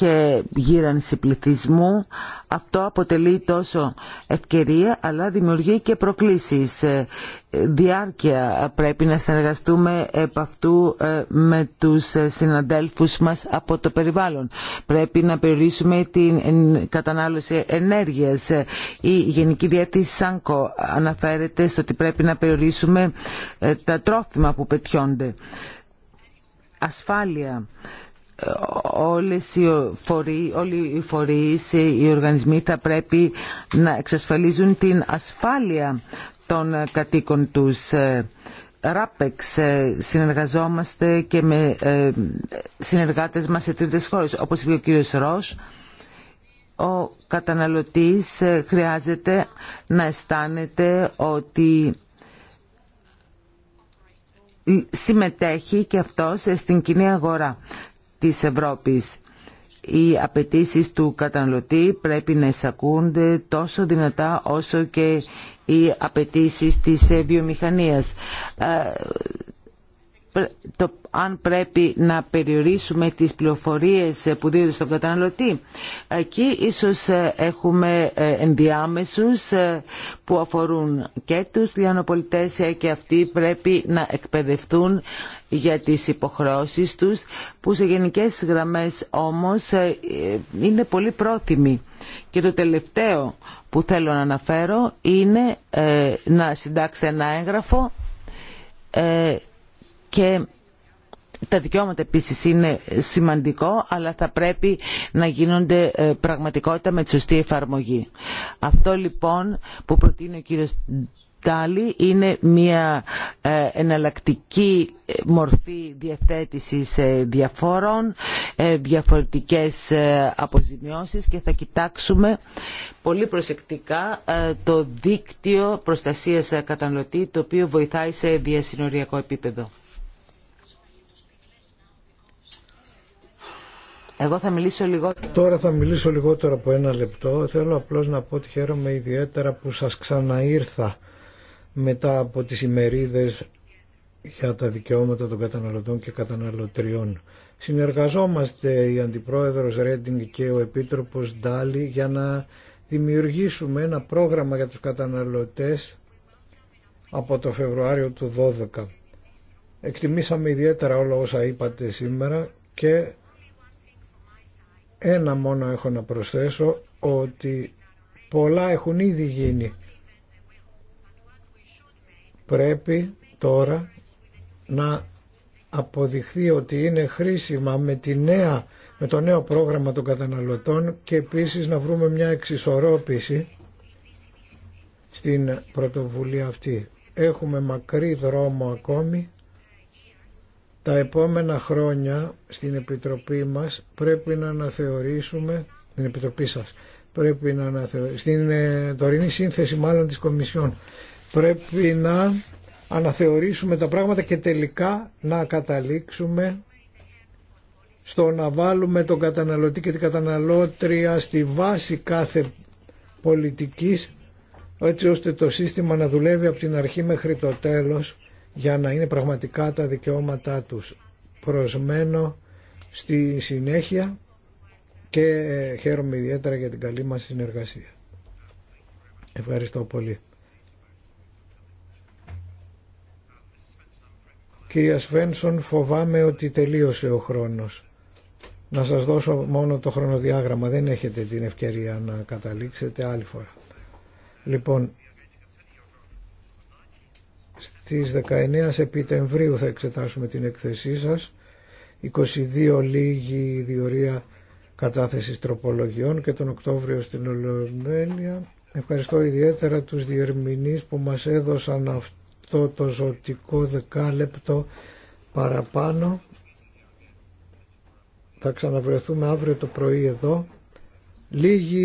και γύρανση πληθυσμού. Αυτό αποτελεί τόσο ευκαιρία αλλά δημιουργεί και προκλήσεις. Ε, διάρκεια πρέπει να συνεργαστούμε επ' αυτού ε, με τους ε, συναντέλφους μας από το περιβάλλον. Πρέπει να περιορίσουμε την κατανάλωση ενέργειας. Η Γενική Διέτη ΣΑΝΚΟ αναφέρεται στο ότι πρέπει να περιορίσουμε τα τρόφιμα που πετιόνται. Ασφάλεια όλες οι φορεί, όλοι οι φορείς, οι οργανισμοί θα πρέπει να εξασφαλίζουν την ασφάλεια των κατοίκων τους. Ε, Ράπεξ ε, συνεργαζόμαστε και με ε, συνεργάτες μας σε τρίτες χώρες, όπως είπε ο κύριος Ρος, ο καταναλωτής χρειάζεται να αισθάνεται ότι συμμετέχει και αυτός στην κοινή αγορά της Ευρώπης. Οι απαιτήσει του καταναλωτή πρέπει να εισακούνται τόσο δυνατά όσο και οι απαιτήσει της βιομηχανίας. Ε, το αν πρέπει να περιορίσουμε τις πληροφορίες που δίνονται στον καταναλωτή. Εκεί ίσως ε, έχουμε ε, ενδιάμεσους ε, που αφορούν και τους λιανοπολιτές και αυτοί πρέπει να εκπαιδευτούν για τις υποχρεώσεις τους που σε γενικές γραμμές όμως είναι πολύ πρόθυμοι. Και το τελευταίο που θέλω να αναφέρω είναι να συντάξει ένα έγγραφο και τα δικαιώματα επίσης είναι σημαντικό αλλά θα πρέπει να γίνονται ε, πραγματικότητα με τη σωστή εφαρμογή. Αυτό λοιπόν που προτείνει ο κύριος Τάλι είναι μια ε, εναλλακτική ε, μορφή διαθέτησης διαφόρων, διαφορετικές αποζημιώσεις και θα κοιτάξουμε πολύ προσεκτικά το δίκτυο προστασίας καταναλωτή το οποίο βοηθάει σε διασυνοριακό επίπεδο. Εγώ θα μιλήσω λιγότερο. Τώρα θα μιλήσω λιγότερο από ένα λεπτό. Θέλω απλώς να πω ότι χαίρομαι ιδιαίτερα που σας ξαναήρθα μετά από τις ημερίδες για τα δικαιώματα των καταναλωτών και καταναλωτριών. Συνεργαζόμαστε η Αντιπρόεδρος Ρέντινγκ και ο Επίτροπος Ντάλι για να δημιουργήσουμε ένα πρόγραμμα για τους καταναλωτές από το Φεβρουάριο του 12. Εκτιμήσαμε ιδιαίτερα όλα όσα είπατε σήμερα και ένα μόνο έχω να προσθέσω ότι πολλά έχουν ήδη γίνει. Πρέπει τώρα να αποδειχθεί ότι είναι χρήσιμα με, τη με το νέο πρόγραμμα των καταναλωτών και επίσης να βρούμε μια εξισορρόπηση στην πρωτοβουλία αυτή. Έχουμε μακρύ δρόμο ακόμη τα επόμενα χρόνια στην Επιτροπή μας πρέπει να αναθεωρήσουμε, την Επιτροπή σας, πρέπει να αναθεωρήσουμε, στην ε, τωρινή σύνθεση μάλλον της Κομισιόν, πρέπει να αναθεωρήσουμε τα πράγματα και τελικά να καταλήξουμε στο να βάλουμε τον καταναλωτή και την καταναλώτρια στη βάση κάθε πολιτικής έτσι ώστε το σύστημα να δουλεύει από την αρχή μέχρι το τέλος για να είναι πραγματικά τα δικαιώματά τους. προσμένο στη συνέχεια και χαίρομαι ιδιαίτερα για την καλή μας συνεργασία. Ευχαριστώ πολύ. Κυρία Σβένσον, φοβάμαι ότι τελείωσε ο χρόνος. Να σας δώσω μόνο το χρονοδιάγραμμα. Δεν έχετε την ευκαιρία να καταλήξετε άλλη φορά. Λοιπόν, στις 19 Σεπτεμβρίου θα εξετάσουμε την εκθεσή σας. 22 λίγη διορία κατάθεσης τροπολογιών και τον Οκτώβριο στην Ολομέλεια. Ευχαριστώ ιδιαίτερα τους διερμηνείς που μας έδωσαν αυτό το ζωτικό δεκάλεπτο παραπάνω. Θα ξαναβρεθούμε αύριο το πρωί εδώ. Λίγη